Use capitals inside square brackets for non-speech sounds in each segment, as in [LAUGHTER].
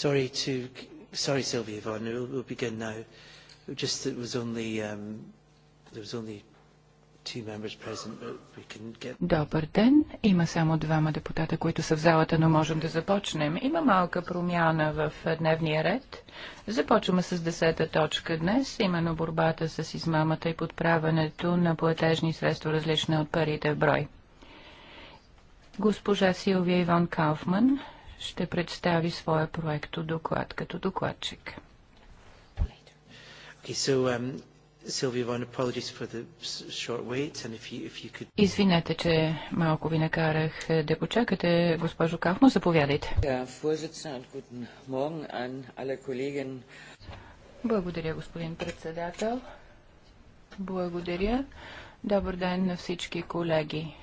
Sorry Sylvia Yvonne, we'll, we'll begin now. Just it was only, um, there was only two members present, but we can get... Добър ден. Има само двама депутата, които са в залата, но можем да започнем. Има малка промяна в дневния ред. Започваме с десета точка днес, именно борбата с измамата и подправянето на платежни средства, различни от парите в брой. Госпожа Силвия Иван Кауфман ще представи своя проекто доклад като докладчик. Okay, so, um, Sylvia Извинете, че малко ви накарах е, да почакате. Госпожо Кафмо, заповядайте. Благодаря, господин председател. Благодаря. Добър ден на всички колеги.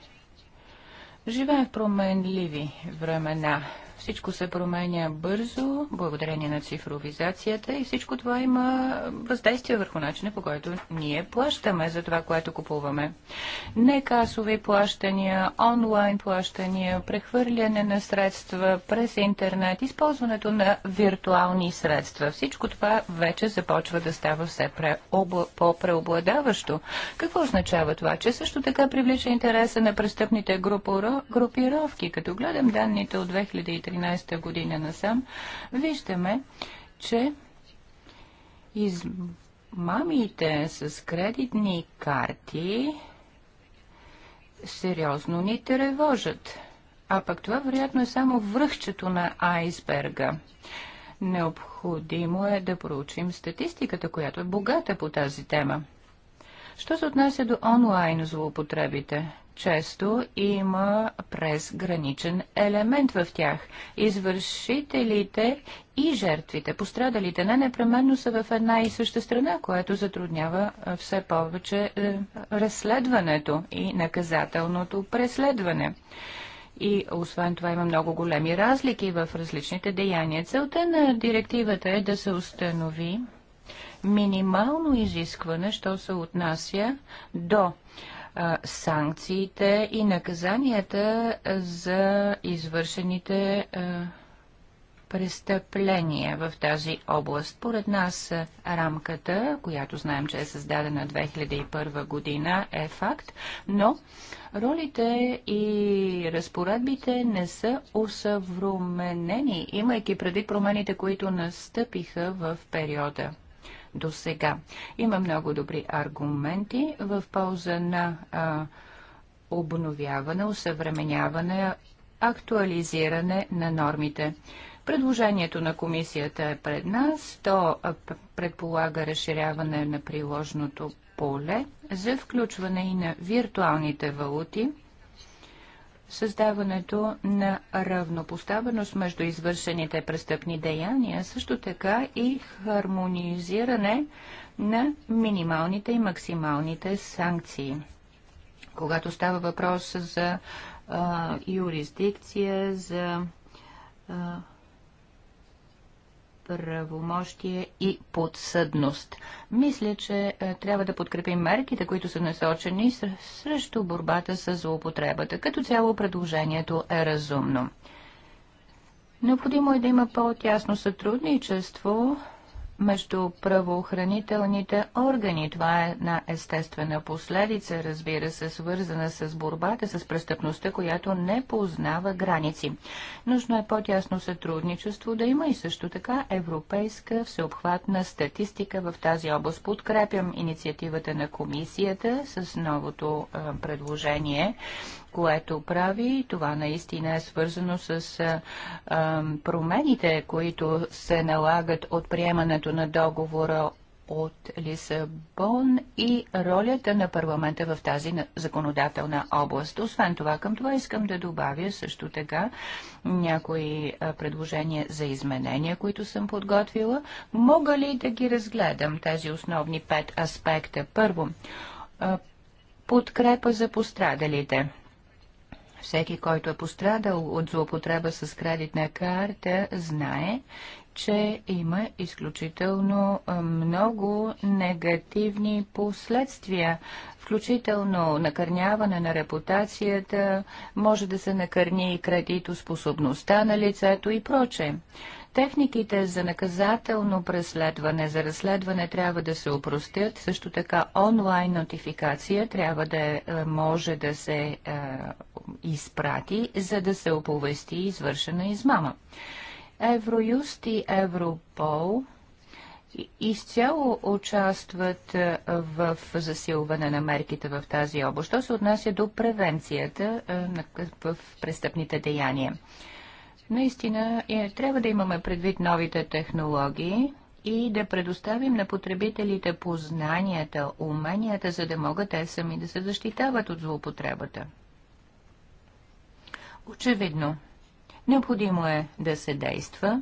Живеем в променливи времена. Всичко се променя бързо, благодарение на цифровизацията и всичко това има въздействие върху начина, по който ние плащаме за това, което купуваме. Не касови плащания, онлайн плащания, прехвърляне на средства през интернет, използването на виртуални средства. Всичко това вече започва да става все по-преобладаващо. Какво означава това? Че също така привлича интереса на престъпните групировки. Като гледам данните от 2013 2013 година насам, виждаме, че измамите с кредитни карти сериозно ни тревожат. А пък това вероятно е само връхчето на айсберга. Необходимо е да проучим статистиката, която е богата по тази тема. Що се отнася до онлайн злоупотребите? често има презграничен елемент в тях. Извършителите и жертвите, пострадалите не непременно са в една и съща страна, което затруднява все повече е, разследването и наказателното преследване. И освен това има много големи разлики в различните деяния. Целта на директивата е да се установи минимално изискване, що се отнася до санкциите и наказанията за извършените престъпления в тази област. Поред нас рамката, която знаем, че е създадена 2001 година, е факт, но ролите и разпоредбите не са усъвременени, имайки преди промените, които настъпиха в периода до сега. Има много добри аргументи в полза на а, обновяване, усъвременяване, актуализиране на нормите. Предложението на комисията е пред нас. То предполага разширяване на приложното поле за включване и на виртуалните валути – създаването на равнопоставеност между извършените престъпни деяния, също така и хармонизиране на минималните и максималните санкции. Когато става въпрос за а, юрисдикция, за а, правомощие и подсъдност. Мисля, че е, трябва да подкрепим мерките, които са насочени срещу борбата с злоупотребата. Като цяло предложението е разумно. Необходимо е да има по-тясно сътрудничество между правоохранителните органи. Това е една естествена последица, разбира се, свързана с борбата с престъпността, която не познава граници. Нужно е по-тясно сътрудничество да има и също така европейска всеобхватна статистика в тази област. Подкрепям инициативата на комисията с новото предложение което прави. Това наистина е свързано с а, а, промените, които се налагат от приемането на договора от Лисабон и ролята на парламента в тази законодателна област. Освен това, към това искам да добавя също така някои предложения за изменения, които съм подготвила. Мога ли да ги разгледам тези основни пет аспекта? Първо, подкрепа за пострадалите. Всеки, който е пострадал от злоупотреба с кредитна карта, знае, че има изключително много негативни последствия, включително накърняване на репутацията, може да се накърни и кредитоспособността на лицето и проче. Техниките за наказателно преследване, за разследване трябва да се упростят, също така онлайн нотификация трябва да е, може да се е, изпрати, за да се оповести извършена измама. Евроюст и Европол изцяло участват е, в засилване на мерките в тази област. Що се отнася до превенцията е, в престъпните деяния? Наистина е, трябва да имаме предвид новите технологии и да предоставим на потребителите познанията, уменията, за да могат те сами да се защитават от злоупотребата. Очевидно, необходимо е да се действа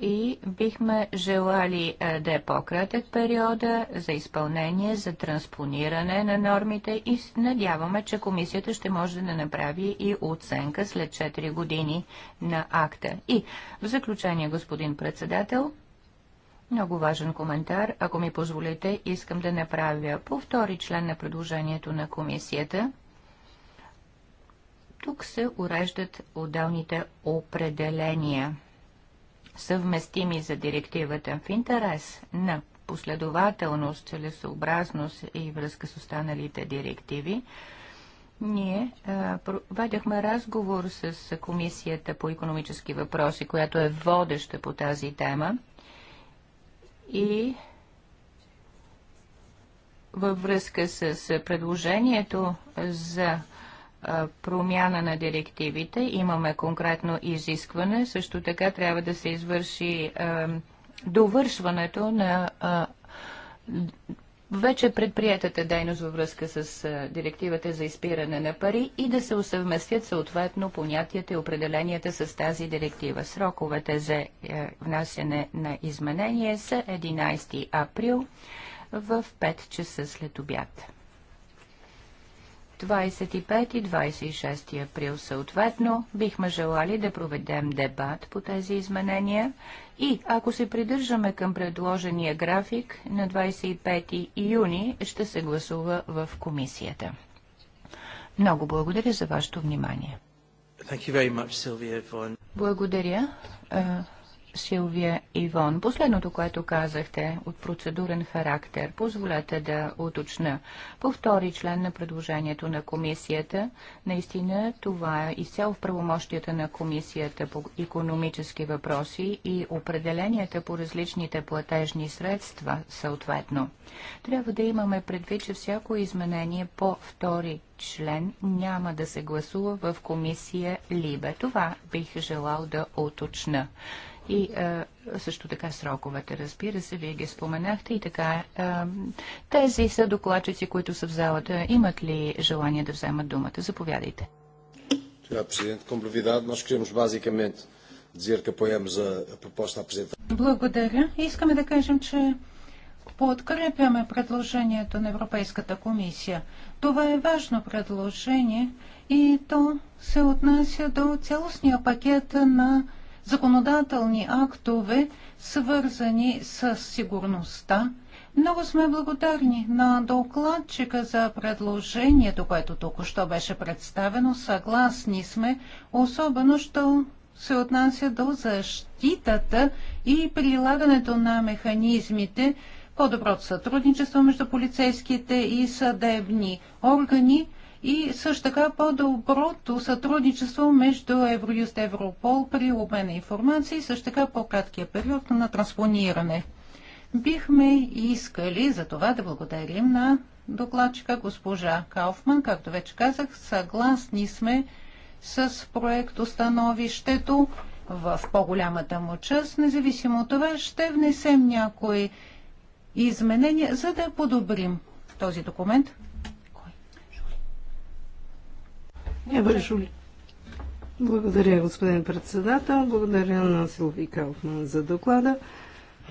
и бихме желали е, да е по-кратък периода за изпълнение, за транспониране на нормите и надяваме, че комисията ще може да направи и оценка след 4 години на акта. И в заключение, господин председател, много важен коментар, ако ми позволите, искам да направя по втори член на предложението на комисията – тук се уреждат отделните определения, съвместими за директивата в интерес на последователност, целесообразност и връзка с останалите директиви. Ние а, проведахме разговор с Комисията по економически въпроси, която е водеща по тази тема и във връзка с предложението за промяна на директивите. Имаме конкретно изискване. Също така трябва да се извърши довършването на вече предприятата дейност във връзка с директивата за изпиране на пари и да се усъвместят съответно понятията и определенията с тази директива. Сроковете за е, внасяне на изменение са 11 април в 5 часа след обяд. 25 и 26 април съответно, бихме желали да проведем дебат по тези изменения и ако се придържаме към предложения график на 25 юни ще се гласува в комисията. Много благодаря за вашето внимание. Благодаря, Силвия Ивон. Последното, което казахте от процедурен характер, позволете да уточна. По втори член на предложението на комисията, наистина това е изцяло в правомощията на комисията по економически въпроси и определенията по различните платежни средства съответно. Трябва да имаме предвид, че всяко изменение по втори член няма да се гласува в комисия Либе. Това бих желал да уточна и а, също така сроковете. Разбира се, вие ги споменахте и така. А, тези са докладчици, които са в залата. Имат ли желание да вземат думата? Заповядайте. Благодаря. Искаме да кажем, че подкрепяме предложението на Европейската комисия. Това е важно предложение и то се отнася до цялостния пакет на законодателни актове, свързани с сигурността. Много сме благодарни на докладчика за предложението, което току-що беше представено. Съгласни сме, особено, що се отнася до защитата и прилагането на механизмите, по-доброто сътрудничество между полицейските и съдебни органи, и също така по-доброто сътрудничество между Евроюст и Европол при обмена информация и също така по-краткия период на транспониране. Бихме искали за това да благодарим на докладчика госпожа Кауфман. Както вече казах, съгласни сме с проектостановището в по-голямата му част. Независимо от това, ще внесем някои изменения, за да подобрим този документ. ли? Благодаря, господин председател. Благодаря на Силви Кауфман за доклада.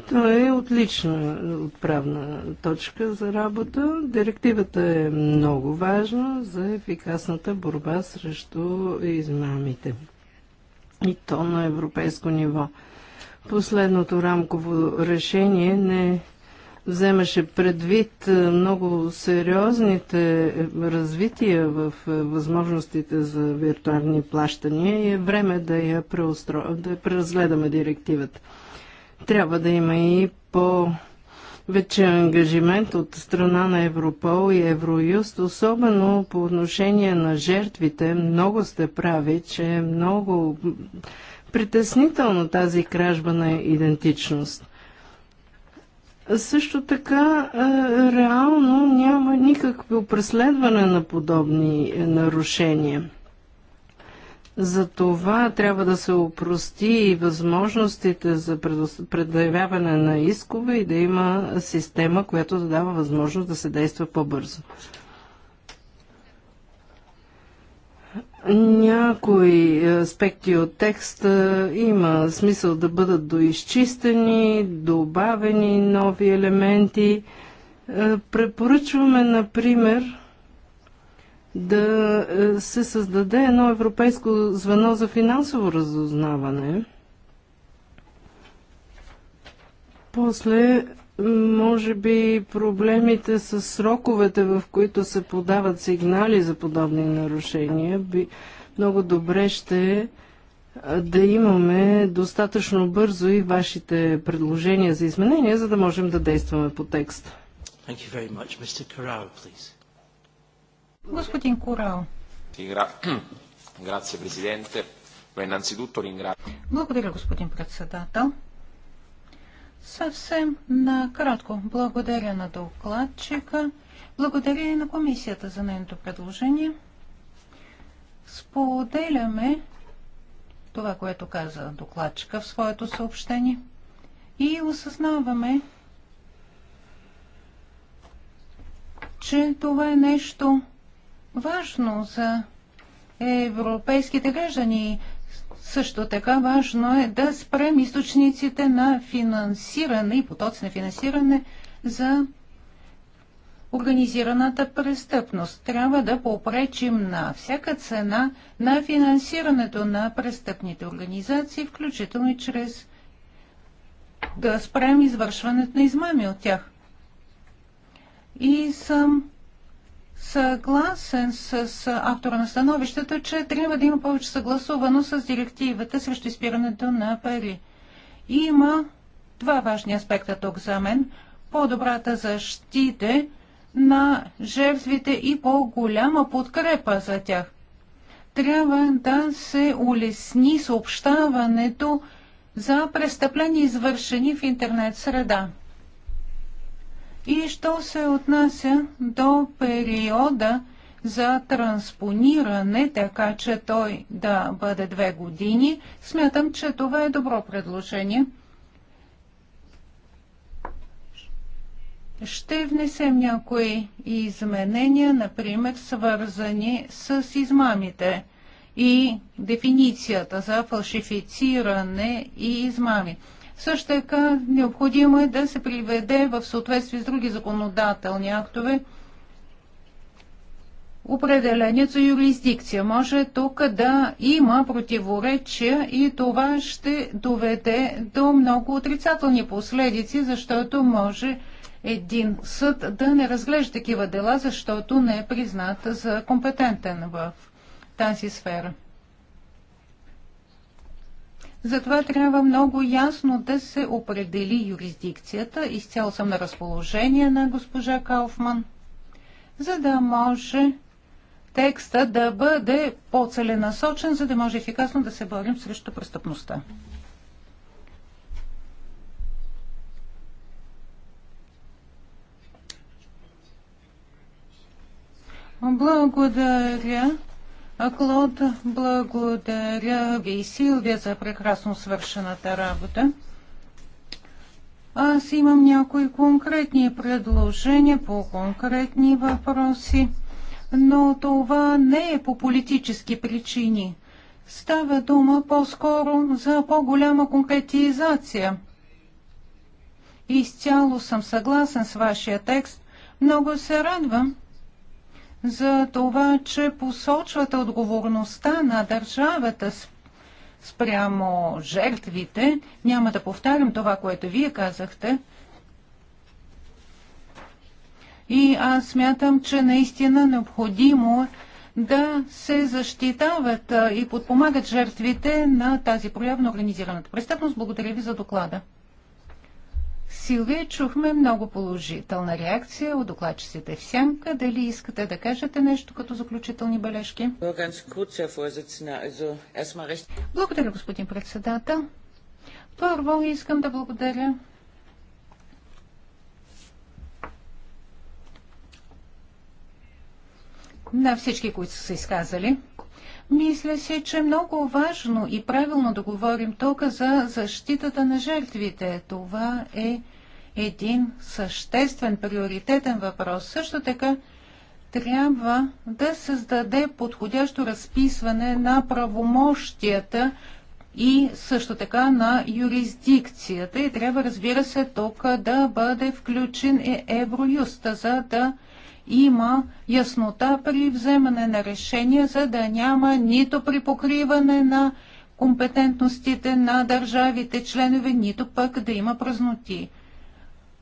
Това е отлична отправна точка за работа. Директивата е много важна за ефикасната борба срещу измамите. И то на европейско ниво. Последното рамково решение не вземаше предвид е, много сериозните развития в е, възможностите за виртуални плащания и е време да я преустро... да преразгледаме директивата. Трябва да има и по вече ангажимент от страна на Европол и Евроюст, особено по отношение на жертвите. Много сте прави, че е много притеснително тази кражба на идентичност – също така, реално няма никакво преследване на подобни е, нарушения. За това трябва да се опрости и възможностите за предявяване на искове и да има система, която да дава възможност да се действа по-бързо. Някои е, аспекти от текста е, има смисъл да бъдат доизчистени, добавени нови елементи. Е, препоръчваме, например, да се създаде едно европейско звено за финансово разузнаване. После може би проблемите с сроковете, в които се подават сигнали за подобни нарушения, би много добре ще да имаме достатъчно бързо и вашите предложения за изменения, за да можем да действаме по текста. Господин Корал. [CLEARS THROAT] Благодаря, господин председател. Съвсем накратко. Благодаря на докладчика. Благодаря и на комисията за нейното предложение. Споделяме това, което каза докладчика в своето съобщение и осъзнаваме, че това е нещо важно за европейските граждани. Също така важно е да спрем източниците на финансиране и потоци на финансиране за организираната престъпност. Трябва да попречим на всяка цена на финансирането на престъпните организации, включително и чрез да спрем извършването на измами от тях. И съм съгласен с автора на становището, че трябва да има повече съгласувано с директивата срещу изпирането на пари. И има два важни аспекта тук за мен. По-добрата защита на жертвите и по-голяма подкрепа за тях. Трябва да се улесни съобщаването за престъпления, извършени в интернет среда. И що се отнася до периода за транспониране, така че той да бъде две години, смятам, че това е добро предложение. Ще внесем някои изменения, например, свързани с измамите и дефиницията за фалшифициране и измами. Също така необходимо е да се приведе в съответствие с други законодателни актове определението за юрисдикция. Може тук да има противоречия и това ще доведе до много отрицателни последици, защото може един съд да не разглежда такива дела, защото не е признат за компетентен в тази сфера. Затова трябва много ясно да се определи юрисдикцията. Изцяло съм на разположение на госпожа Кауфман, за да може текста да бъде по-целенасочен, за да може ефикасно да се борим срещу престъпността. Благодаря. Клод, благодаря ви, Силвия, за прекрасно свършената работа. Аз имам някои конкретни предложения по конкретни въпроси, но това не е по политически причини. Става дума по-скоро за по-голяма конкретизация. Изцяло съм съгласен с вашия текст. Много се радвам, за това, че посочвате отговорността на държавата спрямо жертвите. Няма да повтарям това, което вие казахте. И аз смятам, че наистина необходимо да се защитават и подпомагат жертвите на тази проява на организираната престъпност. Благодаря ви за доклада. Силвия, чухме много положителна реакция от докладчиците в Сянка. Дали искате да кажете нещо като заключителни бележки? Благодаря, господин председател. Първо искам да благодаря на всички, които са се изказали. Мисля се, че е много важно и правилно да говорим тук за защитата на жертвите. Това е един съществен, приоритетен въпрос. Също така трябва да създаде подходящо разписване на правомощията и също така на юрисдикцията. И трябва, разбира се, тук да бъде включен и Евроюста, за да има яснота при вземане на решения, за да няма нито при покриване на компетентностите на държавите членове, нито пък да има празноти.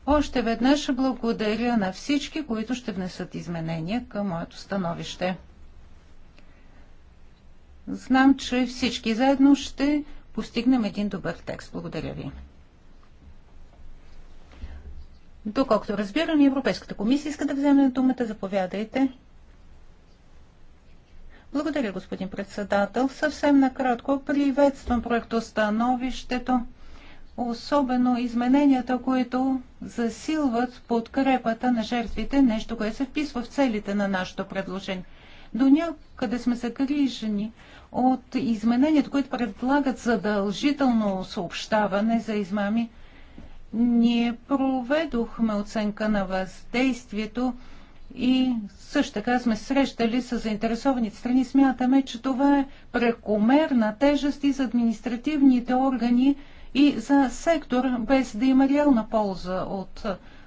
Още веднъж благодаря на всички, които ще внесат изменения към моето становище. Знам, че всички заедно ще постигнем един добър текст. Благодаря ви. Доколкото разбирам, Европейската комисия иска да вземе думата. Заповядайте. Благодаря, господин председател. Съвсем накратко приветствам становището особено измененията, които засилват подкрепата на жертвите, нещо, което се вписва в целите на нашето предложение. До някъде сме загрижени от измененията, които предлагат задължително съобщаване за измами. Ние проведохме оценка на въздействието и също така сме срещали с заинтересованите страни. Смятаме, че това е прекомерна тежест и за административните органи, и за сектор, без да има реална полза от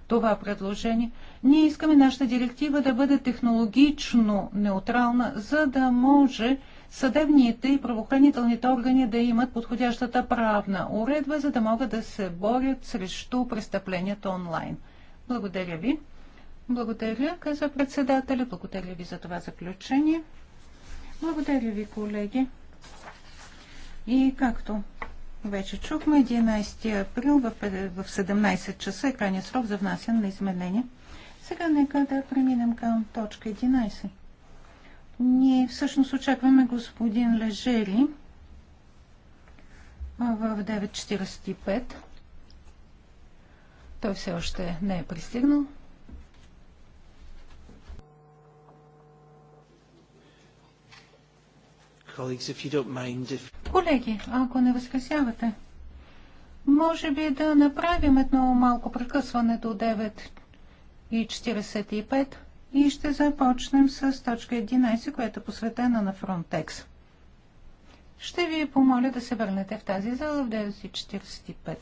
това предложение. Ние искаме нашата директива да бъде технологично неутрална, за да може съдебните и правоохранителните органи да имат подходящата правна уредба, за да могат да се борят срещу престъпленията онлайн. Благодаря ви. Благодаря, каза председателя. Благодаря ви за това заключение. Благодаря ви, колеги. И както вече чухме. 11 април в 17 часа е крайният срок за внасяне на изменения. Сега нека да преминем към точка 11. Ние всъщност очакваме господин Лежери в 9.45. Той все още не е пристигнал. Колеги, ако не възкъсявате, може би да направим едно малко прекъсване до 9.45 и и ще започнем с точка 11, която е посветена на Frontex. Ще ви помоля да се върнете в тази зала в 9.45.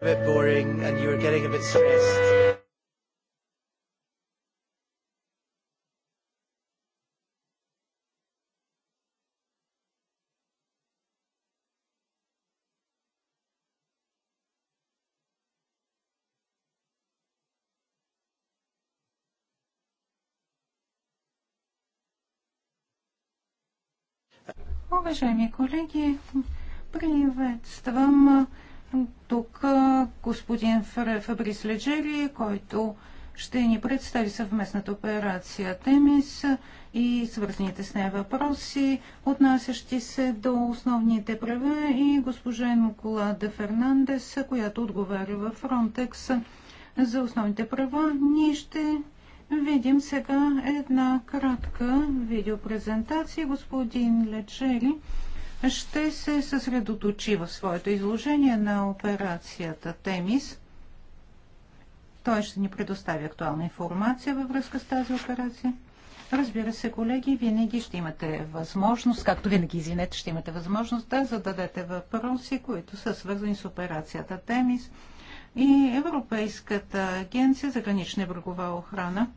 a bit boring and you were getting a bit stressed. Уважаеми колеги, приветствам тук господин Фабрис Леджери, който ще ни представи съвместната операция Темис и свързаните с нея въпроси, отнасящи се до основните права и госпожа Мукула де Фернандес, която отговаря във Фронтекс за основните права. Ние ще видим сега една кратка видеопрезентация. Господин Лечери ще се съсредоточи в своето изложение на операцията Темис. Той ще ни предостави актуална информация във връзка с тази операция. Разбира се, колеги, винаги ще имате възможност, както винаги, извинете, ще имате възможност да зададете въпроси, които са свързани с операцията Темис и Европейската агенция за гранична брегова охрана.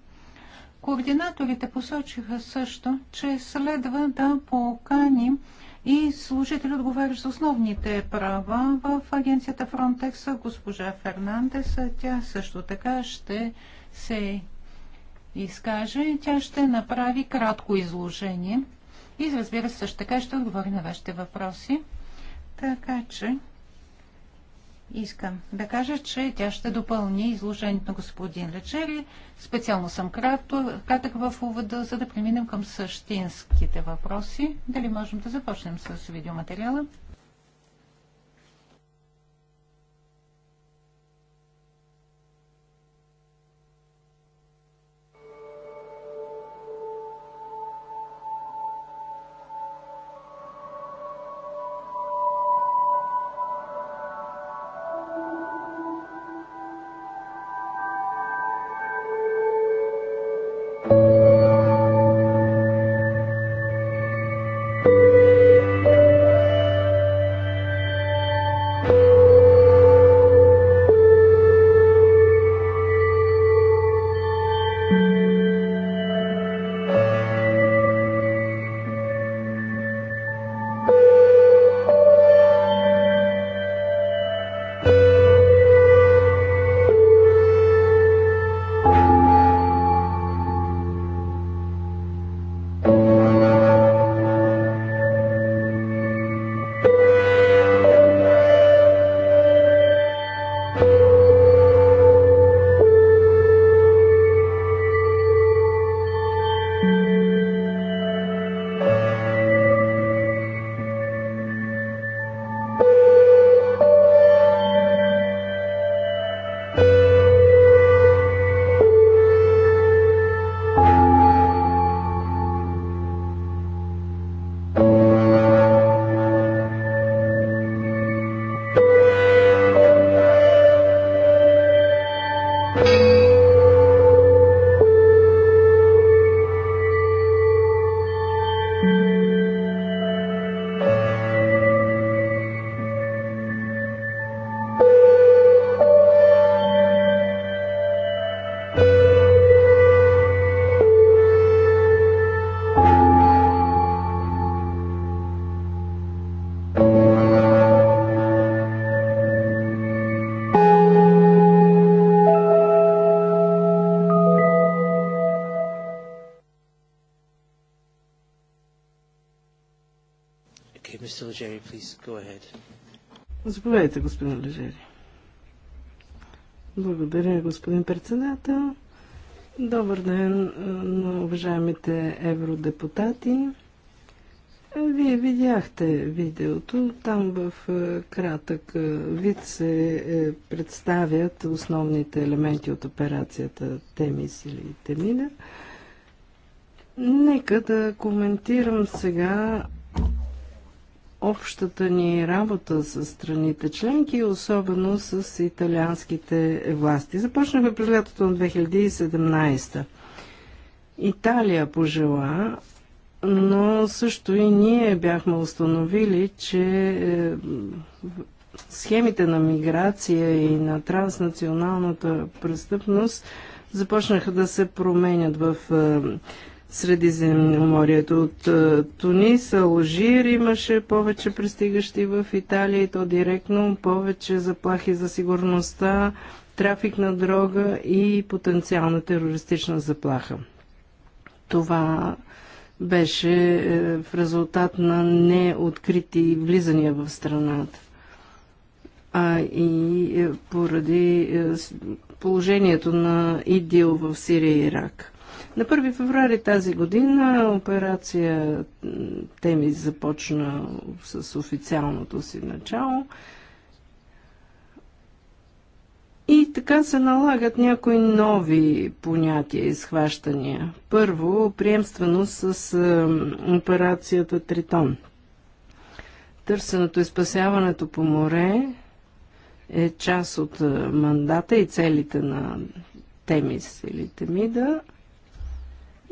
Координаторите посочиха също, че следва да поканим и служители отговарящ за основните права в агенцията Frontex, госпожа Фернандес. Тя също така ще се изкаже. Тя ще направи кратко изложение и разбира се също така ще отговори на вашите въпроси. Така че Искам да кажа, че тя ще допълни изложението на господин Лечери. Специално съм кратко, кратък в увода, за да преминем към същинските въпроси. Дали можем да започнем с видеоматериала? please go ahead. Заповядайте, господин Лежери. Благодаря, господин председател. Добър ден на уважаемите евродепутати. Вие видяхте видеото. Там в кратък вид се е, представят основните елементи от операцията Темис или Темина. Нека да коментирам сега общата ни работа с страните членки, особено с италианските власти. Започнахме през лятото на 2017. Италия пожела, но също и ние бяхме установили, че е, схемите на миграция и на транснационалната престъпност започнаха да се променят в е, Средиземноморието. От е, Тунис, Алжир имаше повече пристигащи в Италия и то директно повече заплахи за сигурността, трафик на дрога и потенциална терористична заплаха. Това беше е, в резултат на неоткрити влизания в страната. А и е, поради положението на ИДИЛ в Сирия и Ирак. На 1 феврари тази година операция Теми започна с официалното си начало. И така се налагат някои нови понятия и схващания. Първо, приемствено с е, операцията Тритон. Търсеното и спасяването по море е част от е, мандата и целите на Темис или Темида –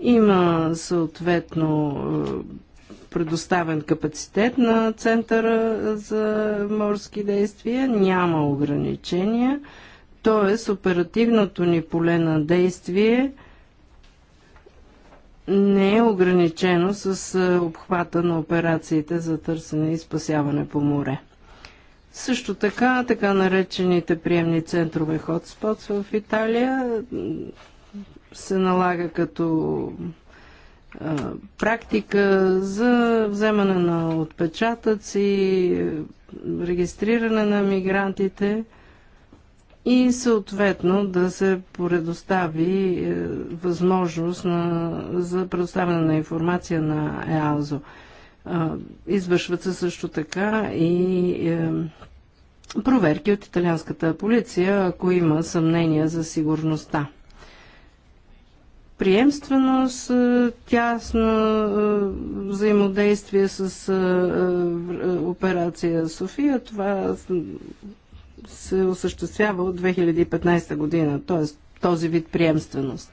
има съответно е, предоставен капацитет на Центъра е, за морски действия, няма ограничения, т.е. оперативното ни поле на действие не е ограничено с е, обхвата на операциите за търсене и спасяване по море. Също така, така наречените приемни центрове Hotspots в Италия се налага като практика за вземане на отпечатъци, регистриране на мигрантите и съответно да се предостави е, възможност на, за предоставяне на информация на ЕАЗО. Извършват се също така и е, проверки от италианската полиция, ако има съмнения за сигурността приемственост, тясно взаимодействие с операция София. Това се осъществява от 2015 година, т.е. този вид приемственост.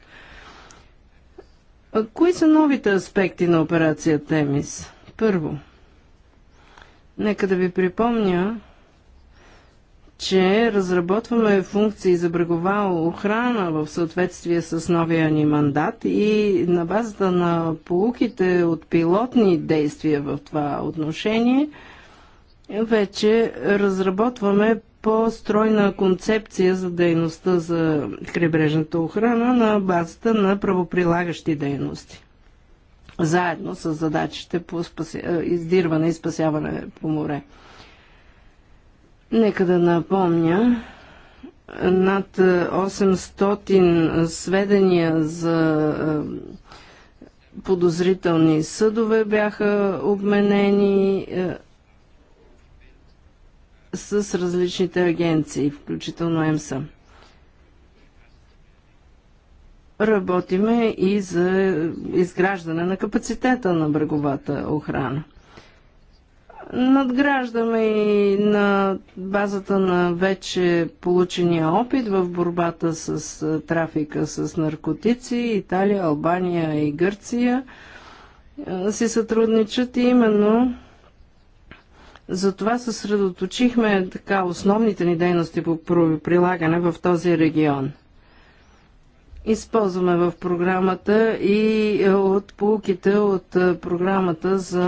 Кои са новите аспекти на операция Темис? Първо, нека да ви припомня, че разработваме функции за брегова охрана в съответствие с новия ни мандат и на базата на полуките от пилотни действия в това отношение вече разработваме по-стройна концепция за дейността за крайбрежната охрана на базата на правоприлагащи дейности. Заедно с задачите по спаси... Е, издирване и спасяване по море. Нека да напомня, над 800 е, сведения за е, подозрителни съдове бяха обменени е, с различните агенции, включително ЕМСА. Работиме и за изграждане на капацитета на бреговата охрана. Надграждаме и на базата на вече получения опит в борбата с трафика с наркотици. Италия, Албания и Гърция си сътрудничат и именно за това съсредоточихме така основните ни дейности по прилагане в този регион. Използваме в програмата и е, от полуките от е, програмата за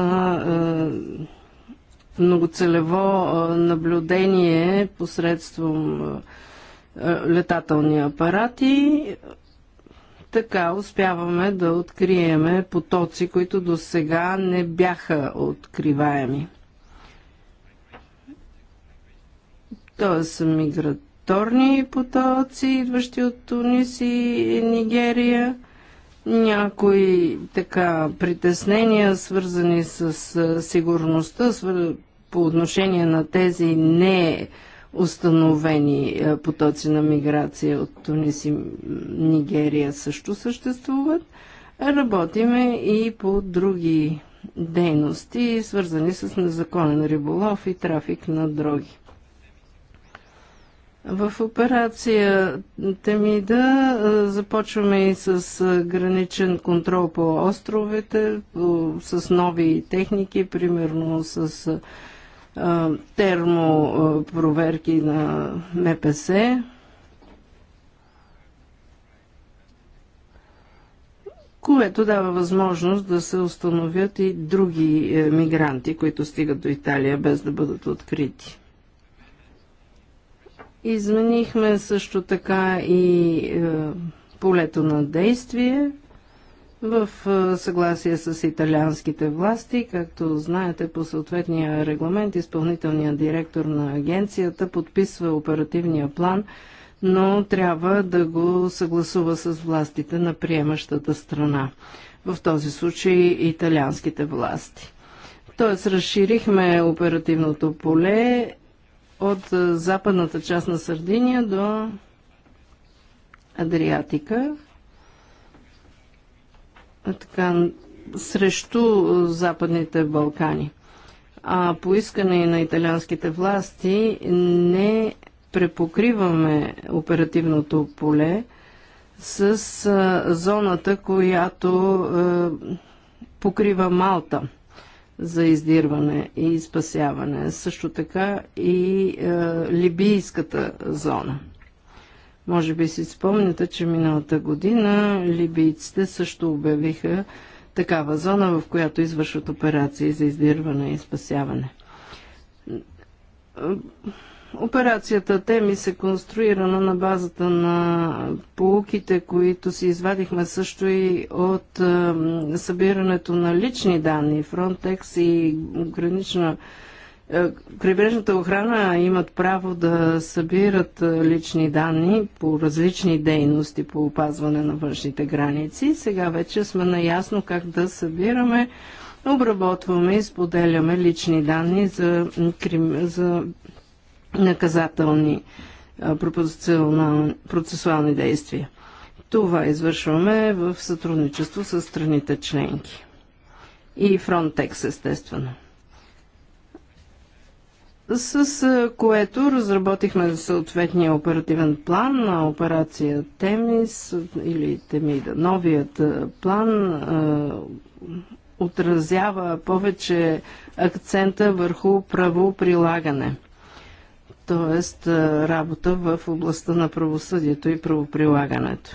е, многоцелево наблюдение посредством летателни апарати. Така успяваме да откриеме потоци, които до сега не бяха откриваеми. Тоест миграторни потоци, идващи от Тунис и Нигерия – някои така притеснения, свързани с сигурността по отношение на тези не установени потоци на миграция от Тунис и Нигерия също съществуват. Работиме и по други дейности, свързани с незаконен риболов и трафик на дроги. В операция Темида започваме и с граничен контрол по островите, с нови техники, примерно с термопроверки на МПС. което дава възможност да се установят и други е, мигранти, които стигат до Италия без да бъдат открити. Изменихме също така и е, полето на действие в е, съгласие с италианските власти. Както знаете, по съответния регламент изпълнителният директор на агенцията подписва оперативния план, но трябва да го съгласува с властите на приемащата страна. В този случай италианските власти. Тоест разширихме оперативното поле от западната част на Сърдиния до Адриатика. Така, срещу Западните Балкани. А по искане на италианските власти не препокриваме оперативното поле с зоната, която покрива Малта – за издирване и спасяване. Също така и е, либийската зона. Може би си спомняте, че миналата година либийците също обявиха такава зона, в която извършват операции за издирване и спасяване Операцията Теми се конструирана на базата на полуките, които си извадихме също и от е, събирането на лични данни. Frontex и гранична е, Крайбрежната охрана имат право да събират е, лични данни по различни дейности по опазване на външните граници. Сега вече сме наясно как да събираме, обработваме и споделяме лични данни за, за наказателни процесуални действия. Това извършваме в сътрудничество с страните членки и Frontex, естествено. С което разработихме съответния оперативен план на операция Темис или Темида. Новият план отразява повече акцента върху правоприлагане – т.е. работа в областта на правосъдието и правоприлагането.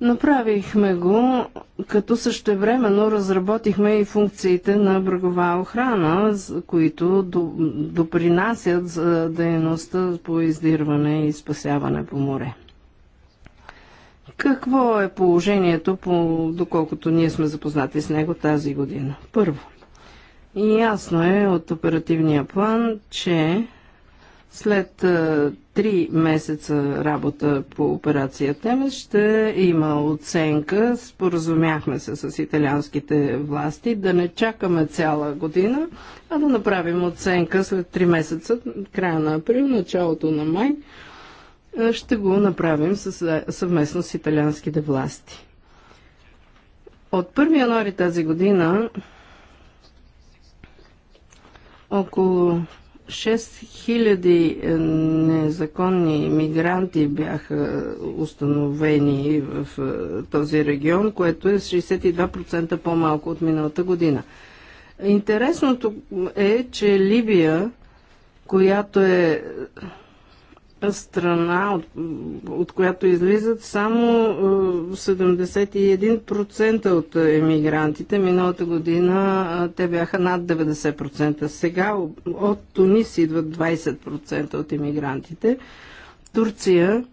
Направихме го, като същевременно разработихме и функциите на брагова охрана, които допринасят за дейността по издирване и спасяване по море. Какво е положението, по, доколкото ние сме запознати с него тази година? Първо, ясно е от оперативния план, че след три месеца работа по операция Темес ще има оценка. Споразумяхме се с италианските власти да не чакаме цяла година, а да направим оценка след три месеца, края на април, началото на май. Ще го направим съвместно с италианските власти. От 1 януари тази година около 6000 е, незаконни мигранти бяха установени в е, този регион, което е 62% по-малко от миналата година. Интересното е, че Либия, която е страна, от, от която излизат само 71% е, от е, емигрантите. Миналата година е, те бяха над 90%. Сега от Тунис идват 20% от емигрантите. Турция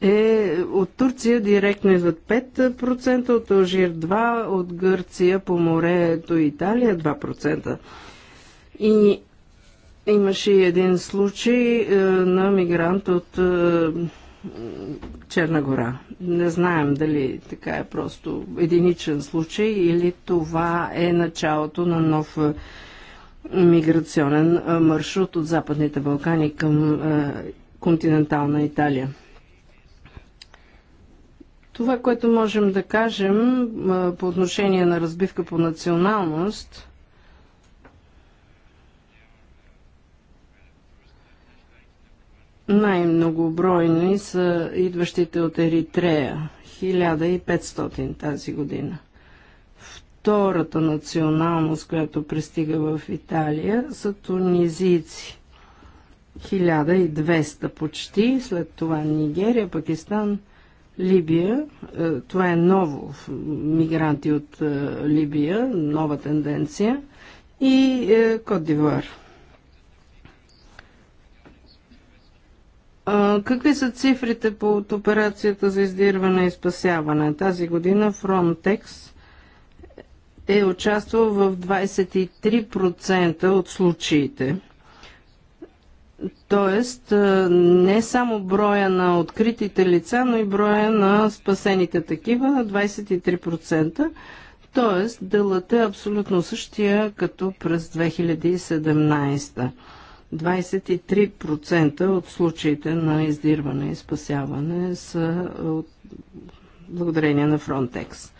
е от Турция директно идват 5%, от Алжир 2%, от Гърция по морето и Италия 2%. И Имаше и един случай е, на мигрант от е, Черна гора. Не знаем дали така е просто единичен случай или това е началото на нов е, миграционен е, маршрут от Западните Балкани към е, континентална Италия. Това, което можем да кажем е, по отношение на разбивка по националност – Най-многобройни са идващите от Еритрея 1500 тази година. Втората националност, която пристига в Италия, са тунизийци. 1200 почти, след това Нигерия, Пакистан, Либия. Е, това е ново, мигранти от е, Либия, нова тенденция. И е, Кот Дивуар. Какви са цифрите по от операцията за издирване и спасяване? Тази година Frontex е участвал в 23% от случаите. Тоест, не само броя на откритите лица, но и броя на спасените такива на 23%. Тоест, делът е абсолютно същия като през 2017. 23% от случаите на издирване и спасяване са от... благодарение на Frontex.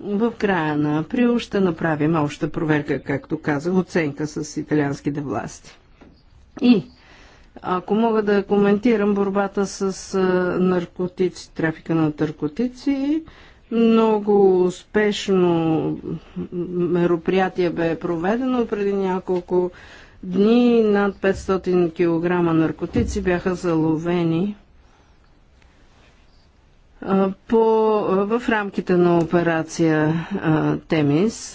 В края на април ще направим обща проверка, както казах, оценка с италианските власти. И ако мога да коментирам борбата с наркотици, трафика на наркотици, много успешно мероприятие бе проведено преди няколко дни над 500 кг наркотици бяха заловени по, в рамките на операция Темис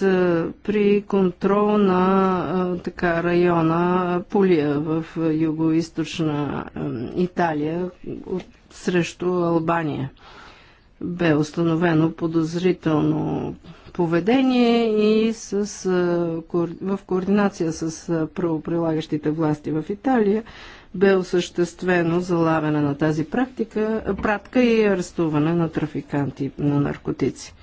при контрол на така, района Полия в юго-источна Италия от, срещу Албания. Бе установено подозрително поведение и с, в координация с правоприлагащите власти в Италия бе осъществено залавяне на тази практика, пратка и арестуване на трафиканти на наркотици.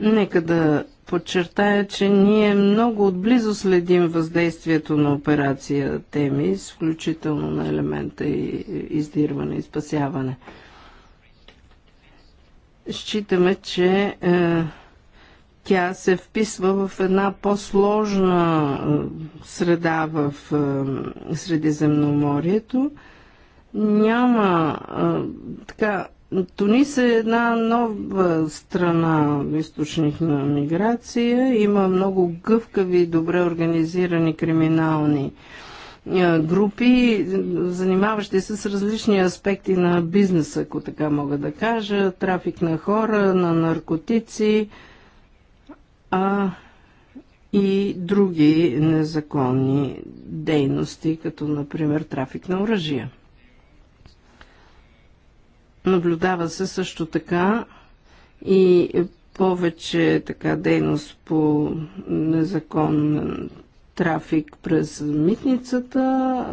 Нека да подчертая, че ние много отблизо следим въздействието на операция Теми, включително на елемента и издирване и спасяване. Считаме, че е, тя се вписва в една по-сложна е, среда в е, Средиземноморието. Няма е, така. Тунис е една нова страна, източник на миграция. Има много гъвкави, добре организирани криминални е, групи, занимаващи се с различни аспекти на бизнеса, ако така мога да кажа, трафик на хора, на наркотици а, и други незаконни дейности, като например трафик на оръжия. Наблюдава се също така и повече така дейност по незаконен трафик през митницата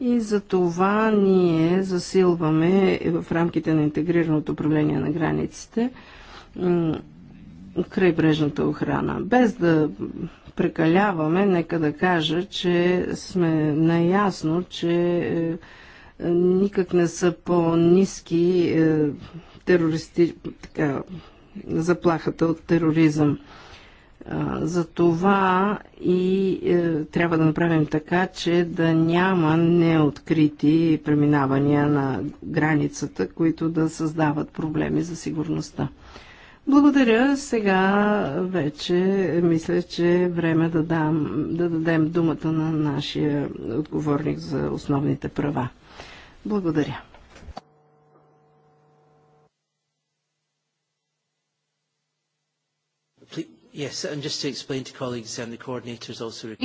и за това ние засилваме в рамките на интегрираното управление на границите крайбрежната охрана. Без да прекаляваме, нека да кажа, че сме наясно, че е, никак не са по-низки е, терористи, така, заплахата от тероризъм. За това и е, трябва да направим така, че да няма неоткрити преминавания на границата, които да създават проблеми за сигурността. Благодаря. Сега вече мисля, че е време да, дам, да дадем думата на нашия отговорник за основните права. Благодаря. И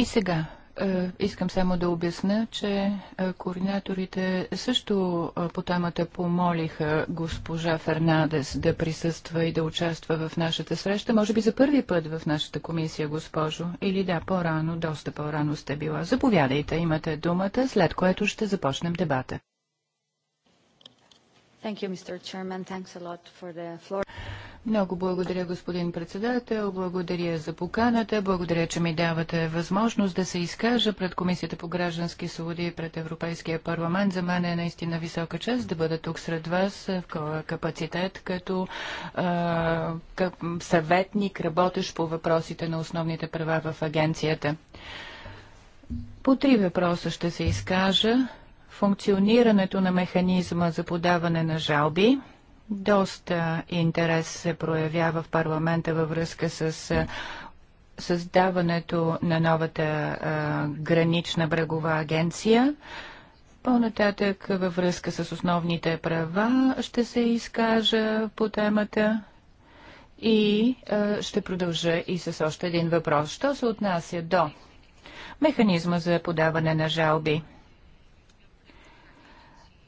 сега е, искам само да обясня, че е, координаторите също е, по темата помолиха госпожа Фернандес да присъства и да участва в нашата среща. Може би за първи път в нашата комисия, госпожо. Или да, по-рано, доста по-рано сте била. Заповядайте, имате думата, след което ще започнем дебата. Thank you, Mr. Chairman. Thanks a lot for the floor. Много благодаря, господин председател. Благодаря за поканата. Благодаря, че ми давате възможност да се изкажа пред Комисията по граждански свободи и пред Европейския парламент. За мен е наистина висока чест да бъда тук сред вас в капацитет като а, къп, съветник, работещ по въпросите на основните права в агенцията. По три въпроса ще се изкажа. Функционирането на механизма за подаване на жалби – доста интерес се проявява в парламента във връзка с създаването на новата а, гранична брегова агенция. По-нататък във връзка с основните права ще се изкажа по темата и а, ще продължа и с още един въпрос. Що се отнася до механизма за подаване на жалби?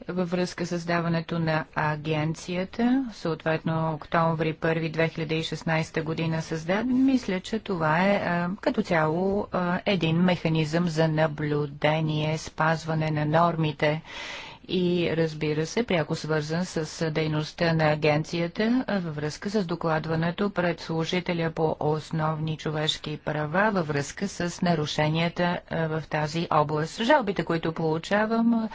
във връзка с даването на агенцията, съответно октомври 1 2016 година създаден, мисля, че това е а, като цяло а, един механизъм за наблюдение, спазване на нормите и разбира се, пряко свързан с дейността на агенцията във връзка с докладването пред служителя по основни човешки права във връзка с нарушенията в тази област. Жалбите, които получавам,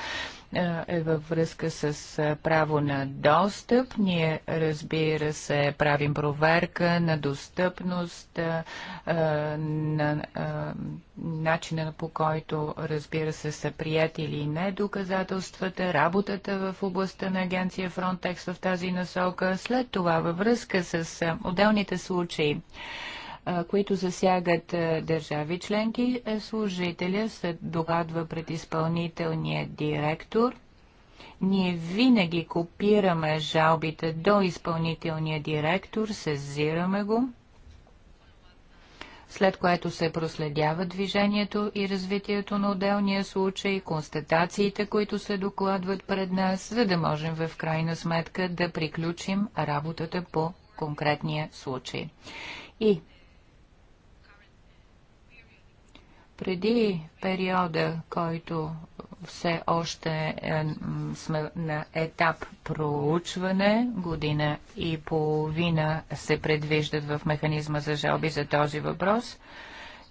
е във връзка с право на достъп. Ние, разбира се, правим проверка на достъпност, на начина по който, разбира се, са прияти или не доказателствата, работата в областта на агенция Frontex в тази насока. След това, във връзка с отделните случаи, които засягат държави членки, е, служителя се догадва пред изпълнителния директор. Ние винаги копираме жалбите до изпълнителния директор, сезираме го, след което се проследява движението и развитието на отделния случай, констатациите, които се докладват пред нас, за да можем в крайна сметка да приключим работата по конкретния случай. И преди периода, който все още е, сме на етап проучване, година и половина се предвиждат в механизма за жалби за този въпрос –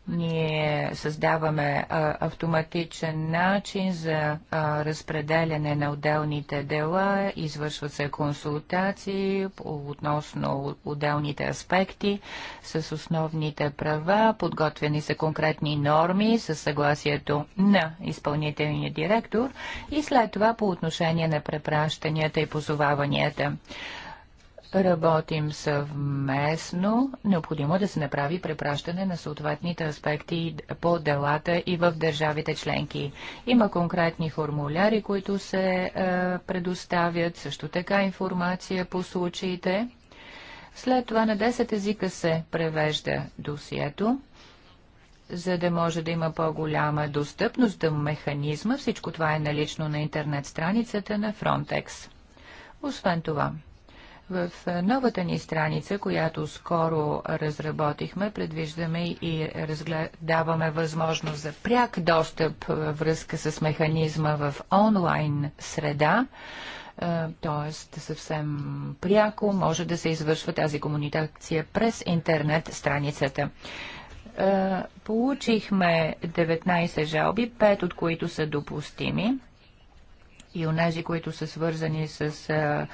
ние създаваме а, автоматичен начин за а, разпределяне на отделните дела, извършват се консултации относно отделните аспекти с основните права, подготвени са конкретни норми с съгласието на изпълнителния директор и след това по отношение на препращанията и позоваванията работим съвместно. Необходимо е да се направи препращане на съответните аспекти по делата и в държавите членки. Има конкретни формуляри, които се е, предоставят, също така информация по случаите. След това на 10 езика се превежда досието за да може да има по-голяма достъпност до механизма. Всичко това е налично на интернет страницата на Frontex. Освен това, в е, новата ни страница, която скоро разработихме, предвиждаме и даваме възможност за пряк достъп във връзка с механизма в онлайн среда т.е. съвсем пряко може да се извършва тази комуникация през интернет страницата. Е, получихме 19 жалби, 5 от които са допустими и онези, които са свързани с е,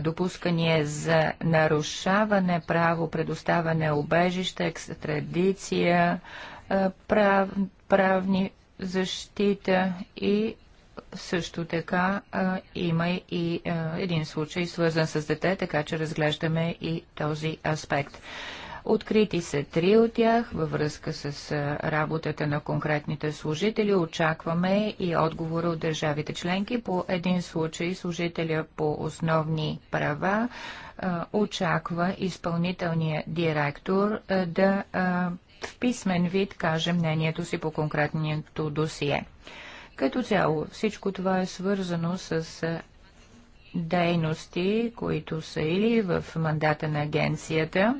допускания за нарушаване право, предоставяне обежище, екстрадиция, прав, правни защита и също така а, има и а, един случай свързан с дете, така че разглеждаме и този аспект. Открити са три от тях във връзка с работата на конкретните служители. Очакваме и отговора от държавите членки. По един случай служителя по основни права очаква изпълнителния директор да в писмен вид каже мнението си по конкретното досие. Като цяло всичко това е свързано с дейности, които са или в мандата на агенцията,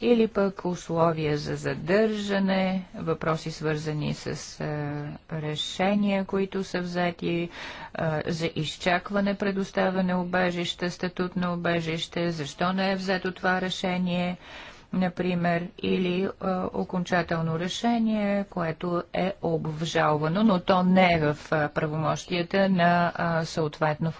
или пък условия за задържане, въпроси свързани с е, решения, които са взети е, за изчакване, предоставяне обежище, статут на обежище, защо не е взето това решение например, или а, е, окончателно решение, което е обжалвано, но то не е в е, правомощията на а, е, съответно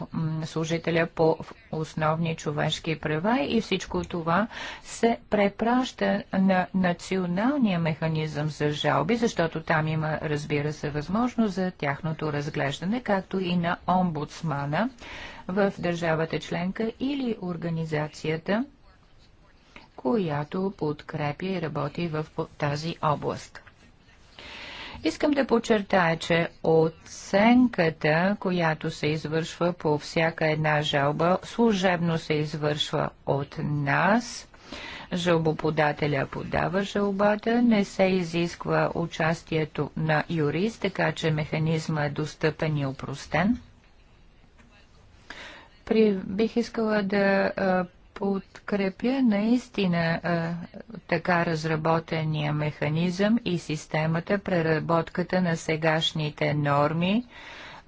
служителя по основни човешки права и всичко това се препраща на националния механизъм за жалби, защото там има, разбира се, възможност за тяхното разглеждане, както и на омбудсмана в държавата членка или организацията, която подкрепя и работи в тази област. Искам да подчертая, че оценката, която се извършва по всяка една жалба, служебно се извършва от нас. Жалбоподателя подава жалбата, не се изисква участието на юрист, така че механизма е достъпен и упростен. При, бих искала да а, подкрепя наистина а, така разработения механизъм и системата, преработката на сегашните норми.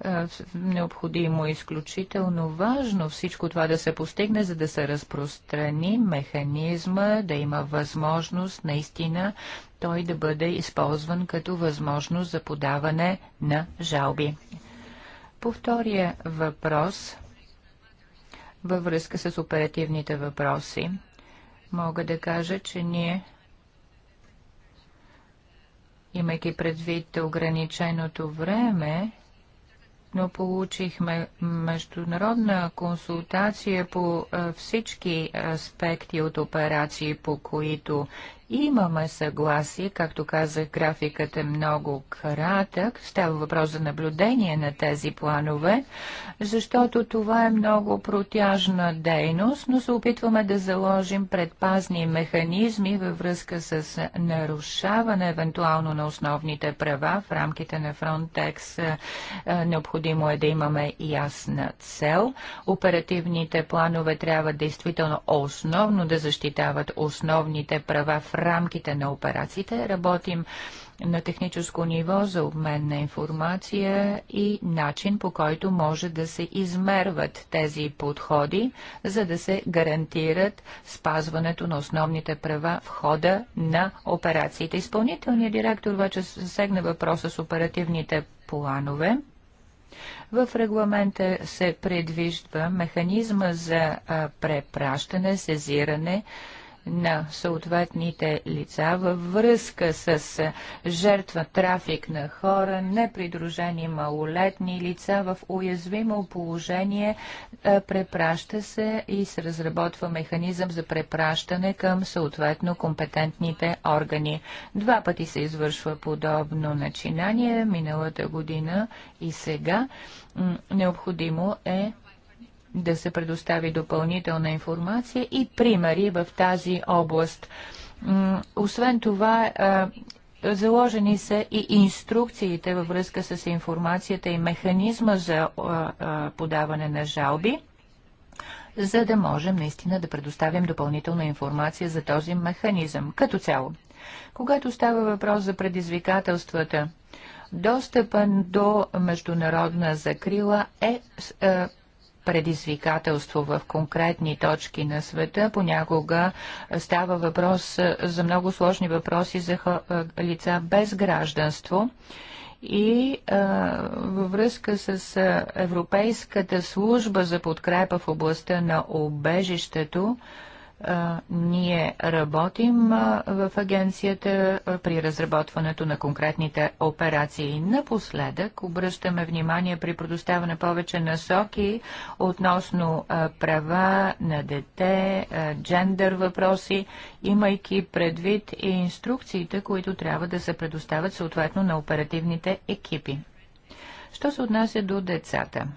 А, необходимо е изключително важно всичко това да се постигне, за да се разпространи механизма, да има възможност наистина той да бъде използван като възможност за подаване на жалби. По втория въпрос – във връзка с оперативните въпроси. Мога да кажа, че ние, имайки предвид ограниченото време, но получихме международна консултация по всички аспекти от операции, по които Имаме съгласие, както казах, графикът е много кратък. Става въпрос за наблюдение на тези планове, защото това е много протяжна дейност, но се опитваме да заложим предпазни механизми във връзка с нарушаване евентуално на основните права в рамките на Frontex. Е, е, необходимо е да имаме ясна цел. Оперативните планове трябва действително основно да защитават основните права в рамките на операциите. Работим на техническо ниво за обмен на информация и начин по който може да се измерват тези подходи, за да се гарантират спазването на основните права в хода на операциите. Изпълнителният директор вече засегна въпроса с оперативните планове. В регламента се предвижда механизма за препращане, сезиране, на съответните лица във връзка с жертва трафик на хора, непридружени малолетни лица в уязвимо положение, препраща се и се разработва механизъм за препращане към съответно компетентните органи. Два пъти се извършва подобно начинание миналата година и сега. Необходимо е да се предостави допълнителна информация и примери в тази област. Освен това, заложени са и инструкциите във връзка с информацията и механизма за подаване на жалби за да можем наистина да предоставим допълнителна информация за този механизъм като цяло. Когато става въпрос за предизвикателствата, достъпа до международна закрила е, е предизвикателство в конкретни точки на света. Понякога става въпрос е, за много сложни въпроси за е, лица без гражданство и а, е, във връзка с Европейската служба за подкрепа в областта на обежището, ние работим в агенцията при разработването на конкретните операции. Напоследък обръщаме внимание при предоставяне повече насоки относно права на дете, джендър въпроси, имайки предвид и инструкциите, които трябва да се предоставят съответно на оперативните екипи. Що се отнася до децата?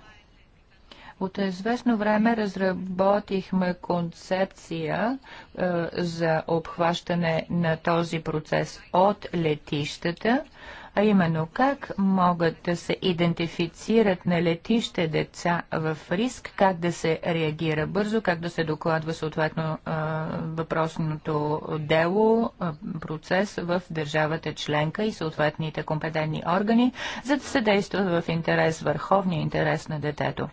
От известно време разработихме концепция е, за обхващане на този процес от летищата, а именно как могат да се идентифицират на летище деца в риск, как да се реагира бързо, как да се докладва съответно е, въпросното дело, е, процес в държавата членка и съответните компетентни органи, за да се действа в интерес, върховния интерес на детето.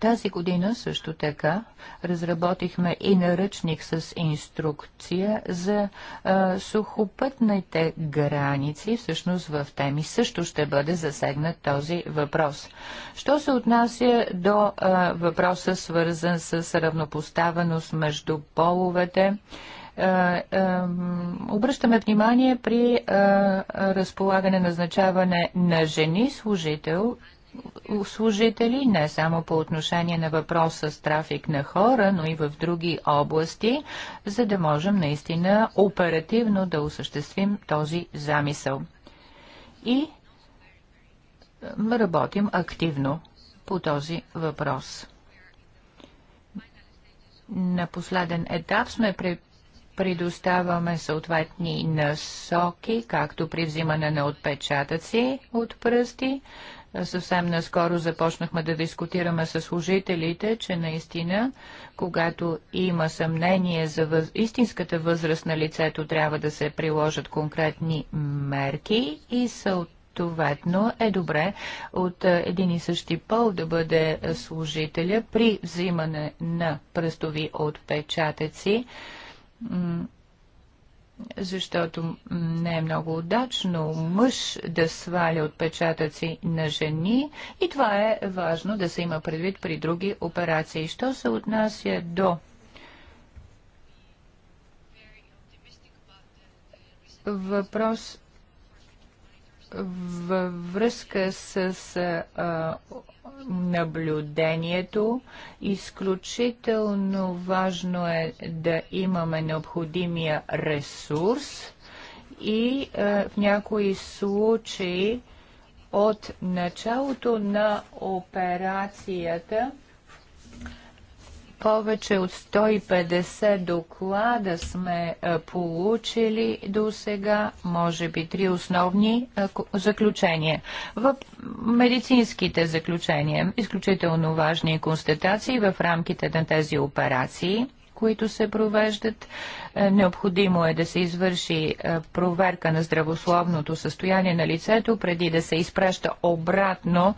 Тази година също така разработихме и наръчник с инструкция за а, сухопътните граници. Всъщност в теми също ще бъде засегнат този въпрос. Що се отнася до а, въпроса свързан с равнопоставеност между половете, обръщаме внимание при разполагане, назначаване на жени служител служители, не само по отношение на въпроса с трафик на хора, но и в други области, за да можем наистина оперативно да осъществим този замисъл. И работим активно по този въпрос. На последен етап сме при предоставяме съответни насоки, както при взимане на отпечатъци от пръсти, е, съвсем наскоро започнахме да дискутираме с служителите, че наистина, когато има съмнение за въз... истинската възраст на лицето, трябва да се приложат конкретни мерки и съответно съответно е добре от е, един и същи пол да бъде е, служителя при взимане на пръстови отпечатъци защото не е много удачно мъж да сваля отпечатъци на жени и това е важно да се има предвид при други операции. Що се отнася до въпрос във връзка с а, наблюдението. Изключително важно е да имаме необходимия ресурс и а, в някои случаи от началото на операцията повече от 150 доклада сме е, получили до сега, може би три основни е, заключения. В медицинските заключения, изключително важни констатации в рамките на тези операции – които се провеждат. Е, необходимо е да се извърши е, проверка на здравословното състояние на лицето, преди да се изпраща обратно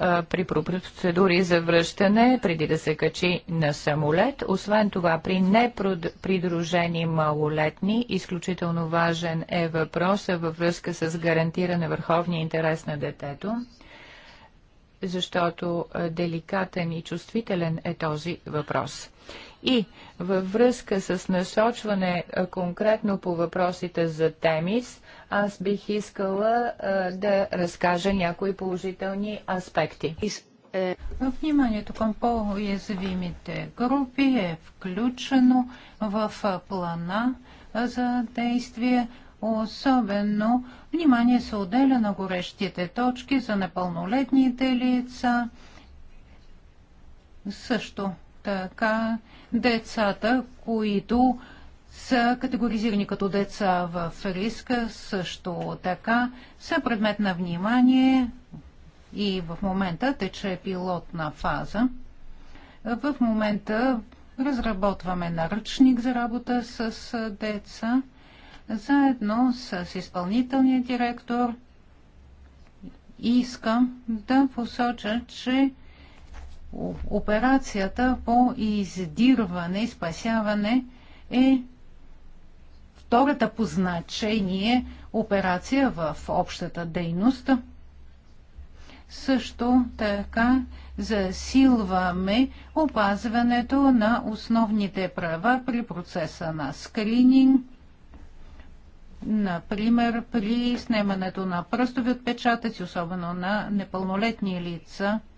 е, при процедури за връщане, преди да се качи на самолет. Освен това, при непридружени малолетни, изключително важен е въпросът във връзка с гарантиране върховния интерес на детето защото деликатен и чувствителен е този въпрос. И във връзка с насочване конкретно по въпросите за Темис, аз бих искала да разкажа някои положителни аспекти. Е, Вниманието към по-уязвимите групи е включено в плана за действие. Особено внимание се отделя на горещите точки за непълнолетните лица. Също така Децата, които са категоризирани като деца в риска, също така са предмет на внимание и в момента тече пилотна фаза. В момента разработваме наръчник за работа с деца, заедно с изпълнителния директор. Искам да посоча, че операцията по издирване и спасяване е втората по значение операция в общата дейност. Също така засилваме опазването на основните права при процеса на скрининг, например при снимането на пръстови отпечатъци, особено на непълнолетни лица –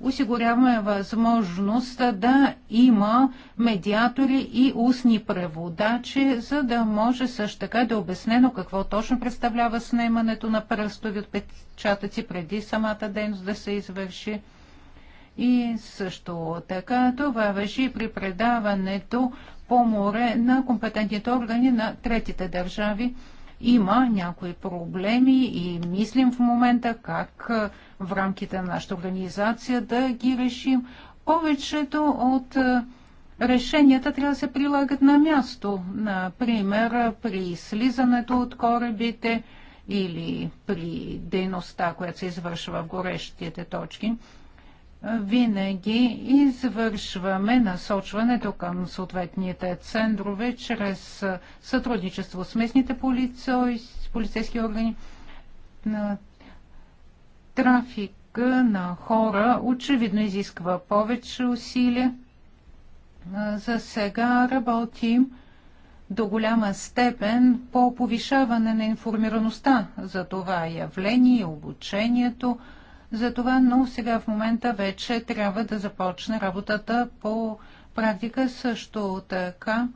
осигуряваме възможност да има медиатори и устни преводачи, за да може също така да е обяснено какво точно представлява снимането на пръстови отпечатъци преди самата дейност да се извърши. И също така това въжи при предаването по море на компетентните органи на третите държави, има някои проблеми и мислим в момента как в рамките на нашата организация да ги решим. Повечето от решенията трябва да се прилагат на място. Например, при слизането от корабите или при дейността, която се извършва в горещите точки винаги извършваме насочването към съответните центрове чрез сътрудничество с местните полицей, полицейски органи. На трафик на хора очевидно изисква повече усилия. За сега работим до голяма степен по повишаване на информираността за това явление, обучението, за това, но сега в момента вече трябва да започне работата по практика също така.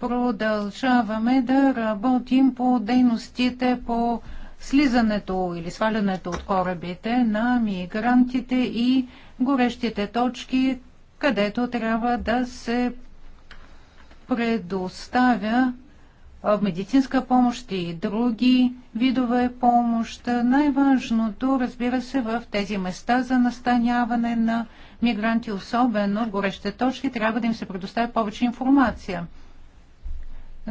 Продължаваме да работим по дейностите по слизането или свалянето от корабите на мигрантите и горещите точки, където трябва да се предоставя медицинска помощ и други видове помощ. Най-важното, разбира се, в тези места за настаняване на мигранти, особено в горещите точки, трябва да им се предоставя повече информация.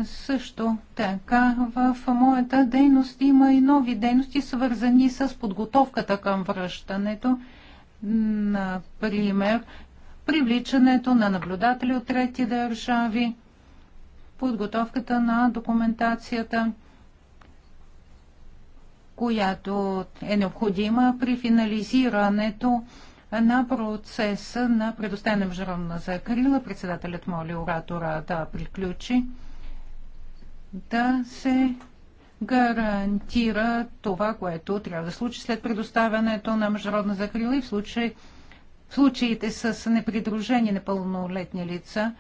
Също така в моята дейност има и нови дейности, свързани с подготовката към връщането. Например, привличането на наблюдатели от трети държави – подготовката на документацията, която е необходима при финализирането на процеса на предоставяне международна закрила. Председателят моли оратора да приключи да се гарантира това, което трябва да случи след предоставянето на международна закрила и в, случай, в случаите с непридружени непълнолетни лица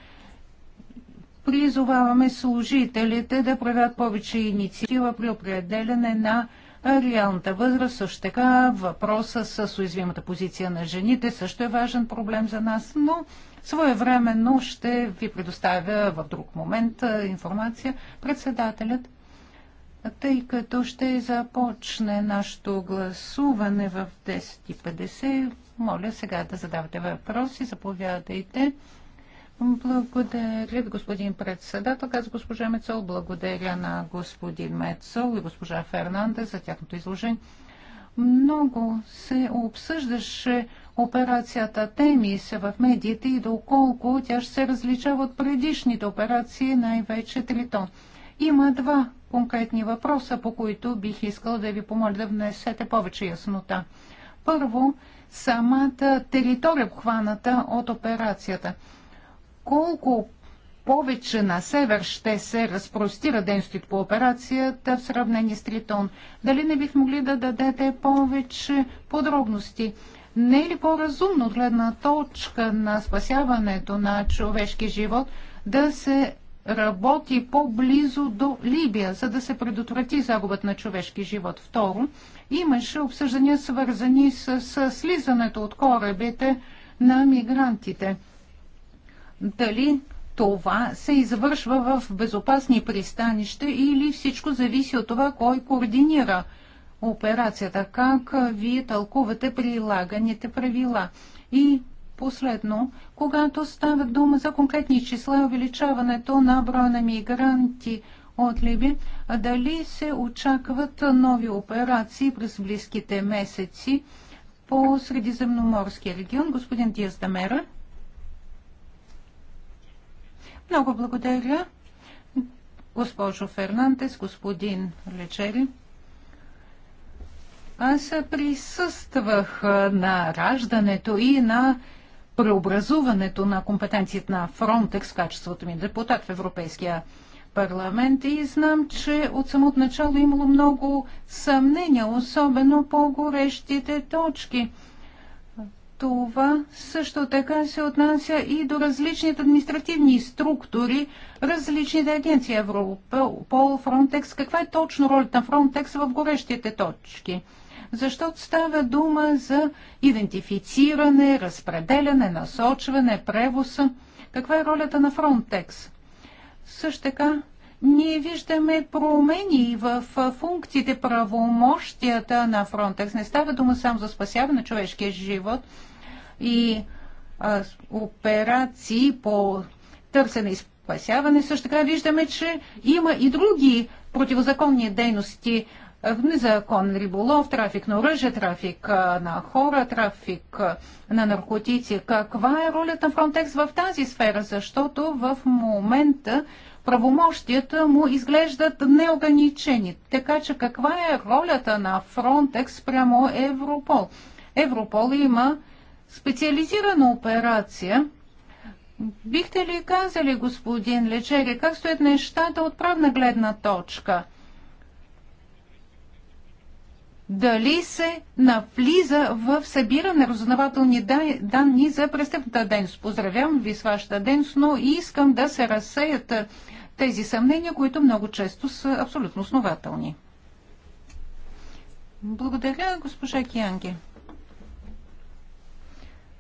призоваваме служителите да проявят повече инициатива при определене на реалната възраст. Също така въпроса с уязвимата позиция на жените също е важен проблем за нас, но своевременно ще ви предоставя в друг момент информация председателят. Тъй като ще започне нашето гласуване в 10.50, моля сега да задавате въпроси, заповядайте. Благодаря ви, господин председател. Аз госпожа Мецол благодаря на господин Мецол и госпожа Фернандес за тяхното изложение. Много се обсъждаше операцията Темис в медиите и доколко тя ще се различава от предишните операции, най-вече Тритон. Има два конкретни въпроса, по които бих искал да ви помоля да внесете повече яснота. Първо, самата територия обхваната от операцията – колко повече на север ще се разпростира денстит по операцията в сравнение с Тритон. Дали не бих могли да дадете повече подробности? Не е ли по-разумно от гледна точка на спасяването на човешки живот да се работи по-близо до Либия, за да се предотврати загубът на човешки живот? Второ, имаше обсъждания свързани с, с слизането от корабите на мигрантите – дали това се извършва в безопасни пристанища или всичко зависи от това кой координира операцията, как вие тълкувате прилаганите правила. И последно, когато става дума за конкретни числа увеличаването на броя на мигранти от Либи, дали се очакват нови операции през близките месеци по Средиземноморския регион? Господин Диас Дамера. Много благодаря, госпожо Фернандес, господин Лечери. Аз присъствах на раждането и на преобразуването на компетенцията на Фронтекс в качеството ми депутат в Европейския парламент и знам, че от самото начало е имало много съмнения, особено по горещите точки – това също така се отнася и до различните административни структури, различните агенции Европол, Фронтекс. Каква е точно ролята на Фронтекс в горещите точки? Защото става дума за идентифициране, разпределяне, насочване, превоз. Каква е ролята на Фронтекс? Също така ние виждаме промени в функциите, правомощията на Фронтекс. Не става дума само за спасяване на човешкия живот, и а, операции по търсене и спасяване. Също така виждаме, че има и други противозаконни дейности, е, Незакон риболов, трафик на оръжие, трафик на хора, трафик на наркотици. Каква е ролята на Фронтекс в тази сфера? Защото в момента правомощията му изглеждат неограничени. Така че каква е ролята на Фронтекс прямо Европол? Европол има специализирана операция. Бихте ли казали, господин Лечери, как стоят нещата от правна гледна точка? Дали се навлиза в събиране разузнавателни данни за престъпната ден? Поздравявам ви с вашата ден, но искам да се разсеят тези съмнения, които много често са абсолютно основателни. Благодаря, госпожа Кианги.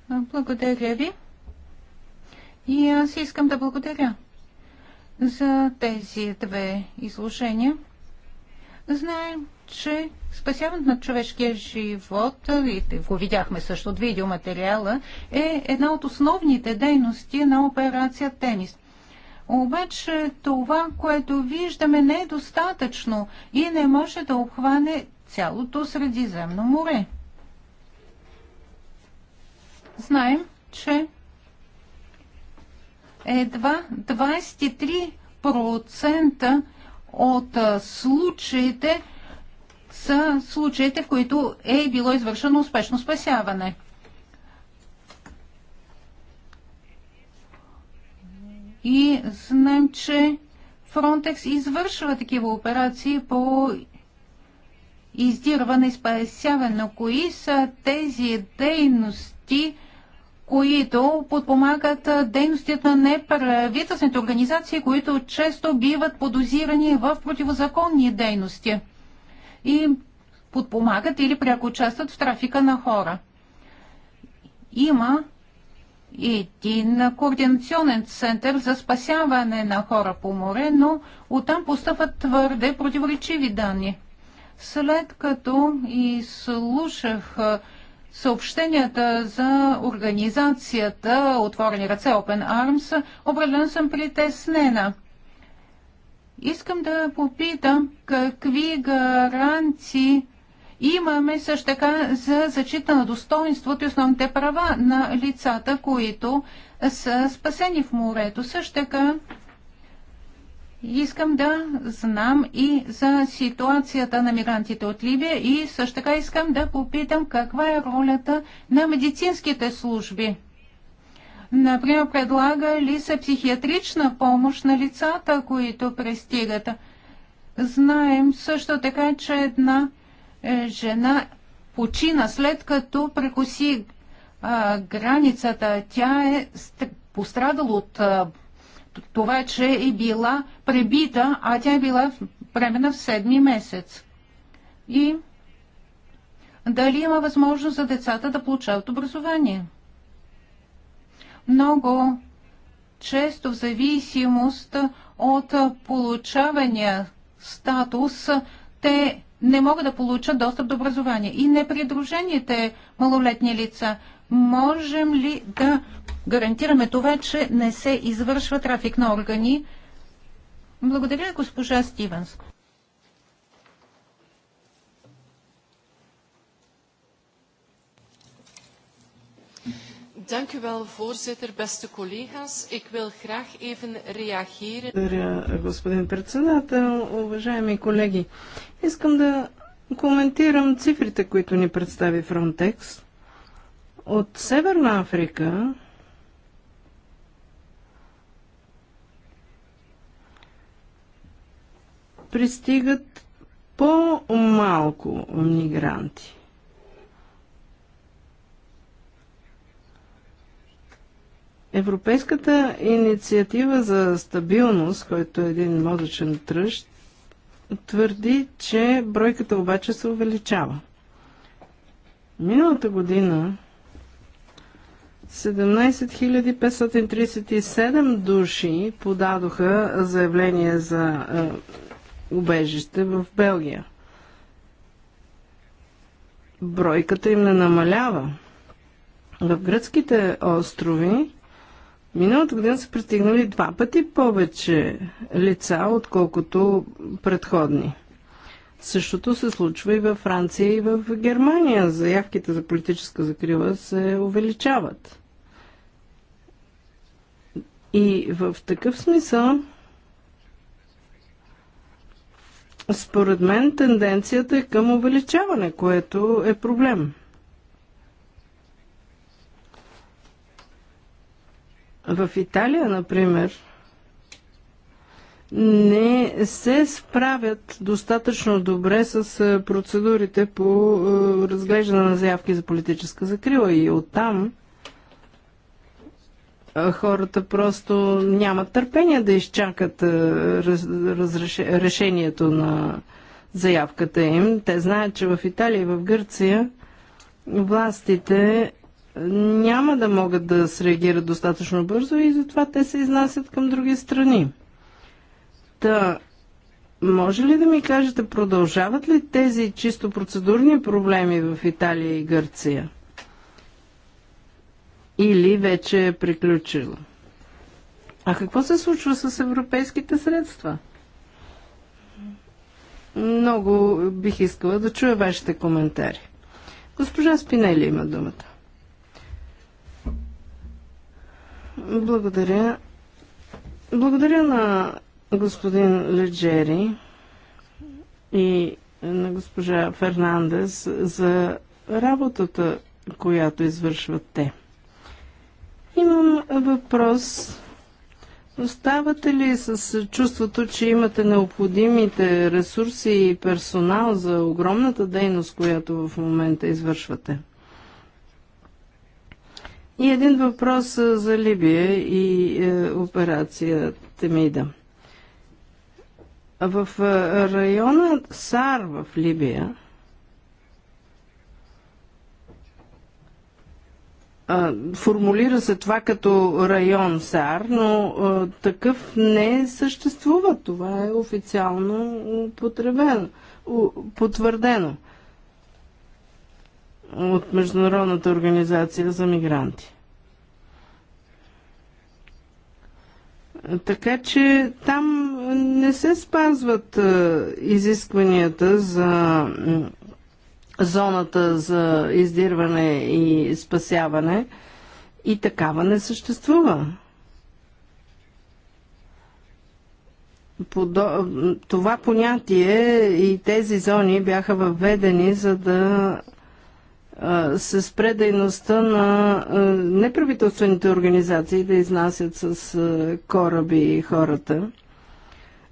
Благодаря ви. И аз искам да благодаря за тези две изложения. Знаем, че спасяването на човешкия живот, и го видяхме също от видеоматериала, е една от основните дейности на операция Тенис. Обаче това, което виждаме, не е достатъчно и не може да обхване цялото Средиземно море знаем, че едва 23% от случаите са случаите, в които е било извършено успешно спасяване. И знаем, че Фронтекс извършва такива операции по издирване и спасяване. Но кои са тези дейности, които подпомагат дейностите на неправителствените организации, които често биват подозирани в противозаконни дейности и подпомагат или пряко участват в трафика на хора. Има един координационен център за спасяване на хора по море, но оттам постъпват твърде противоречиви данни. След като изслушах слушах съобщенията за организацията Отворени ръце Open Arms, определено съм притеснена. Искам да попитам какви гаранции имаме също така за зачита на достоинството и основните права на лицата, които са спасени в морето. Също така Искам да знам и за ситуацията на мигрантите от Либия и също така искам да попитам каква е ролята на медицинските служби. Например, предлага ли се психиатрична помощ на лицата, които пристигат? Знаем също така, че една е, жена почина след като прекуси а, границата. Тя е пострадала от а, това, че е била пребита, а тя е била бремена в седми месец. И дали има възможност за децата да получават образование? Много често в зависимост от получавания статус, те не могат да получат достъп до образование. И непридружените малолетни лица, можем ли да гарантираме това, че не се извършва трафик на органи. Благодаря, госпожа Стивенс. voorzitter. Beste collega's, ik wil graag even reageren. Благодаря, господин председател. Уважаеми колеги, искам да коментирам цифрите, които ни представи Frontex. От Северна Африка пристигат по-малко мигранти. Европейската инициатива за стабилност, който е един мозъчен тръщ, твърди, че бройката обаче се увеличава. Миналата година 17 537 души подадоха заявление за е, убежище в Белгия. Бройката им не намалява. В гръцките острови миналата година са пристигнали два пъти повече лица, отколкото предходни. Същото се случва и във Франция и в Германия. Заявките за политическа закрива се увеличават. И в такъв смисъл Според мен тенденцията е към увеличаване, което е проблем. В Италия, например, не се справят достатъчно добре с е, процедурите по е, разглеждане на заявки за политическа закрила и оттам хората просто нямат търпение да изчакат раз, разреш, решението на заявката им. Те знаят, че в Италия и в Гърция властите няма да могат да среагират достатъчно бързо и затова те се изнасят към други страни. Та, може ли да ми кажете, продължават ли тези чисто процедурни проблеми в Италия и Гърция? или вече е приключило. А какво се случва с европейските средства? Много бих искала да чуя вашите коментари. Госпожа Спинели има думата. Благодаря. Благодаря на господин Леджери и на госпожа Фернандес за работата, която извършват те. Имам въпрос. Оставате ли с чувството, че имате необходимите ресурси и персонал за огромната дейност, която в момента извършвате? И един въпрос за Либия и е, операция Темида. В района Сар в Либия Формулира се това като район САР, но такъв не съществува. Това е официално употребено, потвърдено от Международната организация за мигранти. Така че там не се спазват изискванията за зоната за издирване и спасяване и такава не съществува. Подо... Това понятие и тези зони бяха въведени, за да се спре дейността на неправителствените организации да изнасят с кораби хората.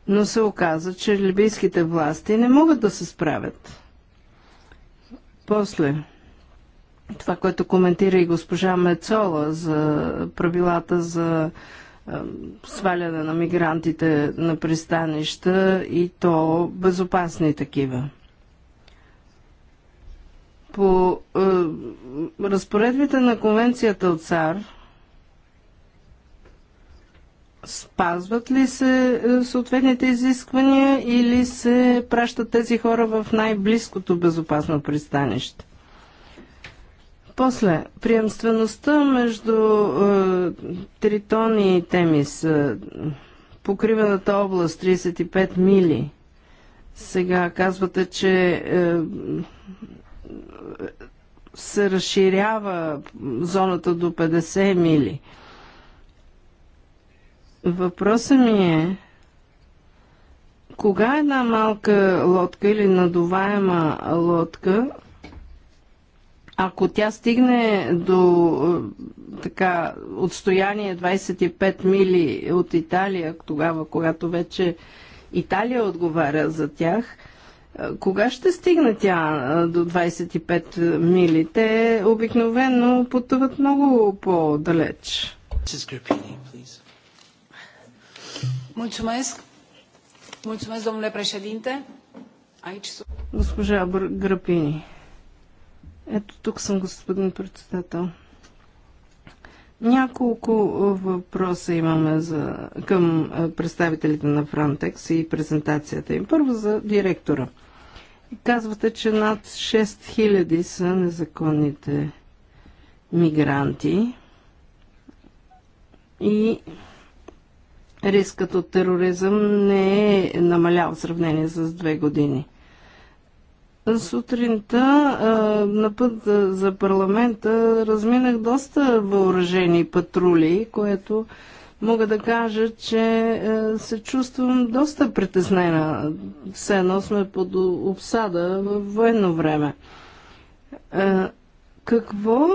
Но се оказа, че либийските власти не могат да се справят. После, това, което коментира и госпожа Мецола за правилата за сваляне на мигрантите на пристанища и то безопасни такива по е, разпоредбите на конвенцията от САР спазват ли се е, съответните изисквания или се пращат тези хора в най-близкото безопасно пристанище? После, приемствеността между е, Тритон и Темис, е, покриваната област 35 мили. Сега казвате, че е, се разширява зоната до 50 мили. Е, Въпросът ми е, кога една малка лодка или надуваема лодка, ако тя стигне до е, така отстояние 25 мили от Италия, тогава, когато вече Италия отговаря за тях, е, кога ще стигне тя е, до 25 мили? Те обикновено пътуват много по-далеч. please. Mulțumesc. domnule președinte. Aici Госпожа Грапини. Ето тук съм, господин председател. Няколко въпроса имаме за, към представителите на Frontex и презентацията им. Първо за директора. Казвате, че над 6000 са незаконните мигранти и рискът от тероризъм не е намалял в сравнение с две години. Сутринта на път за парламента разминах доста въоръжени патрули, което мога да кажа, че се чувствам доста притеснена. Все едно сме под обсада в военно време. Какво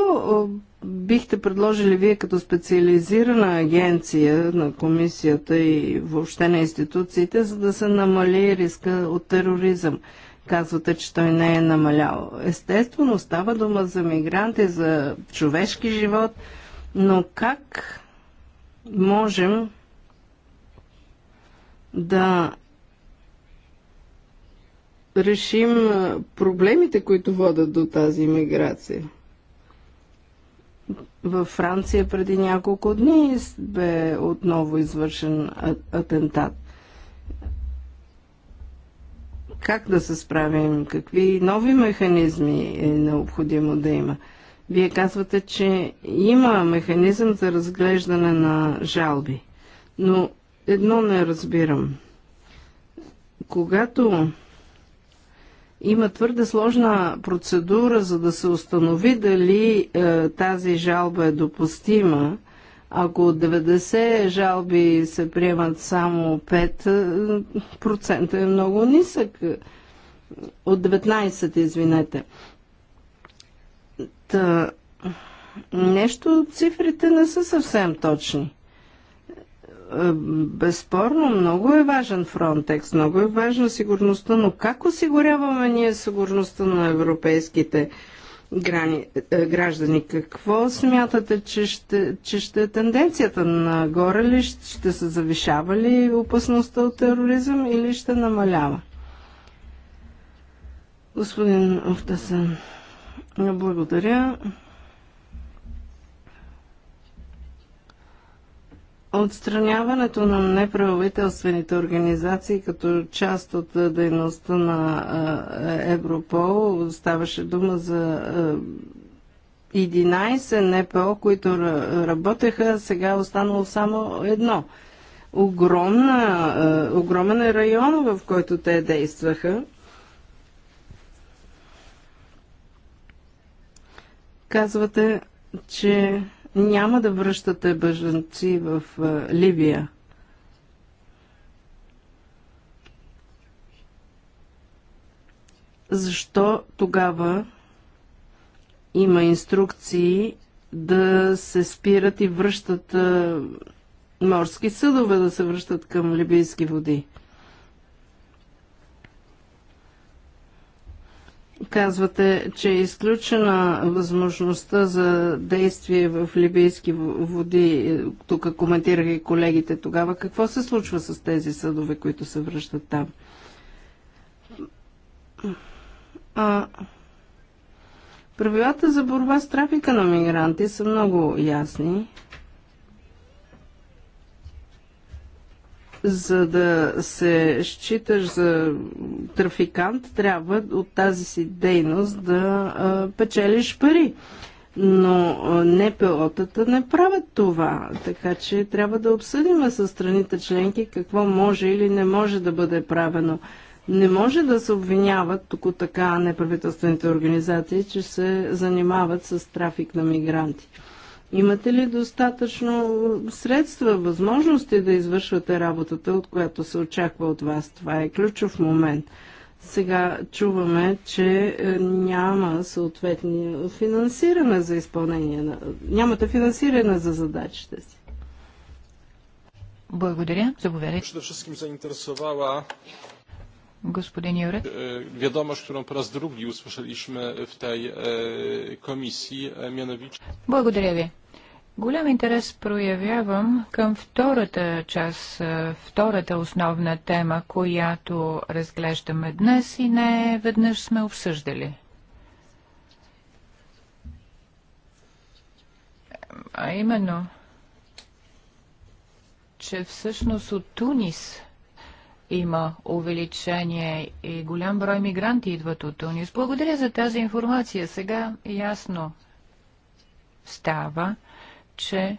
бихте предложили вие като специализирана агенция на комисията и въобще на институциите, за да се намали риска от тероризъм? Казвате, че той не е намалял. Естествено, става дума за мигранти, за човешки живот, но как можем да решим проблемите, които водят до тази миграция? Във Франция преди няколко дни бе отново извършен атентат. Как да се справим? Какви нови механизми е необходимо да има? Вие казвате, че има механизъм за разглеждане на жалби. Но едно не разбирам. Когато има твърде сложна процедура, за да се установи дали е, тази жалба е допустима. Ако от 90 жалби се приемат само 5%, е, е много нисък. От 19, извинете. Та, нещо, цифрите не са съвсем точни. Е, безспорно много е важен Фронтекс, много е важна сигурността, но как осигуряваме ние сигурността на европейските грани, е, граждани? Какво смятате, че ще, че ще е тенденцията нагоре ли? Ще се завишава ли опасността от тероризъм или ще намалява? Господин Офтасен, благодаря. Отстраняването на неправителствените организации като част от дейността на Европол ставаше дума за 11 НПО, които работеха, сега е останало само едно. Огромна, огромен е район, в който те действаха. Казвате, че няма да връщате бежанци в Ливия. Защо тогава има инструкции да се спират и връщат морски съдове да се връщат към либийски води? Казвате, че е изключена възможността за действие в либийски води. Тук коментирах и колегите тогава. Какво се случва с тези съдове, които се връщат там? А, правилата за борба с трафика на мигранти са много ясни. За да се считаш за трафикант, трябва от тази си дейност да а, печелиш пари. Но не пилотата не правят това, така че трябва да обсъдим с страните членки какво може или не може да бъде правено. Не може да се обвиняват тук така неправителствените организации, че се занимават с трафик на мигранти. Имате ли достатъчно средства, възможности да извършвате работата, от която се очаква от вас? Това е ключов момент. Сега чуваме, че е, няма съответни финансиране за изпълнение на... Нямате финансиране за задачите си. Благодаря. Заповядайте. Przede wszystkim Господин Jurek. Ведома, що po raz drugi usłyszeliśmy w tej komisji, mianowicie... Благодаря ви. Голям интерес проявявам към втората част, втората основна тема, която разглеждаме днес и не веднъж сме обсъждали. А именно, че всъщност от Тунис има увеличение и голям брой мигранти идват от Тунис. Благодаря за тази информация. Сега ясно става че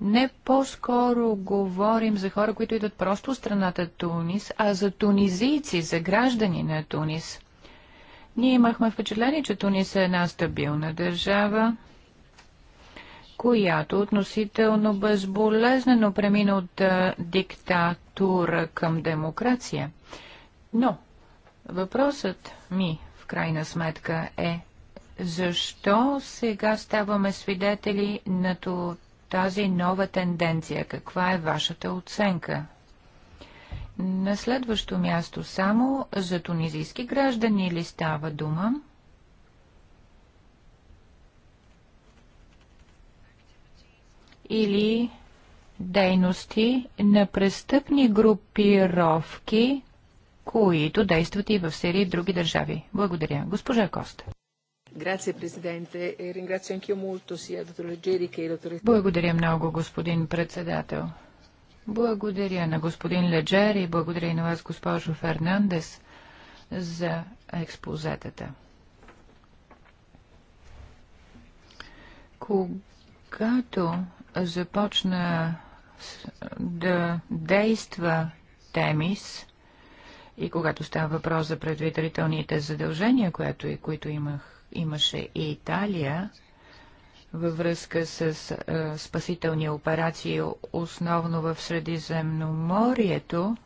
не по-скоро говорим за хора, които идват просто от страната Тунис, а за тунизийци, за граждани на Тунис. Ние имахме впечатление, че Тунис е една стабилна държава, която относително безболезнено премина от диктатура към демокрация. Но въпросът ми в крайна сметка е защо сега ставаме свидетели на тази нова тенденция? Каква е вашата оценка? На следващо място само за тунизийски граждани ли става дума? Или дейности на престъпни групировки, които действат и в серии други държави. Благодаря. Госпожа Коста. E благодаря много, господин председател. Благодаря на господин Леджер и благодаря и на вас, госпожо Фернандес, за експозетата. Когато започна да действа Темис и когато става въпрос за предвидителните задължения, е, които имах имаше и Италия във връзка с е, спасителни операции, основно в Средиземноморието,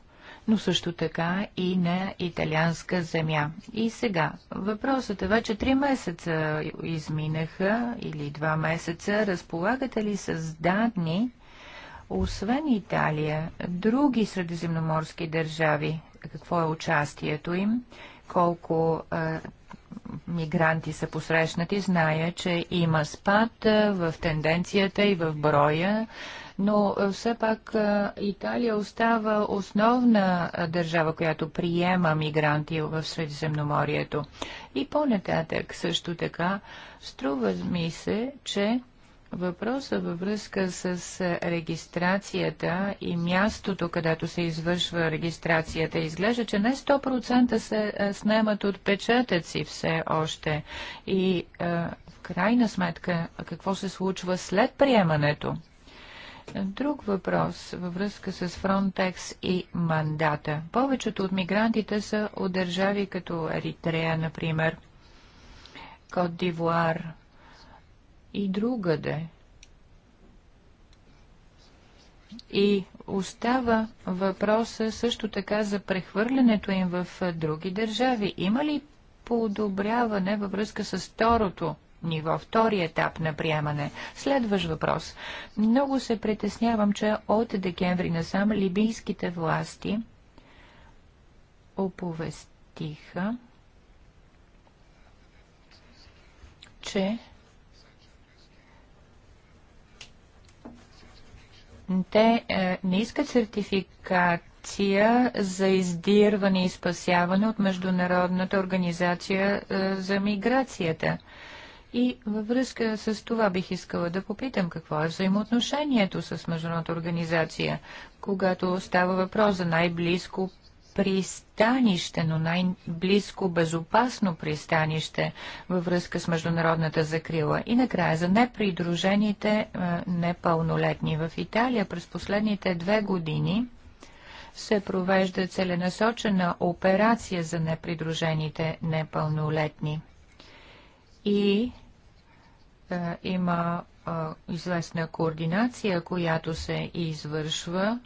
но също така и на италианска земя. И сега, въпросът е вече три месеца изминаха или два месеца. Разполагате ли с данни, освен Италия, други средиземноморски държави? Какво е участието им? Колко а, мигранти са посрещнати, зная, че има спад в тенденцията и в броя, но все пак Италия остава основна държава, която приема мигранти в Средиземноморието. И по-нататък също така струва ми се, че Въпроса във връзка с регистрацията и мястото, където се извършва регистрацията, изглежда, че не 100% се снемат отпечатъци все още. И в крайна сметка, какво се случва след приемането? Друг въпрос във връзка с Frontex и мандата. Повечето от мигрантите са от държави като Еритрея, например, Кот Дивуар – и другаде. И остава въпроса също така за прехвърлянето им в други държави. Има ли подобряване във връзка с второто ниво, втори етап на приемане. Следващ въпрос. Много се притеснявам, че от декември насам либийските власти оповестиха, че те е, не искат сертификация за издирване и спасяване от Международната организация е, за миграцията. И във връзка с това бих искала да попитам какво е взаимоотношението с Международната организация, когато става въпрос за най-близко пристанище, но най-близко безопасно пристанище във връзка с международната закрила. И накрая за непридружените е, непълнолетни в Италия през последните две години се провежда целенасочена операция за непридружените непълнолетни. И е, има е, известна координация, която се извършва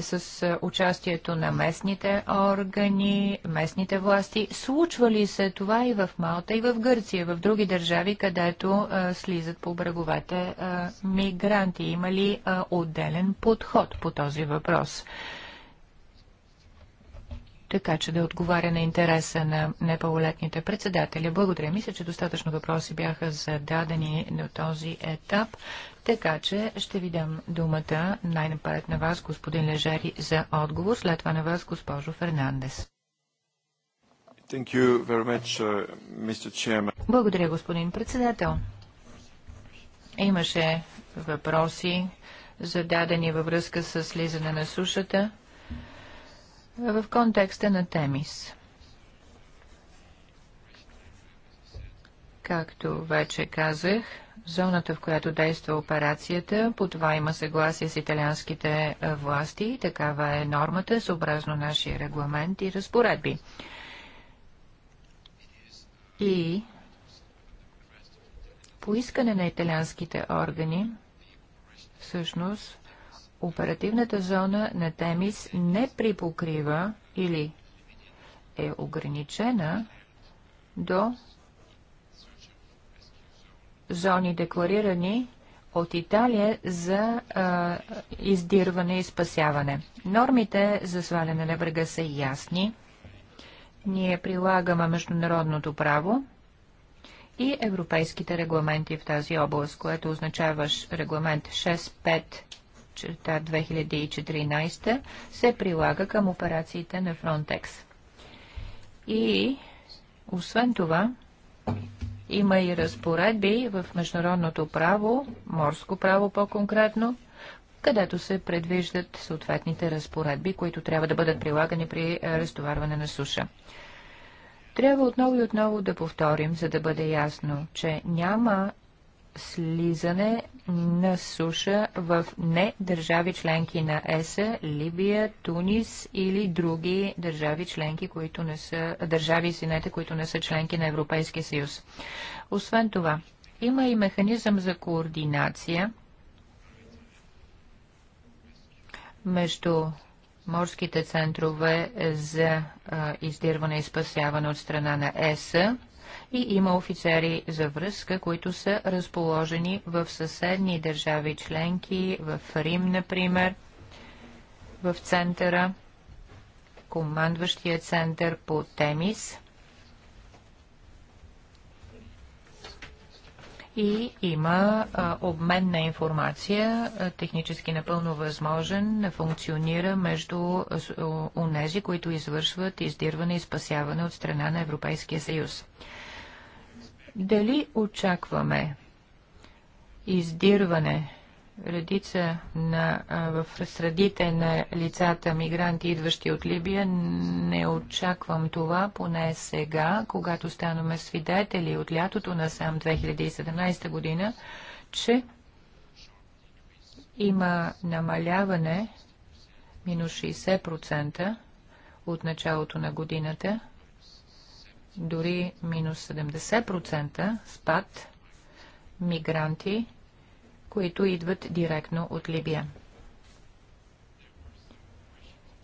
с е, участието на местните органи, местните власти. Случва ли се това и в Малта, и в Гърция, в други държави, където а, е, слизат по бреговете а, е, мигранти? Има ли а, отделен подход по този въпрос? така че да отговаря на интереса на непълнолетните председатели. Благодаря. Мисля, че достатъчно въпроси бяха зададени на този етап. Така че ще ви дам думата най-напред на вас, господин Лежери, за отговор, след това на вас, госпожо Фернандес. Much, uh, Благодаря, господин председател. Имаше въпроси, зададени във връзка с слизане на сушата в контекста на Темис. Както вече казах, зоната, в която действа операцията, по това има съгласие с италианските е, власти. Такава е нормата, съобразно нашия регламент и разпоредби. И по искане на италианските органи, всъщност, оперативната зона на Темис не припокрива или е ограничена до зони декларирани от Италия за а, издирване и спасяване. Нормите за сваляне на брега са ясни. Ние прилагаме международното право и европейските регламенти в тази област, което означаваш регламент 65 черта 2014 се прилага към операциите на Frontex. И освен това, има и разпоредби в международното право, морско право по-конкретно, където се предвиждат съответните разпоредби, които трябва да бъдат прилагани при е, разтоварване на суша. Трябва отново и отново да повторим, за да бъде ясно, че няма слизане на суша в не държави членки на ЕС, Либия, Тунис или други държави членки, които не са, държави, извинете, които не са членки на Европейския съюз. Освен това, има и механизъм за координация между морските центрове за а, издирване и спасяване от страна на ЕС и има офицери за връзка, които са разположени в съседни държави членки, в Рим, например, в центъра, командващия център по Темис. и има а, обмен на информация, а, технически напълно възможен, функционира между унези, които извършват издирване и спасяване от страна на Европейския съюз. Дали очакваме издирване редица на, в средите на лицата мигранти, идващи от Либия. Не очаквам това, поне сега, когато станаме свидетели от лятото на сам 2017 година, че има намаляване минус 60% от началото на годината – дори минус 70% спад мигранти, които идват директно от Либия.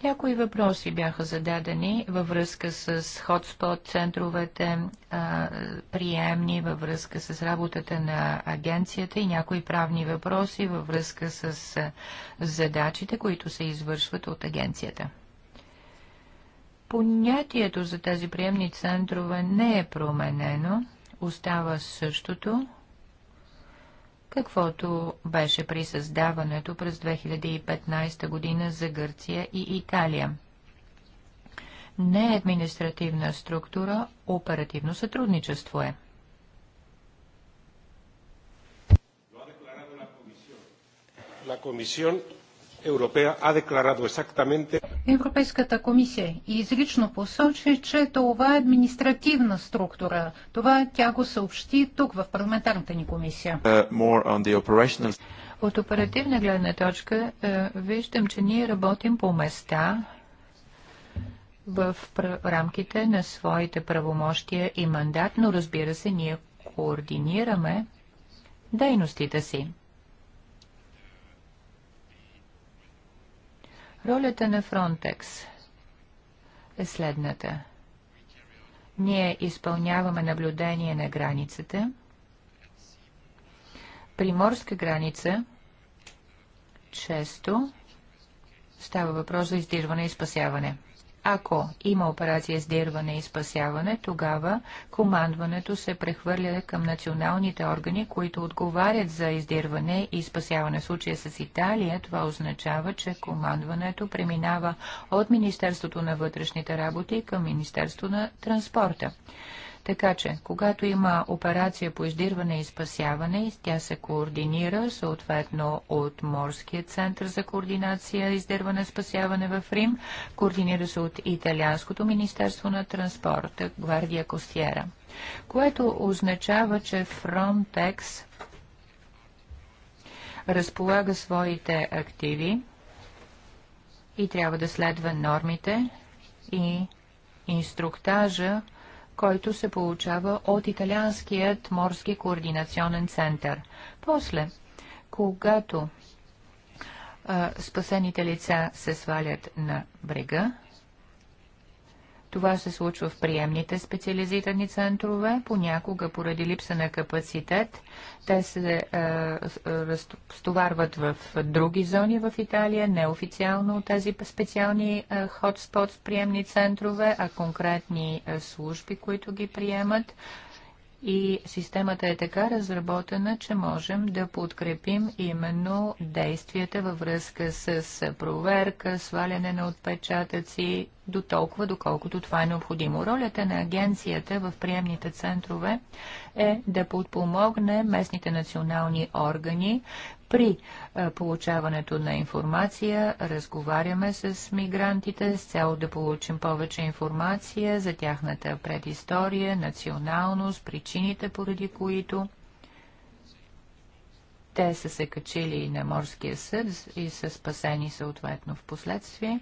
Някои въпроси бяха зададени във връзка с хотспот центровете, а, приемни, във връзка с работата на агенцията и някои правни въпроси във връзка с задачите, които се извършват от агенцията. Понятието за тези приемни центрове не е променено, остава същото, каквото беше при създаването през 2015 година за Гърция и Италия. Не е административна структура, оперативно сътрудничество е. La Comisión Европейската комисия изрично посочи, че това е административна структура. Това тя го съобщи тук в парламентарната ни комисия. Uh, От оперативна гледна точка uh, виждам, че ние работим по места в рамките на своите правомощия и мандат, но разбира се, ние координираме дейностите си. Ролята на Фронтекс е следната. Ние изпълняваме наблюдение на границата. При морска граница често става въпрос за издирване и спасяване – ако има операция с дирване и спасяване, тогава командването се прехвърля към националните органи, които отговарят за издирване и спасяване. В случая с Италия това означава, че командването преминава от Министерството на вътрешните работи към Министерство на транспорта. Така че, когато има операция по издирване и спасяване, тя се координира съответно от Морския център за координация издирване и спасяване в Рим, координира се от Италианското министерство на транспорта, Гвардия Костиера, което означава, че Frontex разполага своите активи и трябва да следва нормите и инструктажа, който се получава от Италианският морски координационен център. После, когато а, спасените лица се свалят на брега, това се случва в приемните специализирани центрове, понякога поради липса на капацитет. Те се е, е разтоварват в други зони в Италия, неофициално тези специални е, хотспот приемни центрове, а конкретни е, служби, които ги приемат и системата е така разработена, че можем да подкрепим именно действията във връзка с проверка, сваляне на отпечатъци, до толкова, доколкото това е необходимо. Ролята на агенцията в приемните центрове е да подпомогне местните национални органи при е, получаването на информация разговаряме с мигрантите с цел да получим повече информация за тяхната предистория, националност, причините поради които те са се качили на морския съд и са спасени съответно в последствие.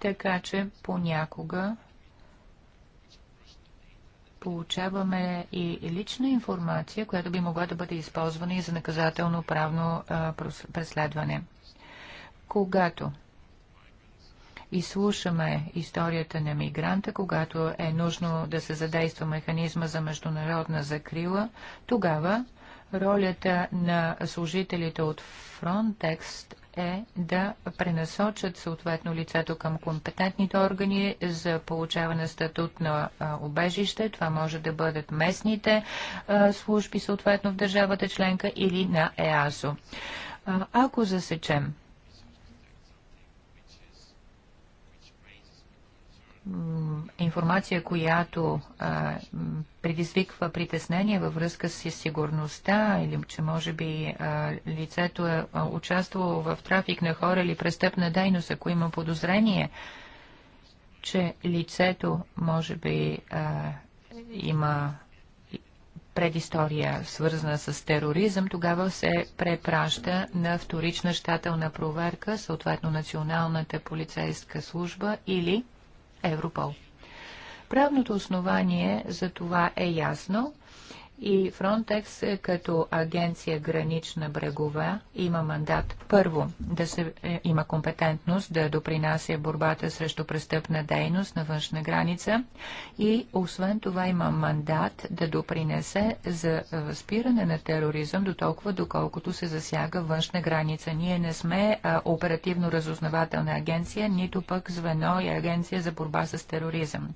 Така че понякога получаваме и лична информация, която би могла да бъде използвана и за наказателно правно преследване. Когато изслушаме историята на мигранта, когато е нужно да се задейства механизма за международна закрила, тогава Ролята на служителите от Frontex е да пренасочат съответно лицето към компетентните органи за получаване статут на убежище. Това може да бъдат местните а, служби съответно в държавата членка или на ЕАСО. А, ако засечем информация, която а, предизвиква притеснение във връзка с сигурността или че може би а, лицето е участвало в трафик на хора или престъпна дейност, ако има подозрение, че лицето може би а, има предистория, свързана с тероризъм, тогава се препраща на вторична щателна проверка, съответно Националната полицейска служба или Европол. Правното основание за това е ясно – и Frontex е като агенция гранична брегова има мандат първо да се, е, има компетентност да допринася борбата срещу престъпна дейност на външна граница и освен това има мандат да допринесе за възпиране е, на тероризъм до толкова доколкото се засяга външна граница. Ние не сме а, оперативно разузнавателна агенция, нито пък звено и агенция за борба с тероризъм.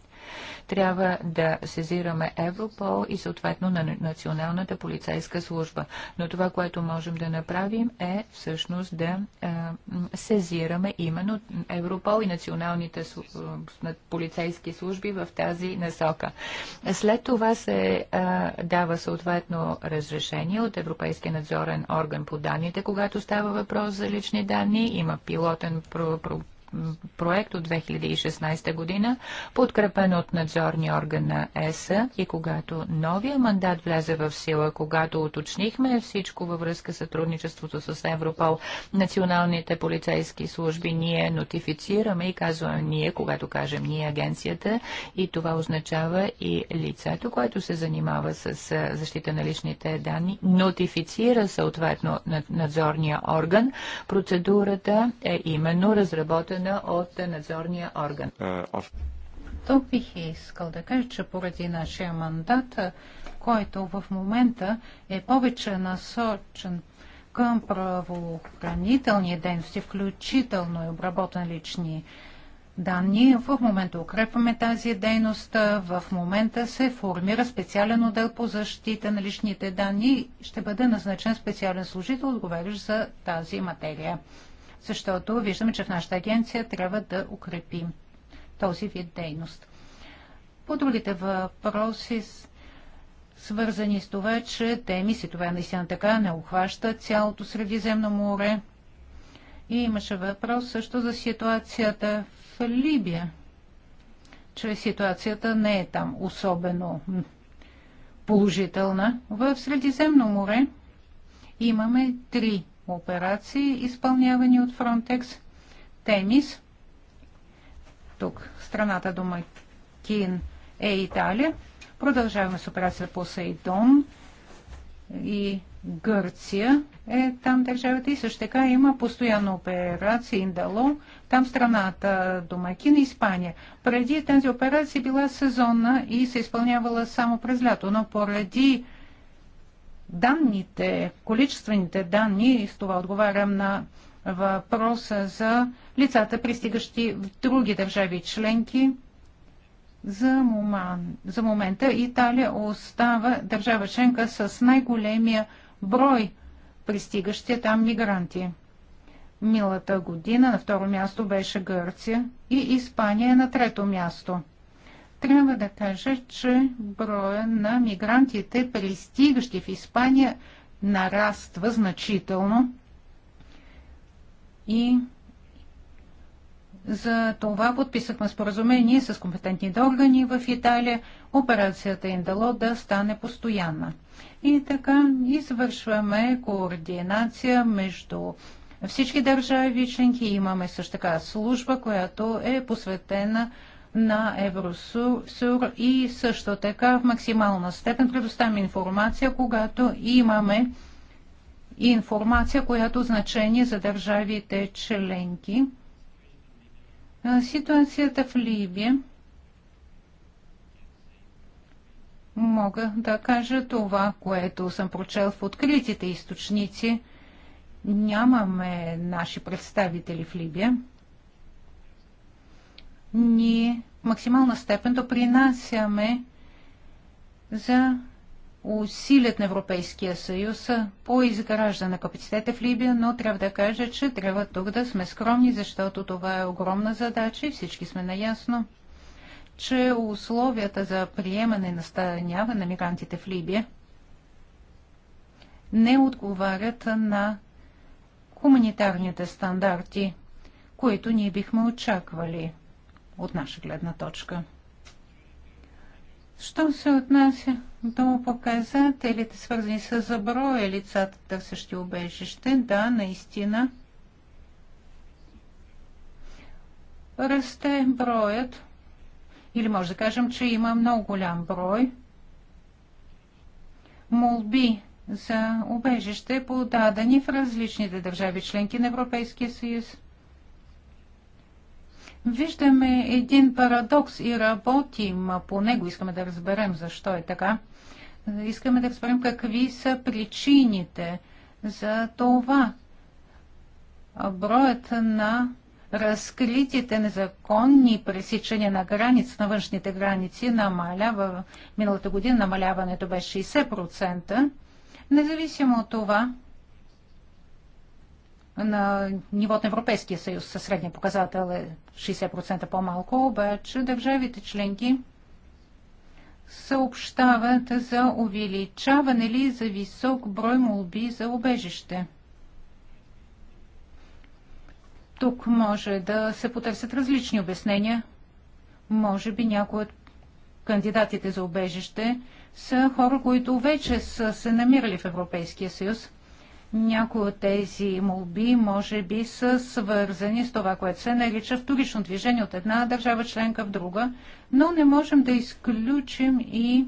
Трябва да сезираме Европол и съответно на Националната полицейска служба. Но това, което можем да направим е всъщност да сезираме именно Европол и националните полицейски служби в тази насока. След това се дава съответно разрешение от Европейския надзорен орган по данните, когато става въпрос за лични данни. Има пилотен проект от 2016 година, подкрепен от надзорния орган на ЕСА и когато новия мандат влезе в сила, когато уточнихме всичко във връзка с сътрудничеството с Европол, националните полицейски служби, ние нотифицираме и казваме ние, когато кажем ние агенцията и това означава и лицето, което се занимава с защита на личните данни, нотифицира съответно надзорния орган. Процедурата е именно разработена разглеждана от надзорния орган. Е, Тук бих искал да кажа, че поради нашия мандат, е, който в момента е повече насочен към правоохранителни дейности, включително и обработен лични данни. В момента укрепваме тази дейност. Е, в момента се формира специален отдел по защита на личните данни. Ще бъде назначен специален служител, отговарящ за тази материя защото виждаме, че в нашата агенция трябва да укрепим този вид дейност. По другите въпроси, свързани с това, че теми си това е наистина така, не охваща цялото Средиземно море. И имаше въпрос също за ситуацията в Либия, че ситуацията не е там особено положителна. В Средиземно море имаме три операции, изпълнявани от Frontex, Темис, тук страната домакин е Италия. Продължаваме с операция по Сейдон и Гърция е там държавата и също така има постоянна операция Индало, там страната домакин и е Испания. Преди тази операция била сезонна и се изпълнявала само през лято, но поради данните, количествените данни, и с това отговарям на въпроса за лицата, пристигащи в други държави членки. За, момент, за момента Италия остава държава членка с най-големия брой пристигащи там мигранти. Милата година на второ място беше Гърция и Испания е на трето място – трябва да кажа, че броя на мигрантите, пристигащи в Испания, нараства значително и за това подписахме споразумение с компетентните органи в Италия операцията им дало да стане постоянна. И така извършваме координация между всички държави членки. Имаме също така служба, която е посветена на Евросур и също така в максимална степен предоставим информация, когато имаме информация, която е значение за държавите членки. Ситуацията в Либия мога да кажа това, което съм прочел в откритите източници. Нямаме наши представители в Либия ние в максимална степен допринасяме за усилят на Европейския съюз по изграждане на капацитета в Либия, но трябва да кажа, че трябва тук да сме скромни, защото това е огромна задача и всички сме наясно, че условията за приемане и настаняване на мигрантите в Либия не отговарят на хуманитарните стандарти, които ние бихме очаквали от наша гледна точка. Що се отнася до показателите, свързани с заброя лицата, търсещи убежище, да, наистина расте броят, или може да кажем, че има много голям брой молби за убежище, подадени в различните държави членки на Европейския съюз виждаме един парадокс и работим по него. Искаме да разберем защо е така. Искаме да разберем какви са причините за това. Броят на разкритите незаконни пресичания на границ, на външните граници намалява. Миналата година намаляването беше 60%. Независимо от това, на нивото на Европейския съюз. Със средния показател е 60% по-малко, обаче държавите членки съобщават за увеличаване или за висок брой молби за убежище. Тук може да се потърсят различни обяснения. Може би някои от кандидатите за убежище са хора, които вече са се намирали в Европейския съюз. Някои от тези молби може би са свързани с това, което се нарича вторично движение от една държава членка в друга, но не можем да изключим и,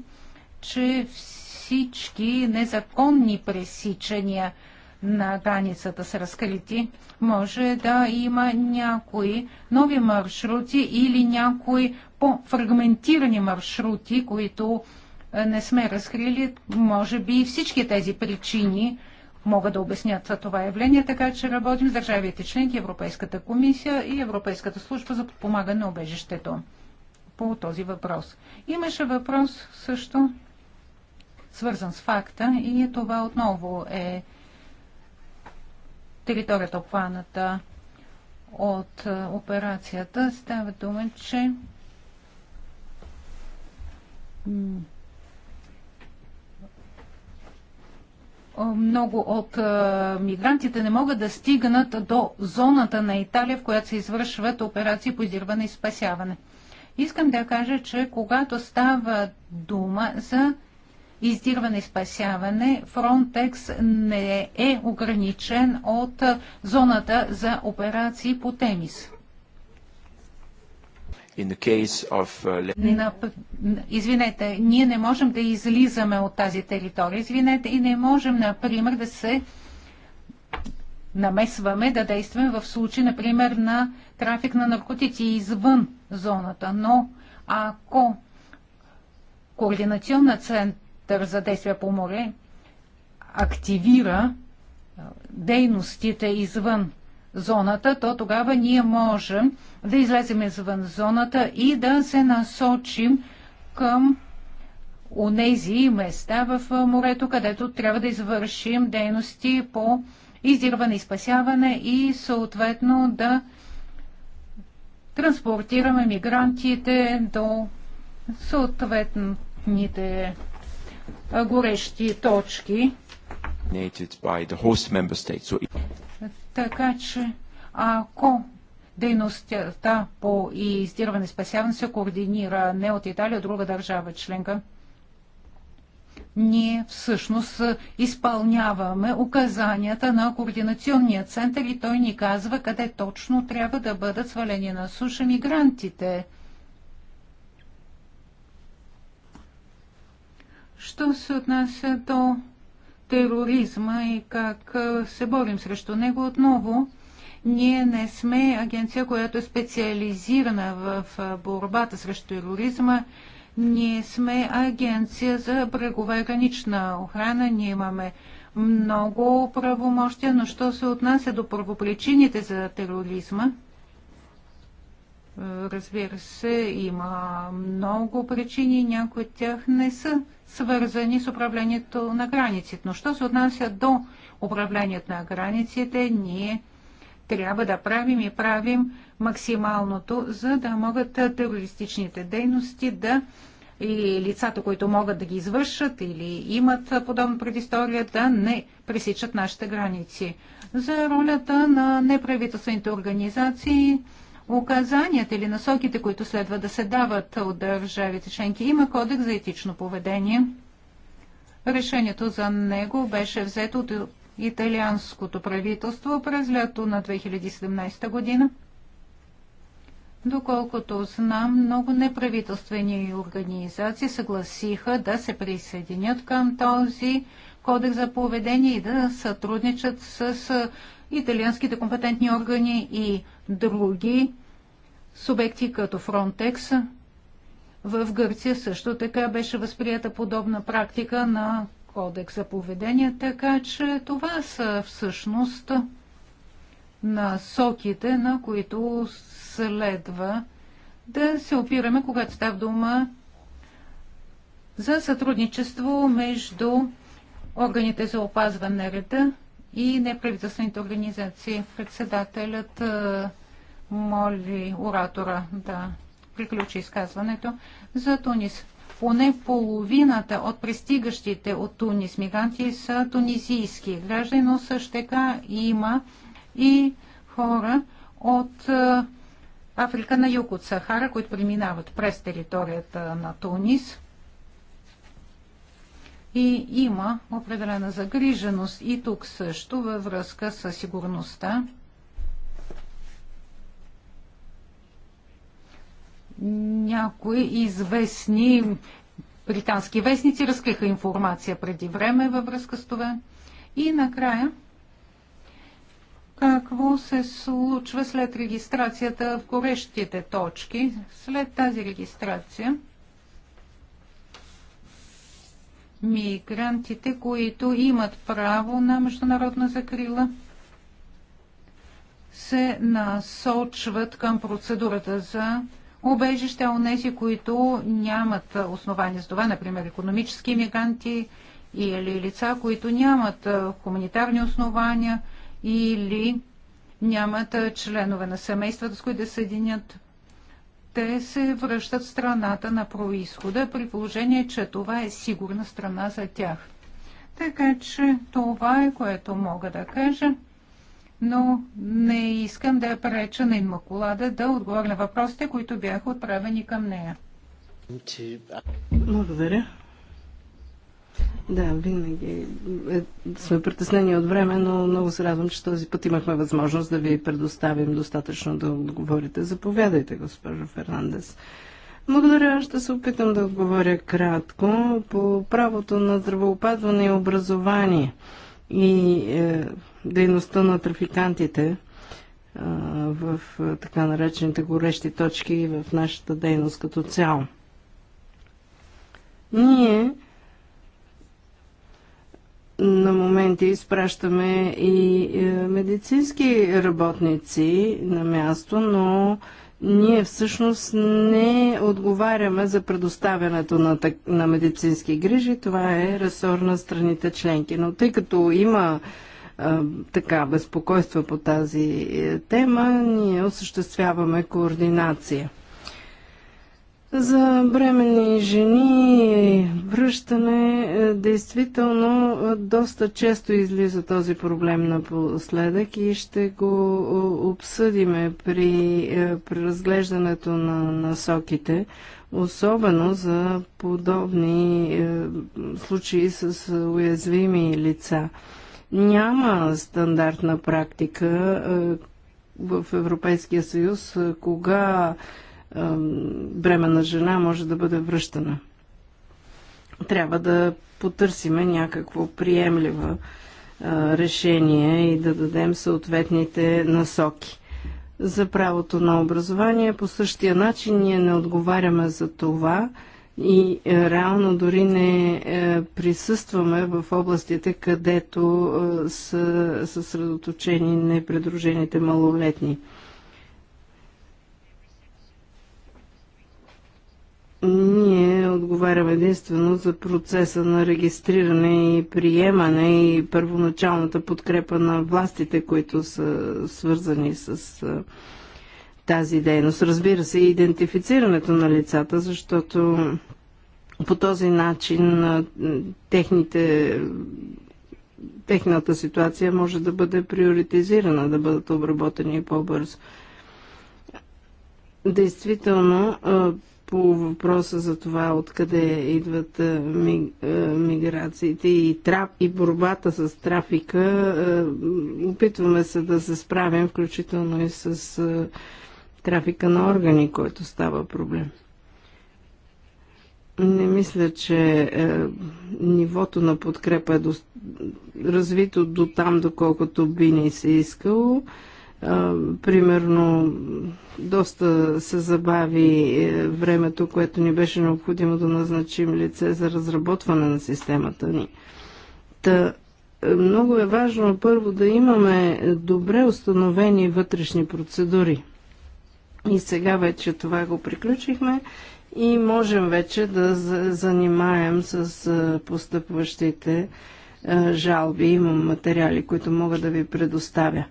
че всички незаконни пресичания на границата с разкрити, може да има някои нови маршрути или някои по-фрагментирани маршрути, които е, не сме разкрили. Може би всички тези причини могат да обяснят това явление, така че работим с държавите членки, Европейската комисия и Европейската служба за подпомагане на обежището по този въпрос. Имаше въпрос също свързан с факта и това отново е територията обхваната от е, операцията. Става дума, че Е, много от е, мигрантите не могат да стигнат до зоната на Италия, в която се извършват операции по издирване и спасяване. Искам да кажа, че когато става дума за издирване и спасяване, Frontex не е ограничен от е, зоната за операции по Темис. Uh, извинете, ние не можем да излизаме от тази територия. Извинете, и не можем, например, да се намесваме, да действаме в случай, например, на трафик на наркотици извън зоната. Но ако координационна център за действия по море активира дейностите извън зоната, то тогава ние можем да излезем извън зоната и да се насочим към онези места в морето, където трябва да извършим дейности по издирване и спасяване и съответно да транспортираме мигрантите до съответните горещи точки. Така че ако дейността по издирване спасяване се координира не от Италия, а от друга държава членка, ние всъщност изпълняваме указанията на координационния център и той ни казва къде точно трябва да бъдат свалени на суша мигрантите. Що се отнася до тероризма и как се борим срещу него отново. Ние не сме агенция, която е специализирана в борбата срещу тероризма. Ние сме агенция за брегова и гранична охрана. Ние имаме много правомощия, но що се отнася до първопричините за тероризма – Разбира се, има много причини, някои от тях не са свързани с управлението на границите. Но що се отнася до управлението на границите, ние трябва да правим и правим максималното, за да могат терористичните дейности да и лицата, които могат да ги извършат или имат подобна предистория, да не пресичат нашите граници. За ролята на неправителствените организации указанията или насоките, които следва да се дават от държавите членки. Има кодекс за етично поведение. Решението за него беше взето от италианското правителство през лято на 2017 година. Доколкото знам, много неправителствени организации съгласиха да се присъединят към този кодекс за поведение и да сътрудничат с италианските компетентни органи и други субекти като Frontex. В Гърция също така беше възприята подобна практика на кодекс за поведение, така че това са всъщност насоките, на които следва да се опираме, когато става дума за сътрудничество между органите за опазване на реда и неправителствените организации. Председателят е, моли оратора да приключи изказването за Тунис. Поне половината от пристигащите от Тунис мигранти са тунизийски граждани, но също така има и хора от е, Африка на юг от Сахара, които преминават през територията на Тунис и има определена загриженост и тук също във връзка с сигурността. Някои известни британски вестници разкриха информация преди време във връзка с това. И накрая, какво се случва след регистрацията в горещите точки? След тази регистрация – мигрантите, които имат право на международна закрила, се насочват към процедурата за убежище, а нези, които нямат основания за това, например, економически мигранти или лица, които нямат хуманитарни основания или нямат членове на семействата, с които да съединят те се връщат в страната на происхода, при положение, че това е сигурна страна за тях. Така че това е, което мога да кажа, но не искам да я преча на Инмакулада да отговоря на въпросите, които бяха отправени към нея. Благодаря. Да, винаги е, сме притеснени от време, но много се радвам, че този път имахме възможност да ви предоставим достатъчно да отговорите. Заповядайте, госпожо Фернандес. Благодаря, ще се опитам да отговоря кратко по правото на здравеопазване и образование и е, дейността на трафикантите е, в е, така наречените горещи точки и в нашата дейност като цяло. Ние на моменти изпращаме и е, медицински работници на място, но ние всъщност не отговаряме за предоставянето на, так... на медицински грижи. Това е ресор на страните членки. Но тъй като има е, така безпокойство по тази е, тема, ние осъществяваме координация. За бремени жени, връщане, е, действително е, доста често излиза този проблем напоследък и ще го е, обсъдиме при преразглеждането на насоките, особено за подобни случаи с уязвими лица. Няма стандартна практика в Европейския съюз, кога бременна жена може да бъде връщана. Трябва да потърсиме някакво приемливо решение и да дадем съответните насоки. За правото на образование по същия начин ние не отговаряме за това, и е, реално дори не е, присъстваме в областите, където е, са съсредоточени непредружените малолетни. Ние отговаряме единствено за процеса на регистриране и приемане и първоначалната подкрепа на властите, които са свързани с тази дейност. Разбира се, и идентифицирането на лицата, защото по този начин техните, техната ситуация може да бъде приоритизирана, да бъдат обработени по-бързо. Действително, по въпроса за това откъде идват миграциите и, трап, и борбата с трафика. Опитваме се да се справим, включително и с трафика на органи, който става проблем. Не мисля, че е, нивото на подкрепа е до, развито до там, доколкото би ни се искало. Е, примерно доста се забави е, времето, което ни беше необходимо да назначим лице за разработване на системата ни. Та, е, много е важно първо да имаме добре установени вътрешни процедури. И сега вече това го приключихме и можем вече да занимаем с е, постъпващите жалби. Имам материали, които мога да ви предоставя.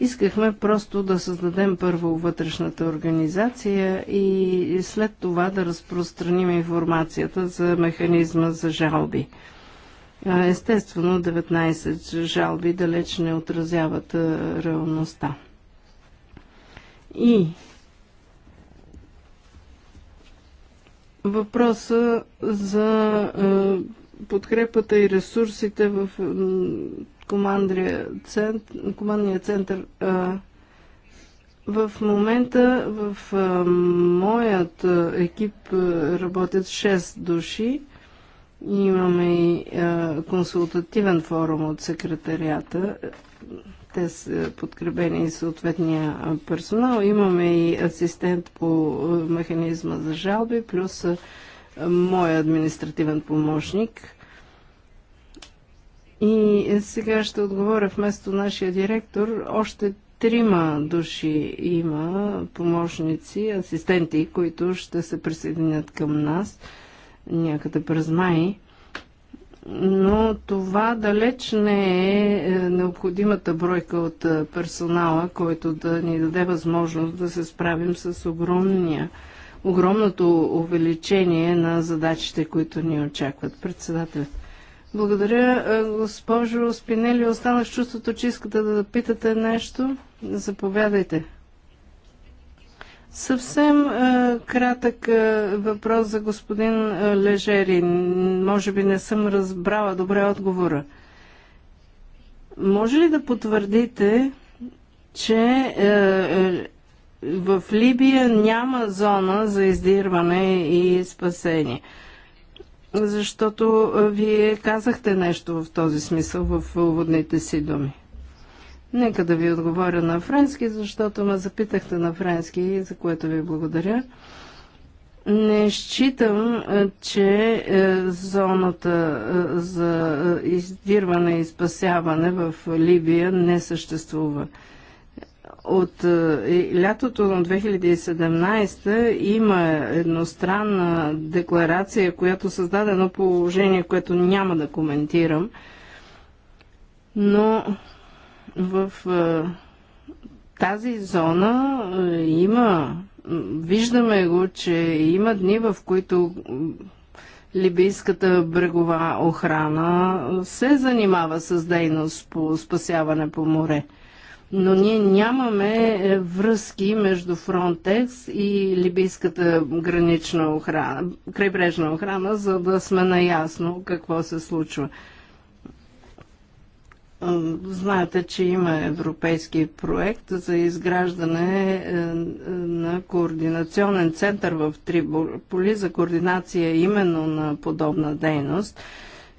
Искахме просто да създадем първо вътрешната организация и след това да разпространим информацията за механизма за жалби. Естествено, 19 жалби далеч не отразяват реалността. И въпроса за подкрепата и ресурсите в център, командния център. В момента в моят екип работят 6 души. Имаме и консултативен форум от секретарията. Те са подкрепени и съответния персонал. Имаме и асистент по механизма за жалби, плюс моя административен помощник – и сега ще отговоря вместо нашия директор. Още трима души има, помощници, асистенти, които ще се присъединят към нас някъде през май. Но това далеч не е, е необходимата бройка от е, персонала, който да ни даде възможност да се справим с огромния, огромното увеличение на задачите, които ни очакват председателят. Благодаря, госпожо Спинели. Останах с чувството, че искате да питате нещо. Заповядайте. Съвсем е, кратък е, въпрос за господин е, Лежери. Може би не съм разбрала добре отговора. Може ли да потвърдите, че е, е, в Либия няма зона за издирване и спасение? защото вие казахте нещо в този смисъл в уводните си думи. Нека да ви отговоря на френски, защото ме запитахте на френски, за което ви благодаря. Не считам, че е, зоната е, за е, издирване и спасяване в Либия не съществува от е, лятото на 2017 има едностранна декларация, която създаде едно положение, което няма да коментирам, но в е, тази зона е, има, виждаме го, че има дни, в които либийската брегова охрана се занимава с дейност по спасяване по море но ние нямаме е, връзки между Фронтекс и Либийската гранична охрана, крайбрежна охрана, за да сме наясно какво се случва. Знаете, че има европейски проект за изграждане е, е, на координационен център в Триполи за координация именно на подобна дейност.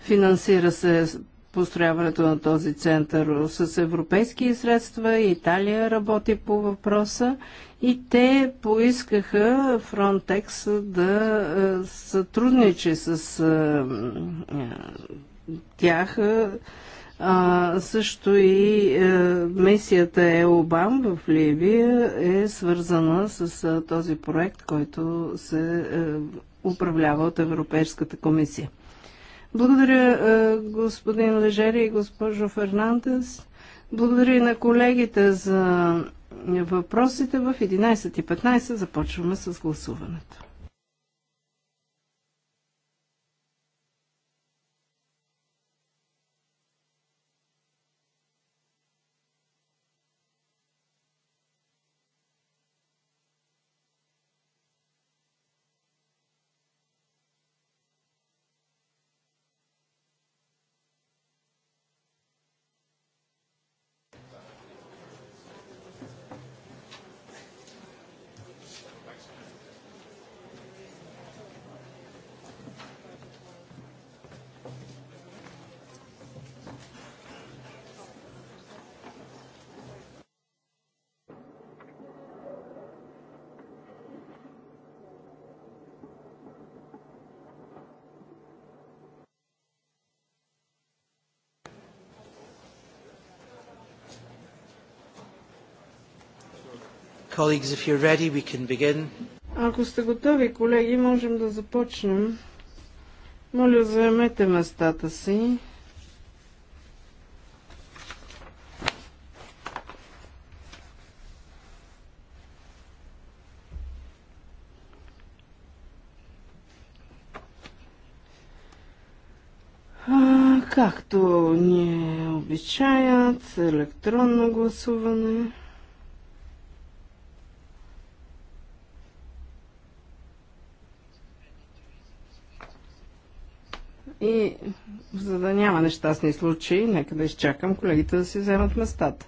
Финансира се построяването на този център с европейски средства. Италия работи по въпроса и те поискаха Frontex да е, сътрудничи с е, е, тях. А, също и е, мисията ЕОБАМ в Ливия е свързана с е, този проект, който се е, управлява от Европейската комисия. Благодаря, е, господин Лежери и госпожо Фернандес. Благодаря и на колегите за въпросите. В 11.15 започваме с гласуването. Colleagues, if you're ready, we can begin. Ако сте готови, колеги, можем да започнем. Моля, заемете местата си. както ни е обичаят, електронно гласуване. нещастни случаи. Нека да изчакам колегите да си вземат местата.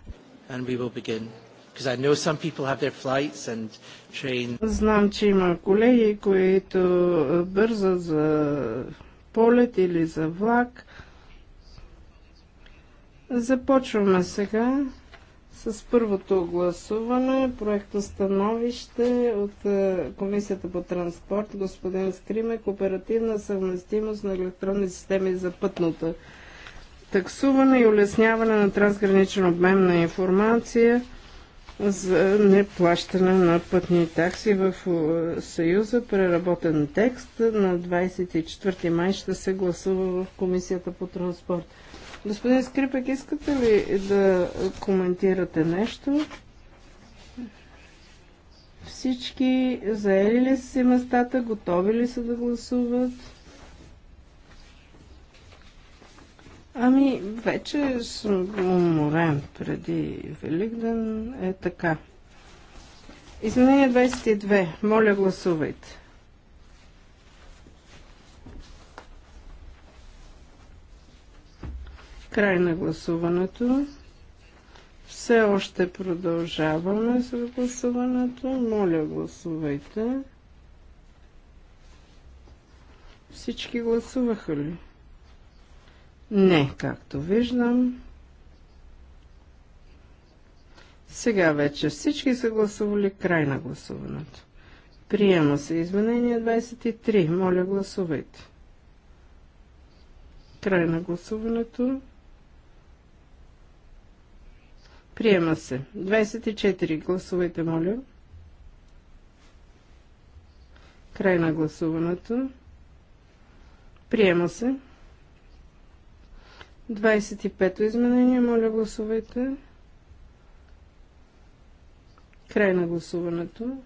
Знам, че има колеги, които бързат за полет или за влак. Започваме сега с първото гласуване, проекто становище от Комисията по транспорт, господин Скриме, кооперативна съвместимост на електронни системи за пътната таксуване и улесняване на трансграничен обмен на информация за неплащане на пътни такси в е, Съюза. Преработен текст на 24 май ще се гласува в Комисията по транспорт. Господин Скрипек, искате ли да коментирате нещо? Всички заели ли са си местата, готови ли са да гласуват? Ами, вече съм уморен преди Великден. Е така. Изменение 22. Моля, гласувайте. Край на гласуването. Все още продължаваме с гласуването. Моля, гласувайте. Всички гласуваха ли? Не, както виждам. Сега вече всички са гласували край на гласуването. Приема се изменение 23. Моля, гласувайте. Край на гласуването. Приема се. 24. Гласувайте, моля. Край на гласуването. Приема се. 25-то изменение, моля гласувайте. Край на гласуването.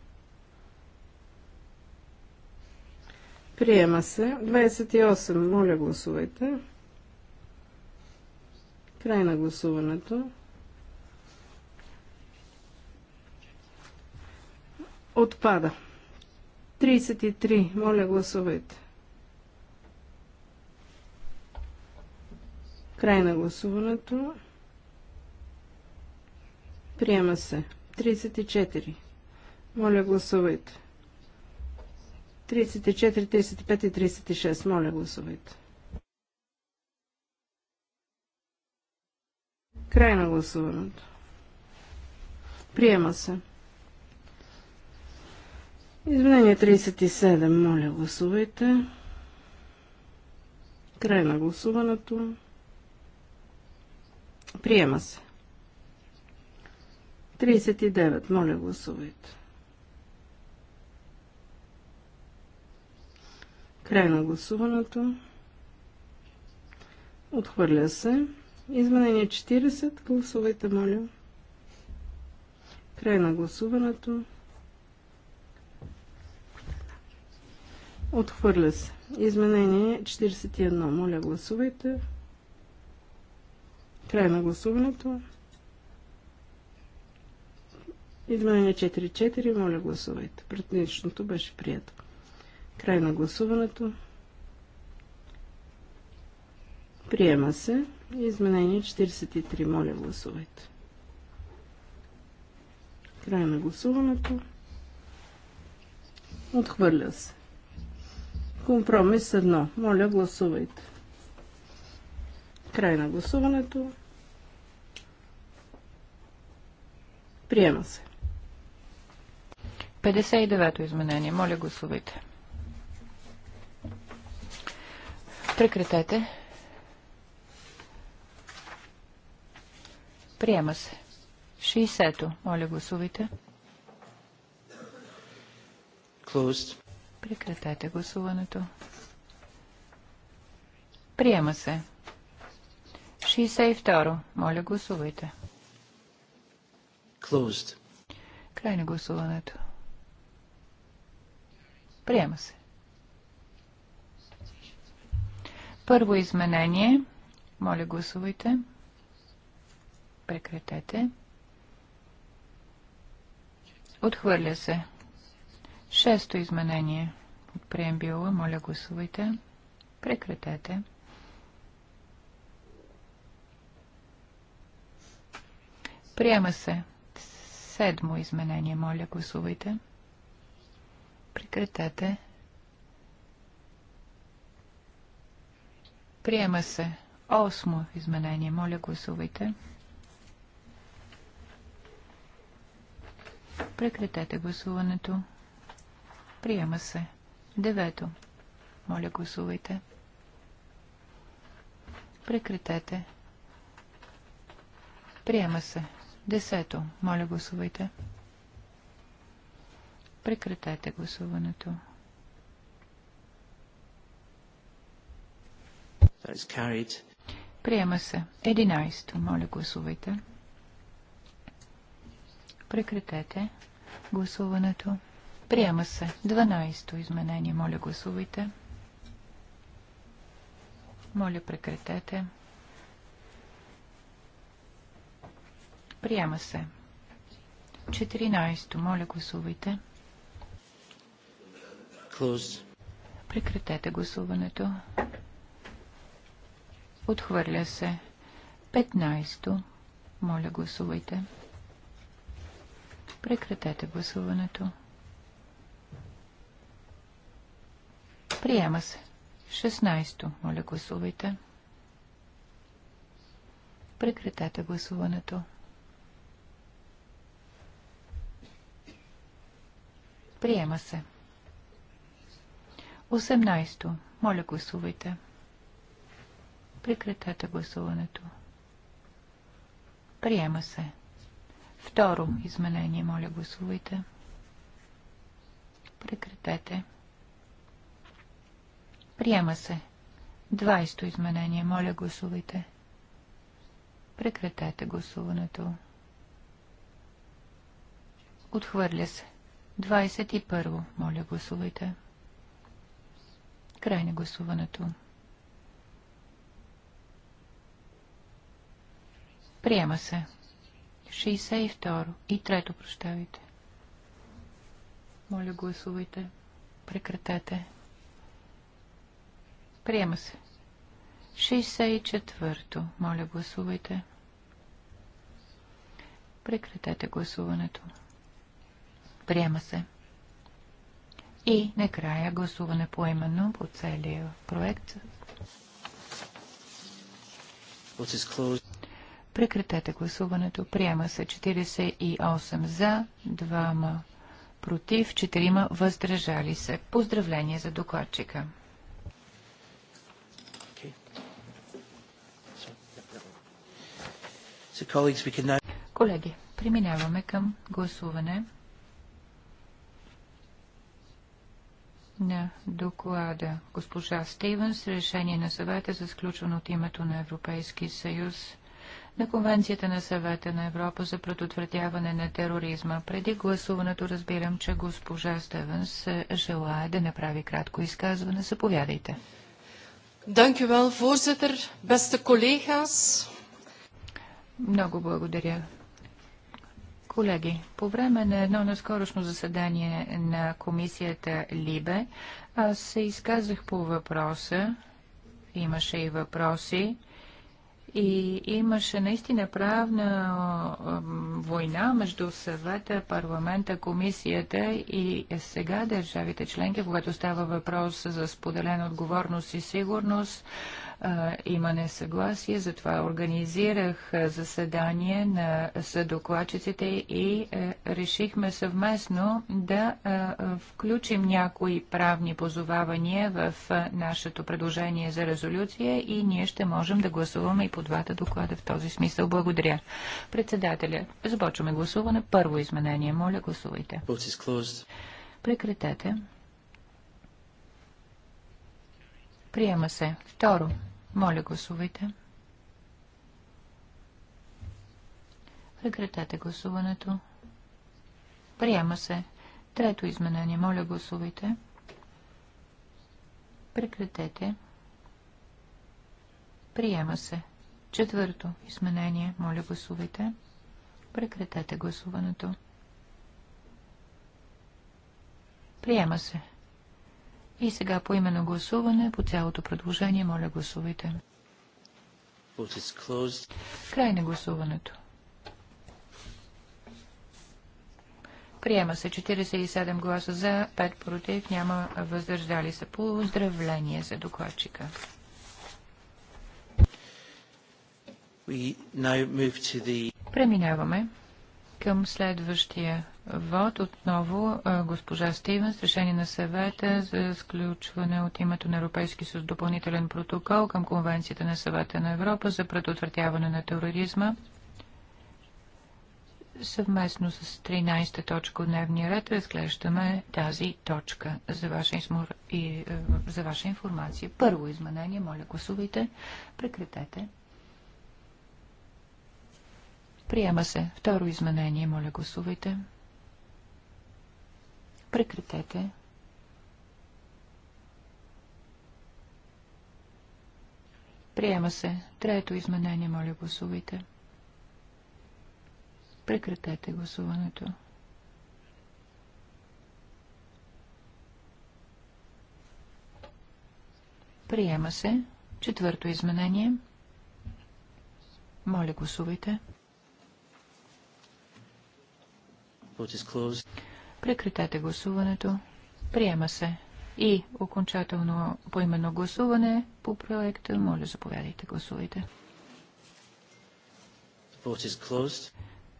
Приема се. 28. Моля гласувайте. Край на гласуването. Отпада. 33. Моля гласувайте. Край на гласуването. Приема се. 34. Моля, гласувайте. 34, 35 и 36. Моля, гласувайте. Край на гласуването. Приема се. Изменение 37. Моля, гласувайте. Край на гласуването. Приема се. 39. Моля, гласувайте. Край на гласуването. Отхвърля се. Изменение 40. Гласувайте, моля. Край на гласуването. Отхвърля се. Изменение 41. Моля, гласувайте. Край на гласуването. Изменение 4-4. Моля гласувайте. Предничното беше прието. Край на гласуването. Приема се. Изменение 43. Моля гласувайте. Край на гласуването. Отхвърля се. Компромис 1. Моля гласувайте. Край на гласуването. Приема се. 59-то изменение. Моля, гласувайте. Прекратете. Приема се. 60-то. Моля, гласувайте. Closed. Прекратете гласуването. Приема се. 62. Моля, гласувайте. Closed. Край на гласуването. Приема се. Първо изменение. Моля, гласувайте. Прекратете. Отхвърля се. Шесто изменение от преембила. Моля, гласувайте. Прекратете. Приема се. Седмо изменение, моля, гласувайте. Прекратете. Приема се. Осмо изменение, моля, гласувайте. Прекратете гласуването. Приема се. Девето. Моля, гласувайте. Прекратете. Приема се. Десето. Моля, гласувайте. Прекратете гласуването. Приема се. 11. Моля, гласувайте. Прекратете гласуването. Приема се. 12 изменение. Моля, гласувайте. Моля, прекратете. Приема се. 14. Моля, гласувайте. Close. Прекратете гласуването. Отхвърля се. 15. Моля, гласувайте. Прекратете гласуването. Приема се. 16. Моля, гласувайте. Прекратете гласуването. Приема се. 18. Моля гласувайте. Прекратете гласуването. Приема се. Второ изменение, моля гласувайте. Прекратете. Приема се. 20 изменение, моля гласувайте. Прекратете гласуването. Отхвърля се. 21. Моля, гласувайте. Край на гласуването. Приема се. 62. И трето, прощавайте. Моля, гласувайте. Прекратете. Приема се. 64. Моля, гласувайте. Прекратете гласуването. Приема се. И накрая гласуване по именно по целия проект. Прекратете гласуването. Приема се 48 за, 2 против, 4 въздържали се. Поздравление за докладчика. Колеги, преминаваме към гласуване на доклада. Госпожа Стивенс, решение на съвета за сключване от името на Европейски съюз на Конвенцията на съвета на Европа за предотвратяване на тероризма. Преди гласуването разбирам, че госпожа Стивенс желая да направи кратко изказване. Заповядайте. Много благодаря, Колеги, по време на едно наскорошно заседание на комисията Либе, аз се изказах по въпроса, имаше и въпроси, и имаше наистина правна война между съвета, парламента, комисията и сега държавите членки, когато става въпрос за споделена отговорност и сигурност, а, има несъгласие, затова организирах заседание на съдокладчиците и а, е, решихме съвместно да а, е, включим някои правни позовавания в е, нашето предложение за резолюция и ние ще можем да гласуваме и по двата доклада в този смисъл. Благодаря. Председателя, започваме гласуване. Първо изменение. Моля, гласувайте. Прекратете. Приема се. Второ. Моля, гласувайте. Прекратете гласуването. Приема се. Трето изменение. Моля, гласувайте. Прекратете. Приема се. Четвърто изменение. Моля, гласувайте. Прекратете гласуването. Приема се. И сега по именно гласуване по цялото предложение. Моля, гласувайте. Край на гласуването. Приема се 47 гласа за, 5 против, няма въздържали се. Поздравление за докладчика. The... Преминаваме към следващия вод. Отново госпожа Стивенс, решение на съвета за сключване от името на Европейски съюз допълнителен протокол към Конвенцията на съвета на Европа за предотвратяване на тероризма. Съвместно с 13-та точка от дневния ред разглеждаме тази точка за ваша, измор... и, е, за ваша информация. Първо изменение, моля гласувайте, прекратете. Приема се. Второ изменение, моля гласувайте. Прекратете. Приема се. Трето изменение, моля гласувайте. Прекратете гласуването. Приема се. Четвърто изменение. Моля гласувайте. Vote is closed. Прекратете гласуването. Приема се. И окончателно поименно гласуване по проекта. Моля, заповядайте, гласувайте.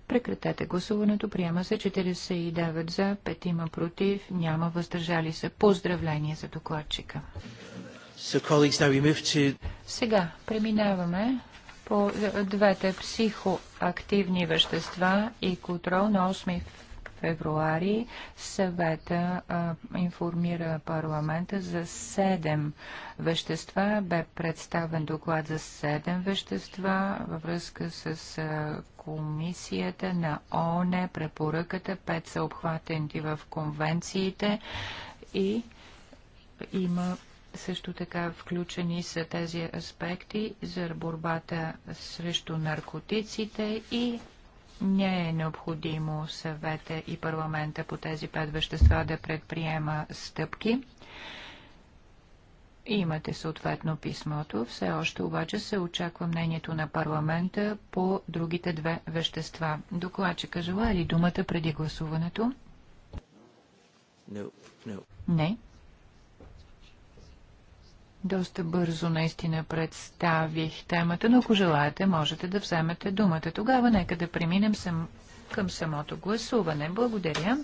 Прекратете гласуването. Приема се 49 за, 5 има против, няма въздържали се. Поздравление за докладчика. So, Сега преминаваме по двете психоактивни вещества и контрол на 8 февруари съвета а, информира парламента за 7 вещества. Бе представен доклад за 7 вещества във връзка с а, комисията на ООН, препоръката, 5 са обхватени в конвенциите и има също така включени са тези аспекти за борбата срещу наркотиците и не е необходимо съвета и парламента по тези пет вещества да предприема стъпки. Имате съответно писмото. Все още обаче се очаква мнението на парламента по другите две вещества. Докладчика желая ли думата преди гласуването? No, no. Не. Доста бързо наистина представих темата, но ако желаете, можете да вземете думата. Тогава нека да преминем сам... към самото гласуване. Благодаря.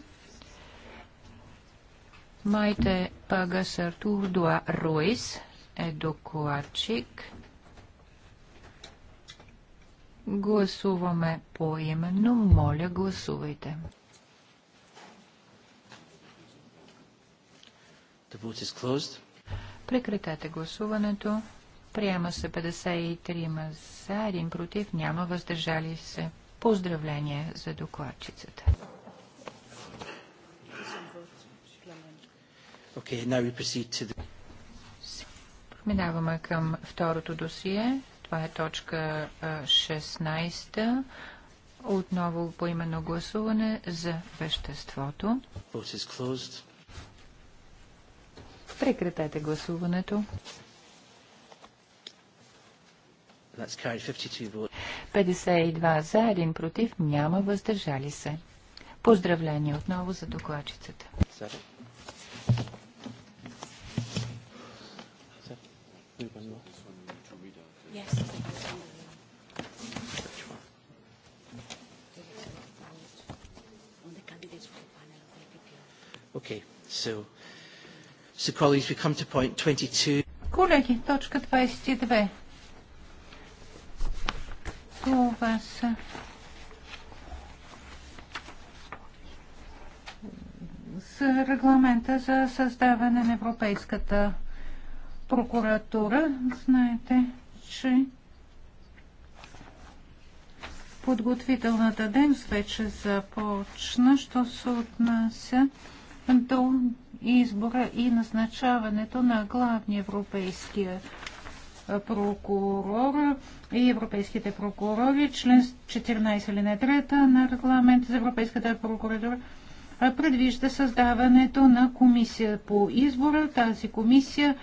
Майте Пага Сартур Дуа Руис е докладчик. Гласуваме поименно. Моля, гласувайте. The vote is closed. Прекратете гласуването. Приема се 53 за, 1 против, няма въздържали се. Поздравление за докладчицата. Okay, the... Минаваме към второто досие. Това е точка 16. Отново по именно гласуване за веществото. Vote is closed. Прекратете гласуването. 52 за, 1 против, няма въздържали се. Поздравление отново за докладчицата. Okay, so So colleagues, we come to point 22. Колеги, точка 22. Това са за регламента за създаване на Европейската прокуратура. Знаете, че подготвителната дейност вече започна, що се отнася до избора и назначаването на главния европейския прокурор и европейските прокурори, член 14 или не трета на регламент за Европейската прокуратура предвижда създаването на комисия по избора. Тази комисия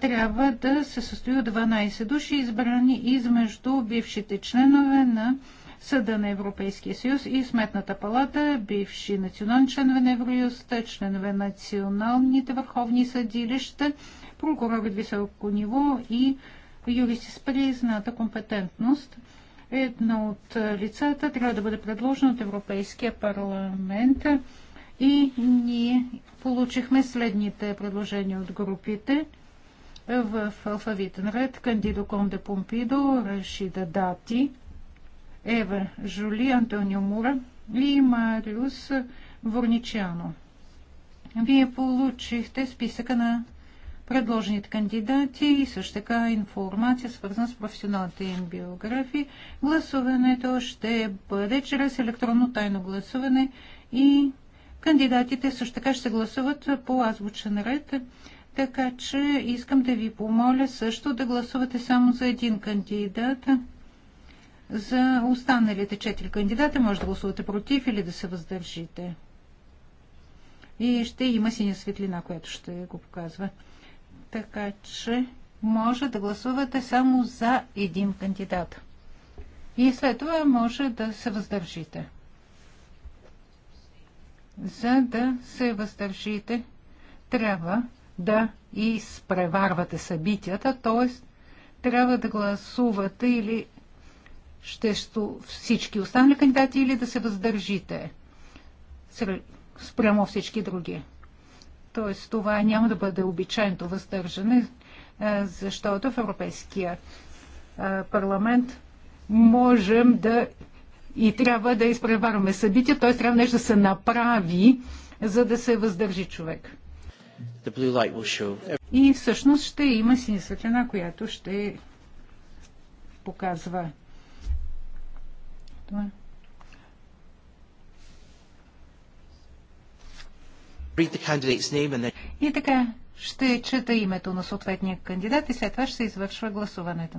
трябва да се състои от 12 души, избрани измежду бившите членове на Съда на Европейския съюз и Сметната палата, бивши национални членове на Евроюста, членове на националните върховни съдилища, прокурори високо ниво и юристи с призната компетентност. Едно от лицата трябва да бъде предложено от Европейския парламент и ние получихме следните предложения от групите в алфавитен ред. Кандидо Конде Помпидо, Рашида Дати, Ева Жули, Антонио Мура и Мариус Ворничано. Вие получихте списъка на предложените кандидати и също така информация, свързана с професионалните им биографии. Гласуването ще бъде чрез електронно тайно гласуване и кандидатите също така ще гласуват по азбучен ред. Така че искам да ви помоля също да гласувате само за един кандидат, за останалите четири кандидата може да гласувате против или да се въздържите. И ще има синя светлина, която ще го показва. Така че може да гласувате само за един кандидат. И след това може да се въздържите. За да се въздържите, трябва да изпреварвате събитията, т.е. трябва да гласувате или ще всички останали кандидати или да се въздържите спрямо всички други. Тоест това няма да бъде обичайното въздържане, е, защото в Европейския е, парламент можем да и трябва да изпреварваме събития, т.е. трябва нещо да се направи, за да се въздържи човек. И всъщност ще има светлина, която ще показва и така, ще чета името на съответния кандидат и след това ще се извършва гласуването.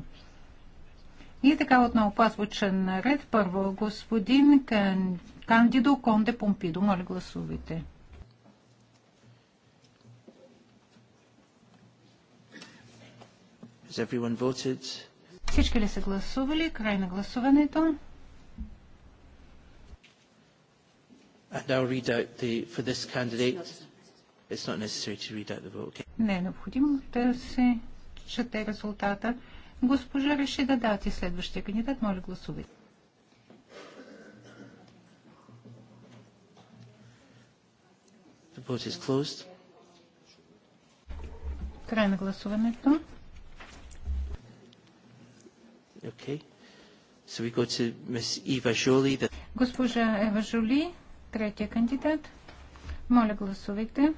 И така отново по азбучен ред. Първо господин Кан... Кандидо Конде Помпидо. Моля гласувайте. Всички ли са гласували? Край на гласуването. And I'll read out the, for this candidate. It's not necessary to read out the vote. Okay. Не е необходимо да се чете резултата. Госпожа реши да дати следващия кандидат. Моля, гласувайте. The vote is closed. Край на гласуването. Okay. So we go to Miss Eva Jolie. Госпожа Ева Жоли, третия кандидат. Моля, гласувайте.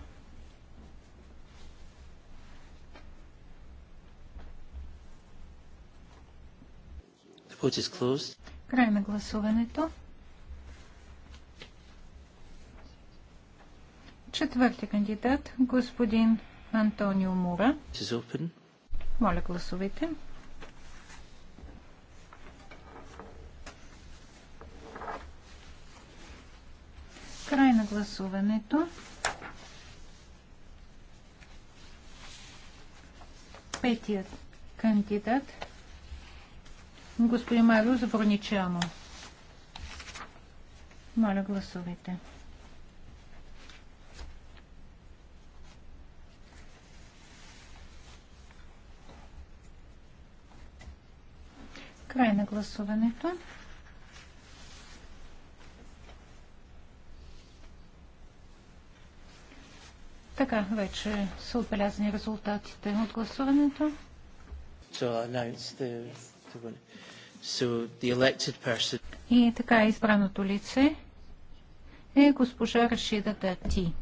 Край на гласуването. Четвърти кандидат, господин Антонио Мура. Моля, гласувайте. Край на гласуването. 5 кандидат господин Майло Заборничано. Моля, гласувайте. Край на гласуването. Така, вече са отбелязани резултатите от гласуването. И така, избраното лице е госпожа Рашида Дати.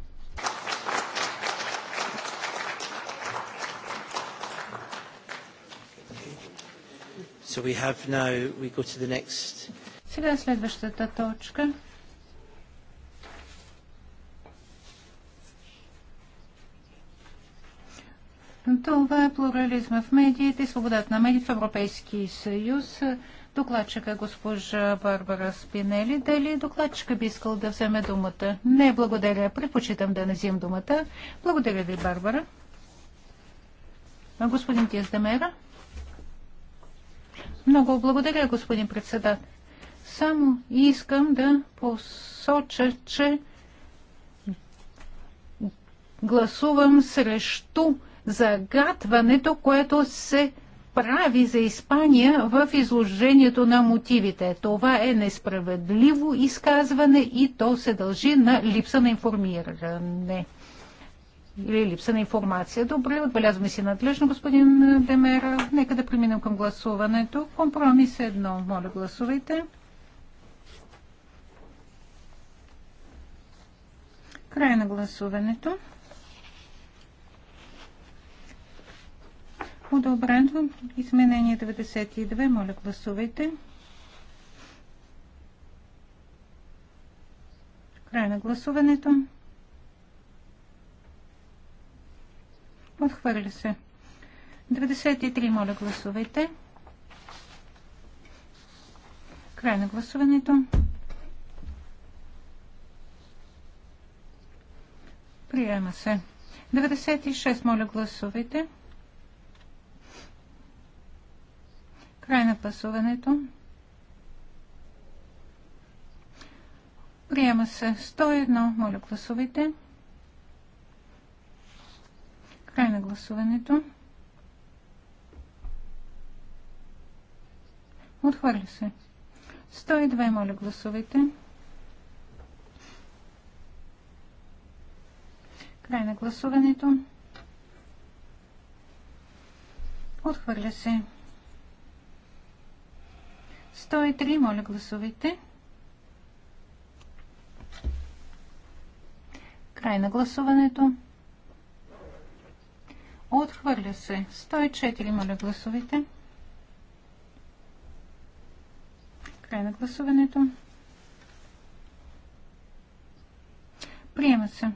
So now, Сега следващата точка Това е плурализма в медиите и свободата на медиите в Европейски съюз. Докладчика госпожа Барбара Спинели. Дали докладчика би искал да вземе думата? Не, благодаря. Предпочитам да не взем думата. Благодаря ви, Барбара. Господин Тиздемера. Много благодаря, господин председател. Само искам да посоча, че гласувам срещу загатването, което се прави за Испания в изложението на мотивите. Това е несправедливо изказване и то се дължи на липса на информиране или липса на информация. Добре, отбелязваме си надлежно, господин Демера. Нека да преминем към гласуването. Компромис едно. Моля, гласувайте. Край на гласуването. Подобрено. Изменение 92. Моля, гласувайте. Край на гласуването. Отхвърля се. 93. Моля, гласувайте. Край на гласуването. Приема се. 96. Моля, гласувайте. Край на пасуването. Приема се 101. Моля, гласувайте. Край на гласуването. Отхвърля се. 102. Моля, гласувайте. Край на гласуването. Отхвърля се. 103, моля гласувайте. Край на гласуването. Отхвърля се. 104, моля гласувайте. Край на гласуването. Приема се.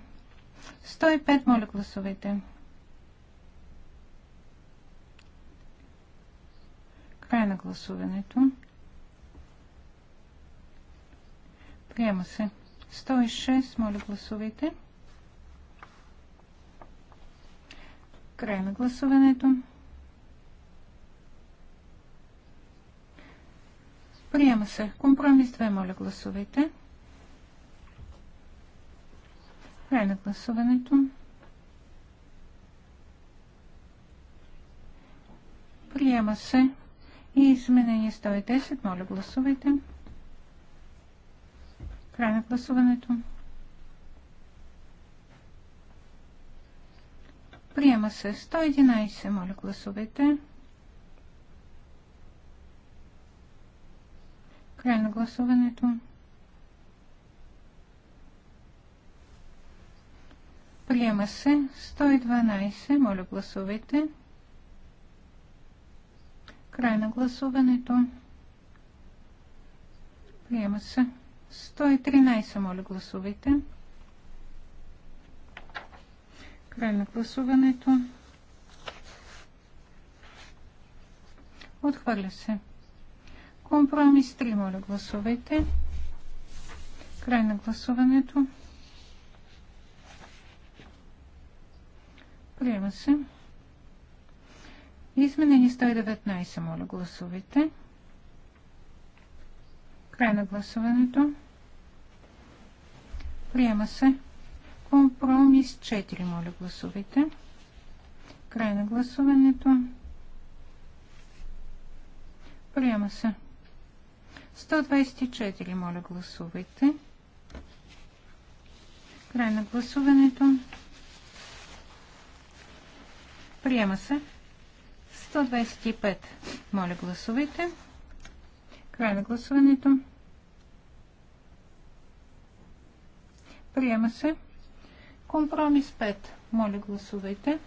105, моля гласувайте. Край на гласуването. Приема се. 106. Моля, гласувайте. Край на гласуването. Приема се. Компромис 2. Моля, гласувайте. Край на гласуването. Приема се. И изменение 110. Моля, гласувайте. Край на гласуването. Приема се 111. Моля, гласувайте. Край на гласуването. Приема се 112. Моля, гласувайте. Край на гласуването. Приема се. 113, моля гласувайте. Край на гласуването. Отхвърля се. Компромис 3, моля гласувайте. Край на гласуването. Приема се. Изменени 119, моля гласувайте. Край на гласуването. Приема се. Компромис 4. Моля, гласувайте. Край на гласуването. Приема се. 124. Моля, гласувайте. Край на гласуването. Приема се. 125. Моля, гласувайте. Край на гласуването. Приема се. Компромис 5. Моля, гласувайте.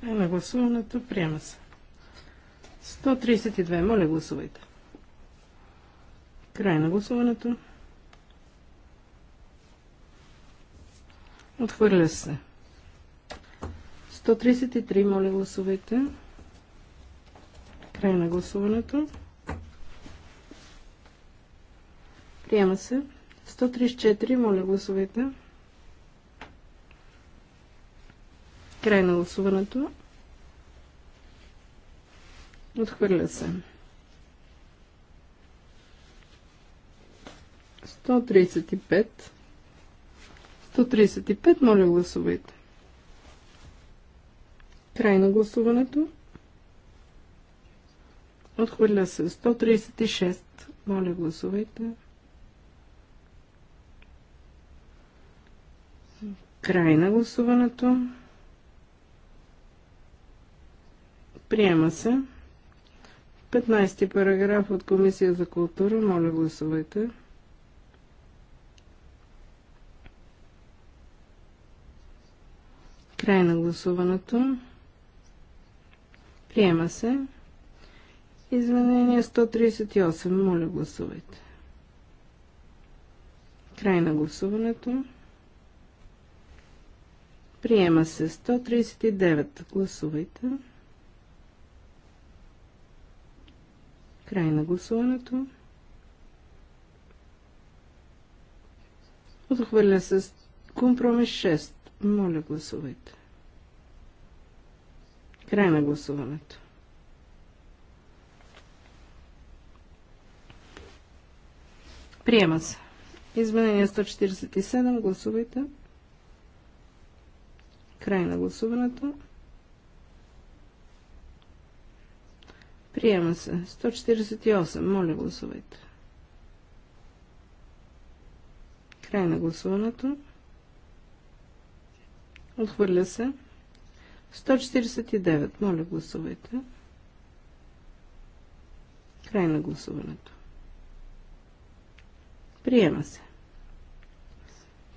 Край на гласуването. Приема се. 132. Моля, гласувайте. Край на гласуването. Отхвърля се. 133. Моля, гласувайте. Край на гласуването. Приема се. 134, моля гласовете. Край на гласуването. Отхвърля се. 135. 135, моля гласовете. Край на гласуването. Отхвърля се. 136. Моля гласовете. Край на гласуването. Приема се. 15 параграф от Комисия за култура. Моля, гласувайте. Край на гласуването. Приема се. Изменение 138. Моля, гласувайте. Край на гласуването. Приема се 139. Гласувайте. Край на гласуването. Отхвърля се компромис 6. Моля, гласувайте. Край на гласуването. Приема се. Изменение 147. Гласувайте. Край на гласуването. Приема се. 148. Моля, гласувайте. Край на гласуването. Отхвърля се. 149. Моля, гласувайте. Край на гласуването. Приема се.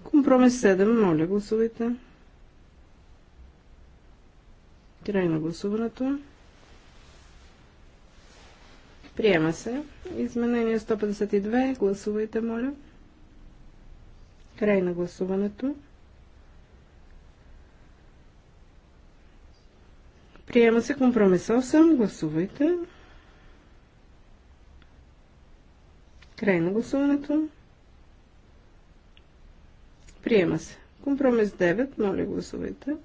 Компромис 7. Моля, гласувайте. Край на гласуването. Приема се. Изменение 152. Гласувайте, моля. Край на гласуването. Приема се компромис 8. Гласувайте. Край на гласуването. Приема се. Компромис 9. Моля, гласувайте.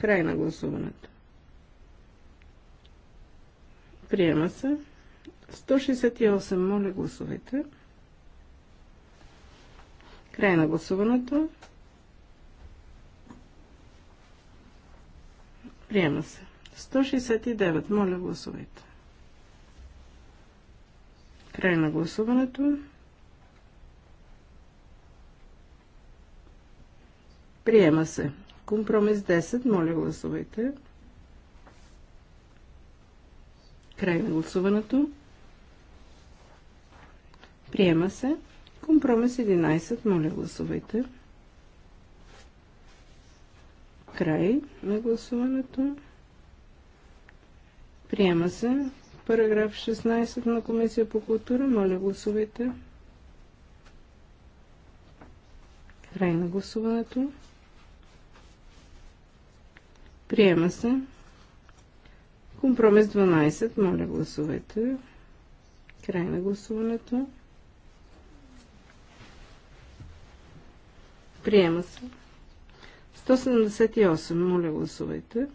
Край на гласуването. Приема се. 168, моля гласовете. Край на гласуването. Приема се. 169, моля гласовете. Край на гласуването. Приема се. Компромис 10. Моля, гласувайте. Край на гласуването. Приема се. Компромис 11. Моля, гласувайте. Край на гласуването. Приема се. Параграф 16 на Комисия по култура. Моля, гласувайте. Край на гласуването. Приема се. Компромис 12. Моля, гласувайте. Край на гласуването. Приема се. 178. Моля, гласувайте.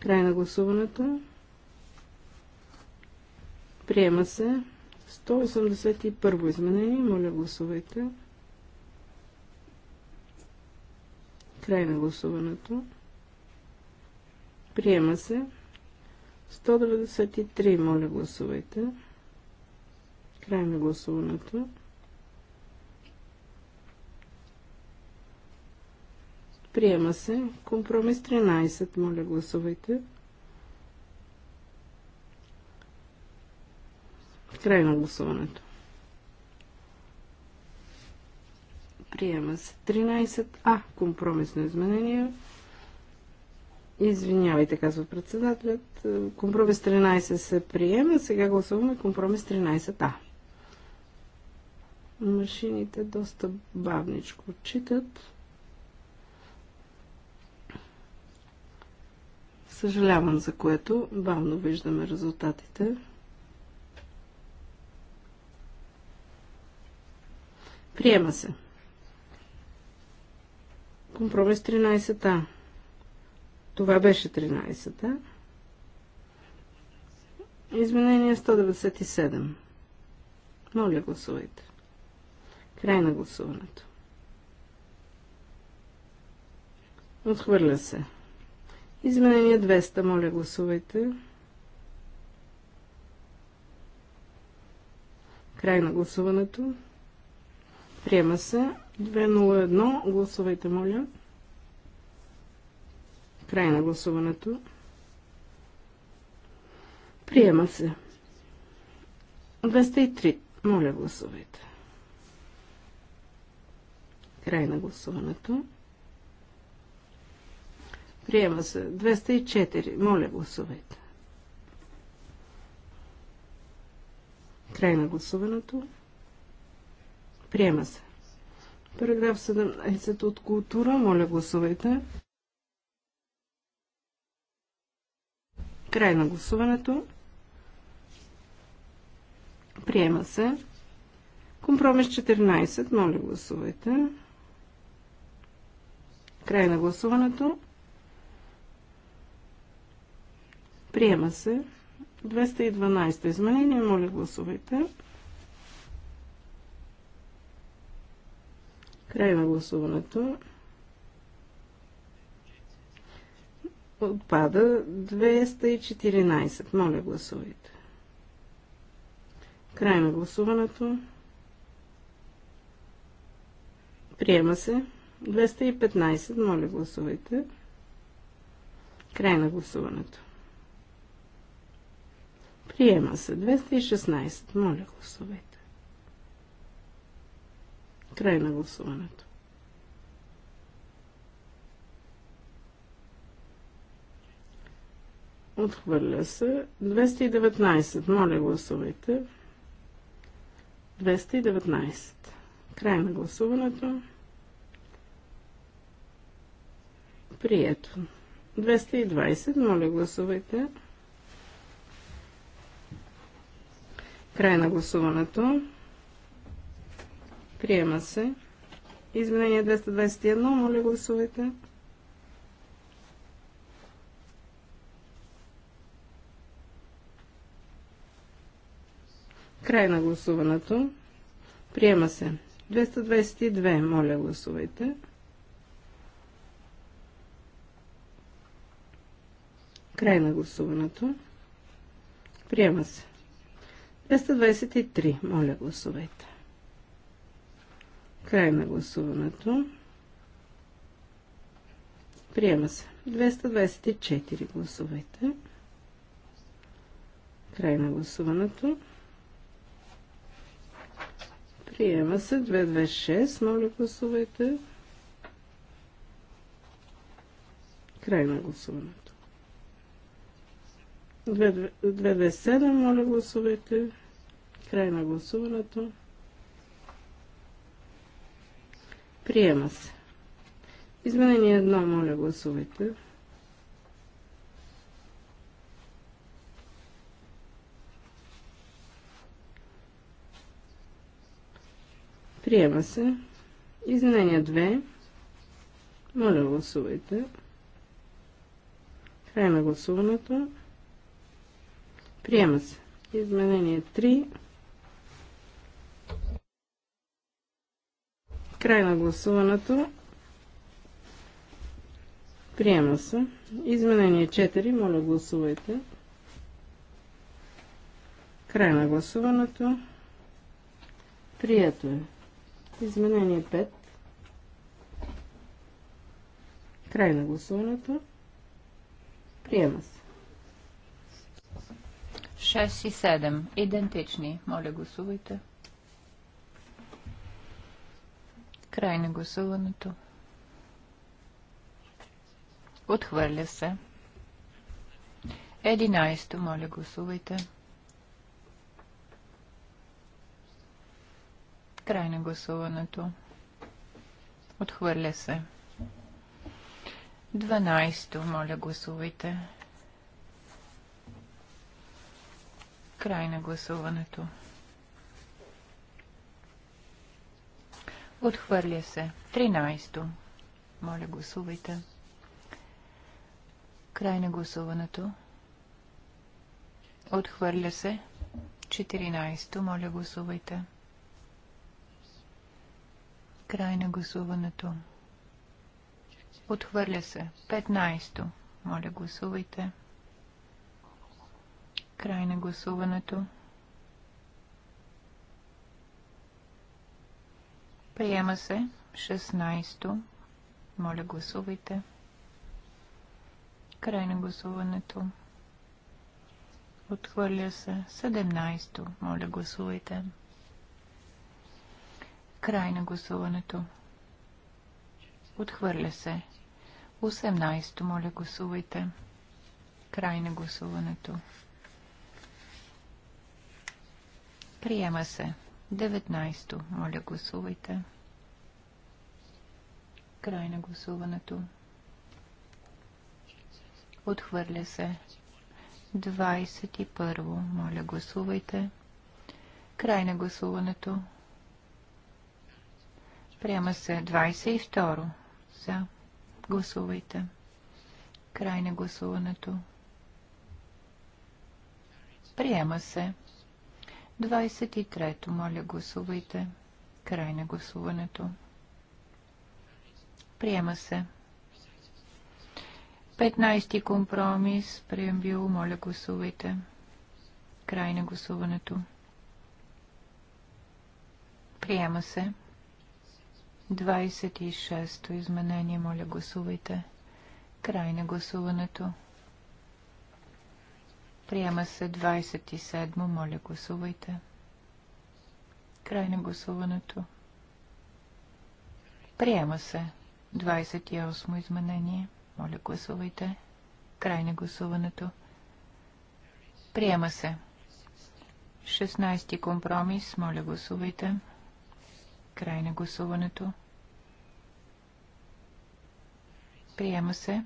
Край на гласуването. Приема се. 181 изменение. Моля, гласувайте. Край на гласуването. Приема се. 193, моля гласувайте. Край на гласуването. Приема се. Компромис 13, моля гласувайте. Край на гласуването. Приема се. 13А. Компромисно изменение. Извинявайте, казва председателят. Компромис 13 се приема. Сега гласуваме компромис 13А. Машините доста бавничко читат. Съжалявам за което. Бавно виждаме резултатите. Приема се. Компромис 13 та Това беше 13 та Изменение 197. Моля, гласувайте. Край на гласуването. Отхвърля се. Изменение 200. Моля, гласувайте. Край на гласуването. Приема се. 201. Гласувайте, моля. Край на гласуването. Приема се. 203. Моля, гласувайте. Край на гласуването. Приема се. 204. Моля, гласувайте. Край на гласуването. Приема се. Параграф 17 от култура. Моля, гласувайте. Край на гласуването. Приема се. Компромис 14. Моля, гласувайте. Край на гласуването. Приема се. 212 изменение. Моля, гласувайте. Край на гласуването. Отпада 214. Моля, гласувайте. Край на гласуването. Приема се. 215. Моля, гласувайте. Край на гласуването. Приема се. 216. Моля, гласувайте. Край на гласуването. Отхвърля се. 219. Моля, гласувайте. 219. Край на гласуването. Прието. 220. Моля, гласувайте. Край на гласуването. Приема се. Изменение 221. Моля гласувайте. Край на гласуването. Приема се. 222. Моля гласувайте. Край на гласуването. Приема се. 223. Моля гласувайте. Край на гласуването. Приема се. 224 гласовете. Край на гласуването. Приема се 226. Моля гласовете. Край на гласуването. 227. Моля гласовете. Край на гласуването. Приема се. Изменение едно, моля гласувайте. Приема се. Изменение 2. Моля гласувайте. Край на гласуването. Приема се. Изменение 3. Край на гласуването. Приема се. Изменение 4. Моля гласувайте. Край на гласуването. Прието е. Изменение 5. Край на гласуването. Приема се. 6 и 7. Идентични. Моля гласувайте. Край на гласуването. Отхвърля се. Единайсто, Моля, гласувайте. Край на гласуването. Отхвърля се. 12. Моля, гласувайте. Край на гласуването. Отхвърля се. 13. Моля, гласувайте. Край на гласуването. Отхвърля се. 14. Моля, гласувайте. Край на гласуването. Отхвърля се. 15. Моля, гласувайте. Край на гласуването. Приема се 16-то. Моля, гласувайте. Край на гласуването. Отхвърля се 17-то. Моля, гласувайте. Край на гласуването. Отхвърля се 18-то. Моля, гласувайте. Край на гласуването. Приема се 19. Моля, гласувайте. Край на гласуването. Отхвърля се. 21. Моля, гласувайте. Край на гласуването. Приема се 22. За. Гласувайте. Край на гласуването. Приема се. 23-то, моля гласувайте. Край на гласуването. Приема се. 15-ти компромис, бил. моля гласувайте. Край на гласуването. Приема се. 26-то изменение, моля гласувайте. Край на гласуването. Приема се 27. Моля, гласувайте. Край на гласуването. Приема се 28 изменение. Моля, гласувайте. Край на гласуването. Приема се. 16 компромис. Моля, гласувайте. Край на гласуването. Приема се.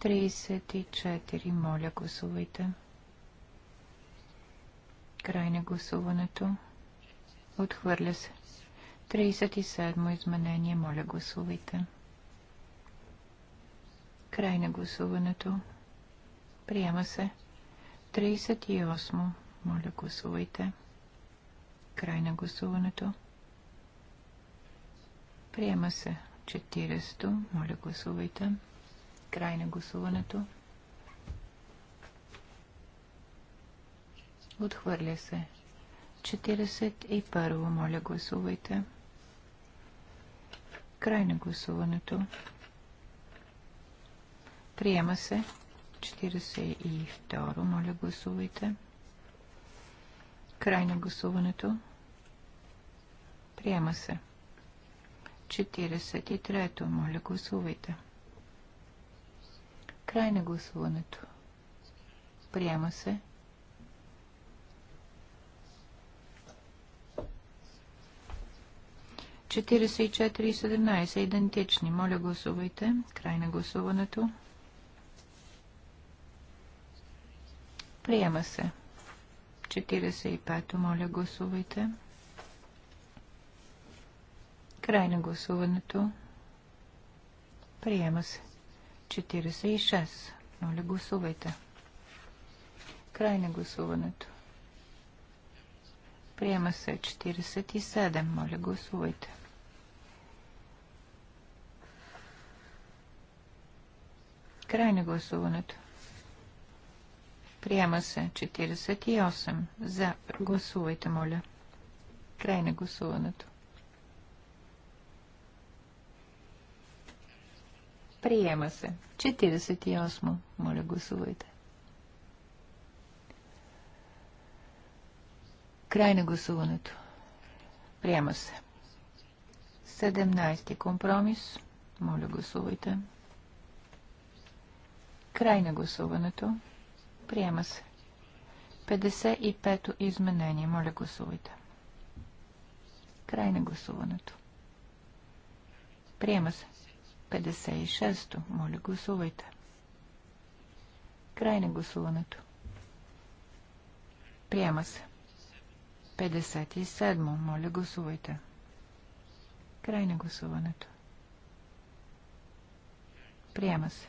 34. Моля, гласувайте. Край на гласуването. Отхвърля се. 37. Изменение. Моля, гласувайте. Край на гласуването. Приема се. 38. Моля, гласувайте. Край на гласуването. Приема се. 40. Моля, гласувайте. Край на гласуването. Отхвърля се. 41. Моля, гласувайте. Край на гласуването. Приема се. 42. Моля, гласувайте. Край на гласуването. Приема се. 43. Моля, гласувайте. Край на гласуването. Приема се. Четиридесет и четири и седемнайсет идентични. Моля гласувайте. Край на гласуването. Приема се. 45 моля гласувайте. Край на гласуването. Приема се. 46. Моля, гласувайте. Край на гласуването. Приема се 47. Моля, гласувайте. Край на гласуването. Приема се 48. За. Гласувайте, моля. Край на гласуването. Приема се. 48. Моля, гласувайте. Край на гласуването. Приема се. 17. Компромис. Моля, гласувайте. Край на гласуването. Приема се. 55-то изменение. Моля, гласувайте. Край на гласуването. Приема се. 56-то. Моля, гласувайте. Край на гласуването. Приема се. 57 Моля, гласувайте. Край на гласуването. Приема се.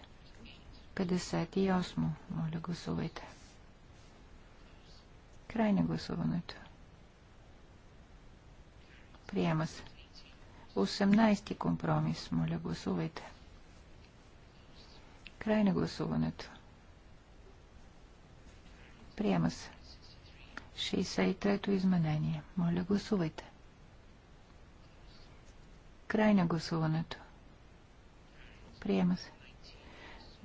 58 Моля, гласувайте. Край на гласуването. Приема се. 59 18 компромис. Моля, гласувайте. Край на гласуването. Приема се. 63-то изменение. Моля, гласувайте. Край на гласуването. Приема се.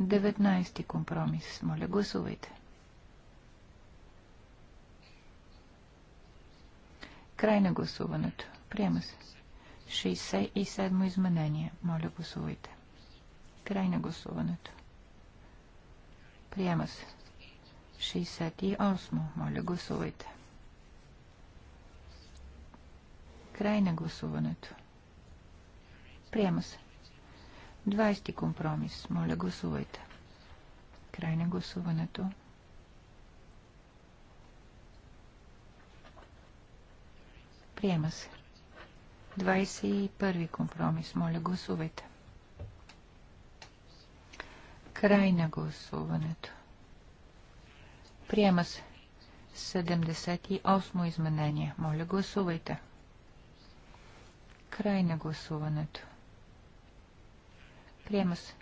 19-ти компромис. Моля, гласувайте. Край на гласуването. Приема се. 67 изменение. Моля, гласувайте. Край на гласуването. Приема се. 68. Моля, гласувайте. Край на гласуването. Приема се. 20 компромис. Моля, гласувайте. Край на гласуването. Приема се. 21 компромис. Моля, гласувайте. Край на гласуването. Приема се. 78 изменение. Моля, гласувайте. Край на гласуването. Приема се.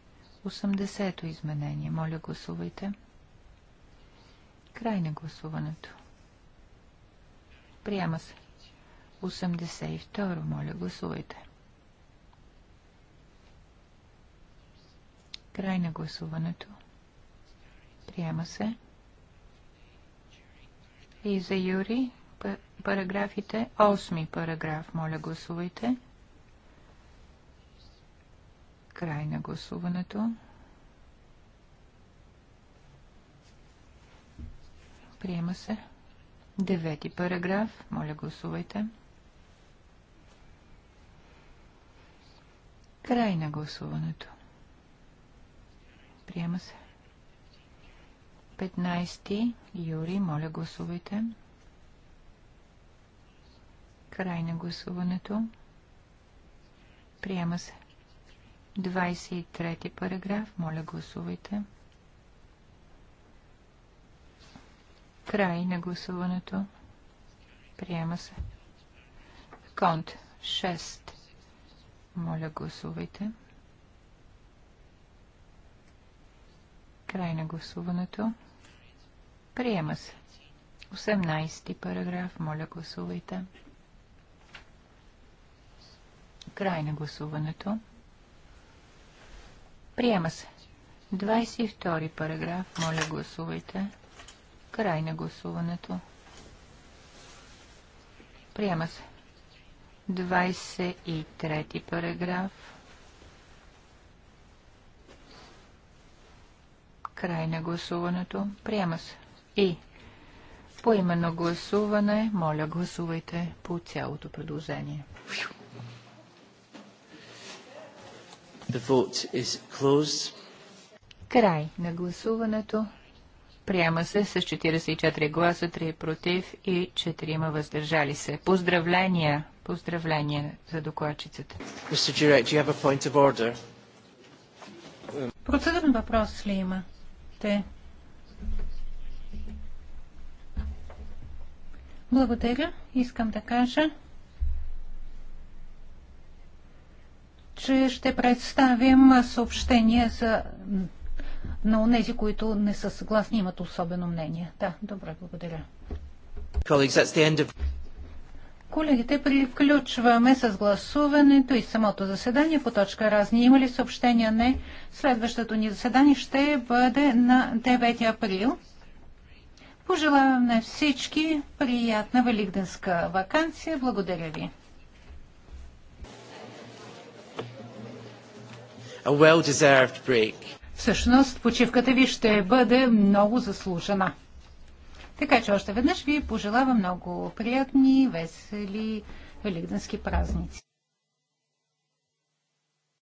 80-то изменение. Моля, гласувайте. Край на гласуването. Приема се. 82. Моля, гласувайте. Край на гласуването. Приема се. И за Юри параграфите. Осми параграф. Моля, гласувайте. Край на гласуването. Приема се. Девети параграф. Моля, гласувайте. Край на гласуването. Приема се. 15. Юри, моля гласувайте. Край на гласуването. Приема се. 23 параграф, моля гласувайте. Край на гласуването. Приема се. Конт 6. Моля, гласувайте. Край на гласуването. Приема се. 18 параграф. Моля, гласувайте. Край на гласуването. Приема се. 22 параграф. Моля, гласувайте. Край на гласуването. Приема се. 23 параграф. Край на гласуването. Приема се. И по именно гласуване, моля гласувайте по цялото предложение. The vote is closed. Край на гласуването. Приема се с 44 гласа, 3 против и 4 въздържали се. Поздравления Поздравление за докладчицата. Процедурен въпрос ли има? Те. Благодаря. Искам да кажа, че ще представим съобщение за на онези, които не са съгласни, имат особено мнение. Да, добре, благодаря. Колегите, приключваме с гласуването и самото заседание по точка разни. Има ли съобщения? Не. Следващото ни заседание ще бъде на 9 април. Пожелавам на всички приятна великденска вакансия. Благодаря ви. A well-deserved break. Всъщност, почивката ви ще бъде много заслужена. Така че още веднъж ви пожелавам много приятни, весели великденски празници.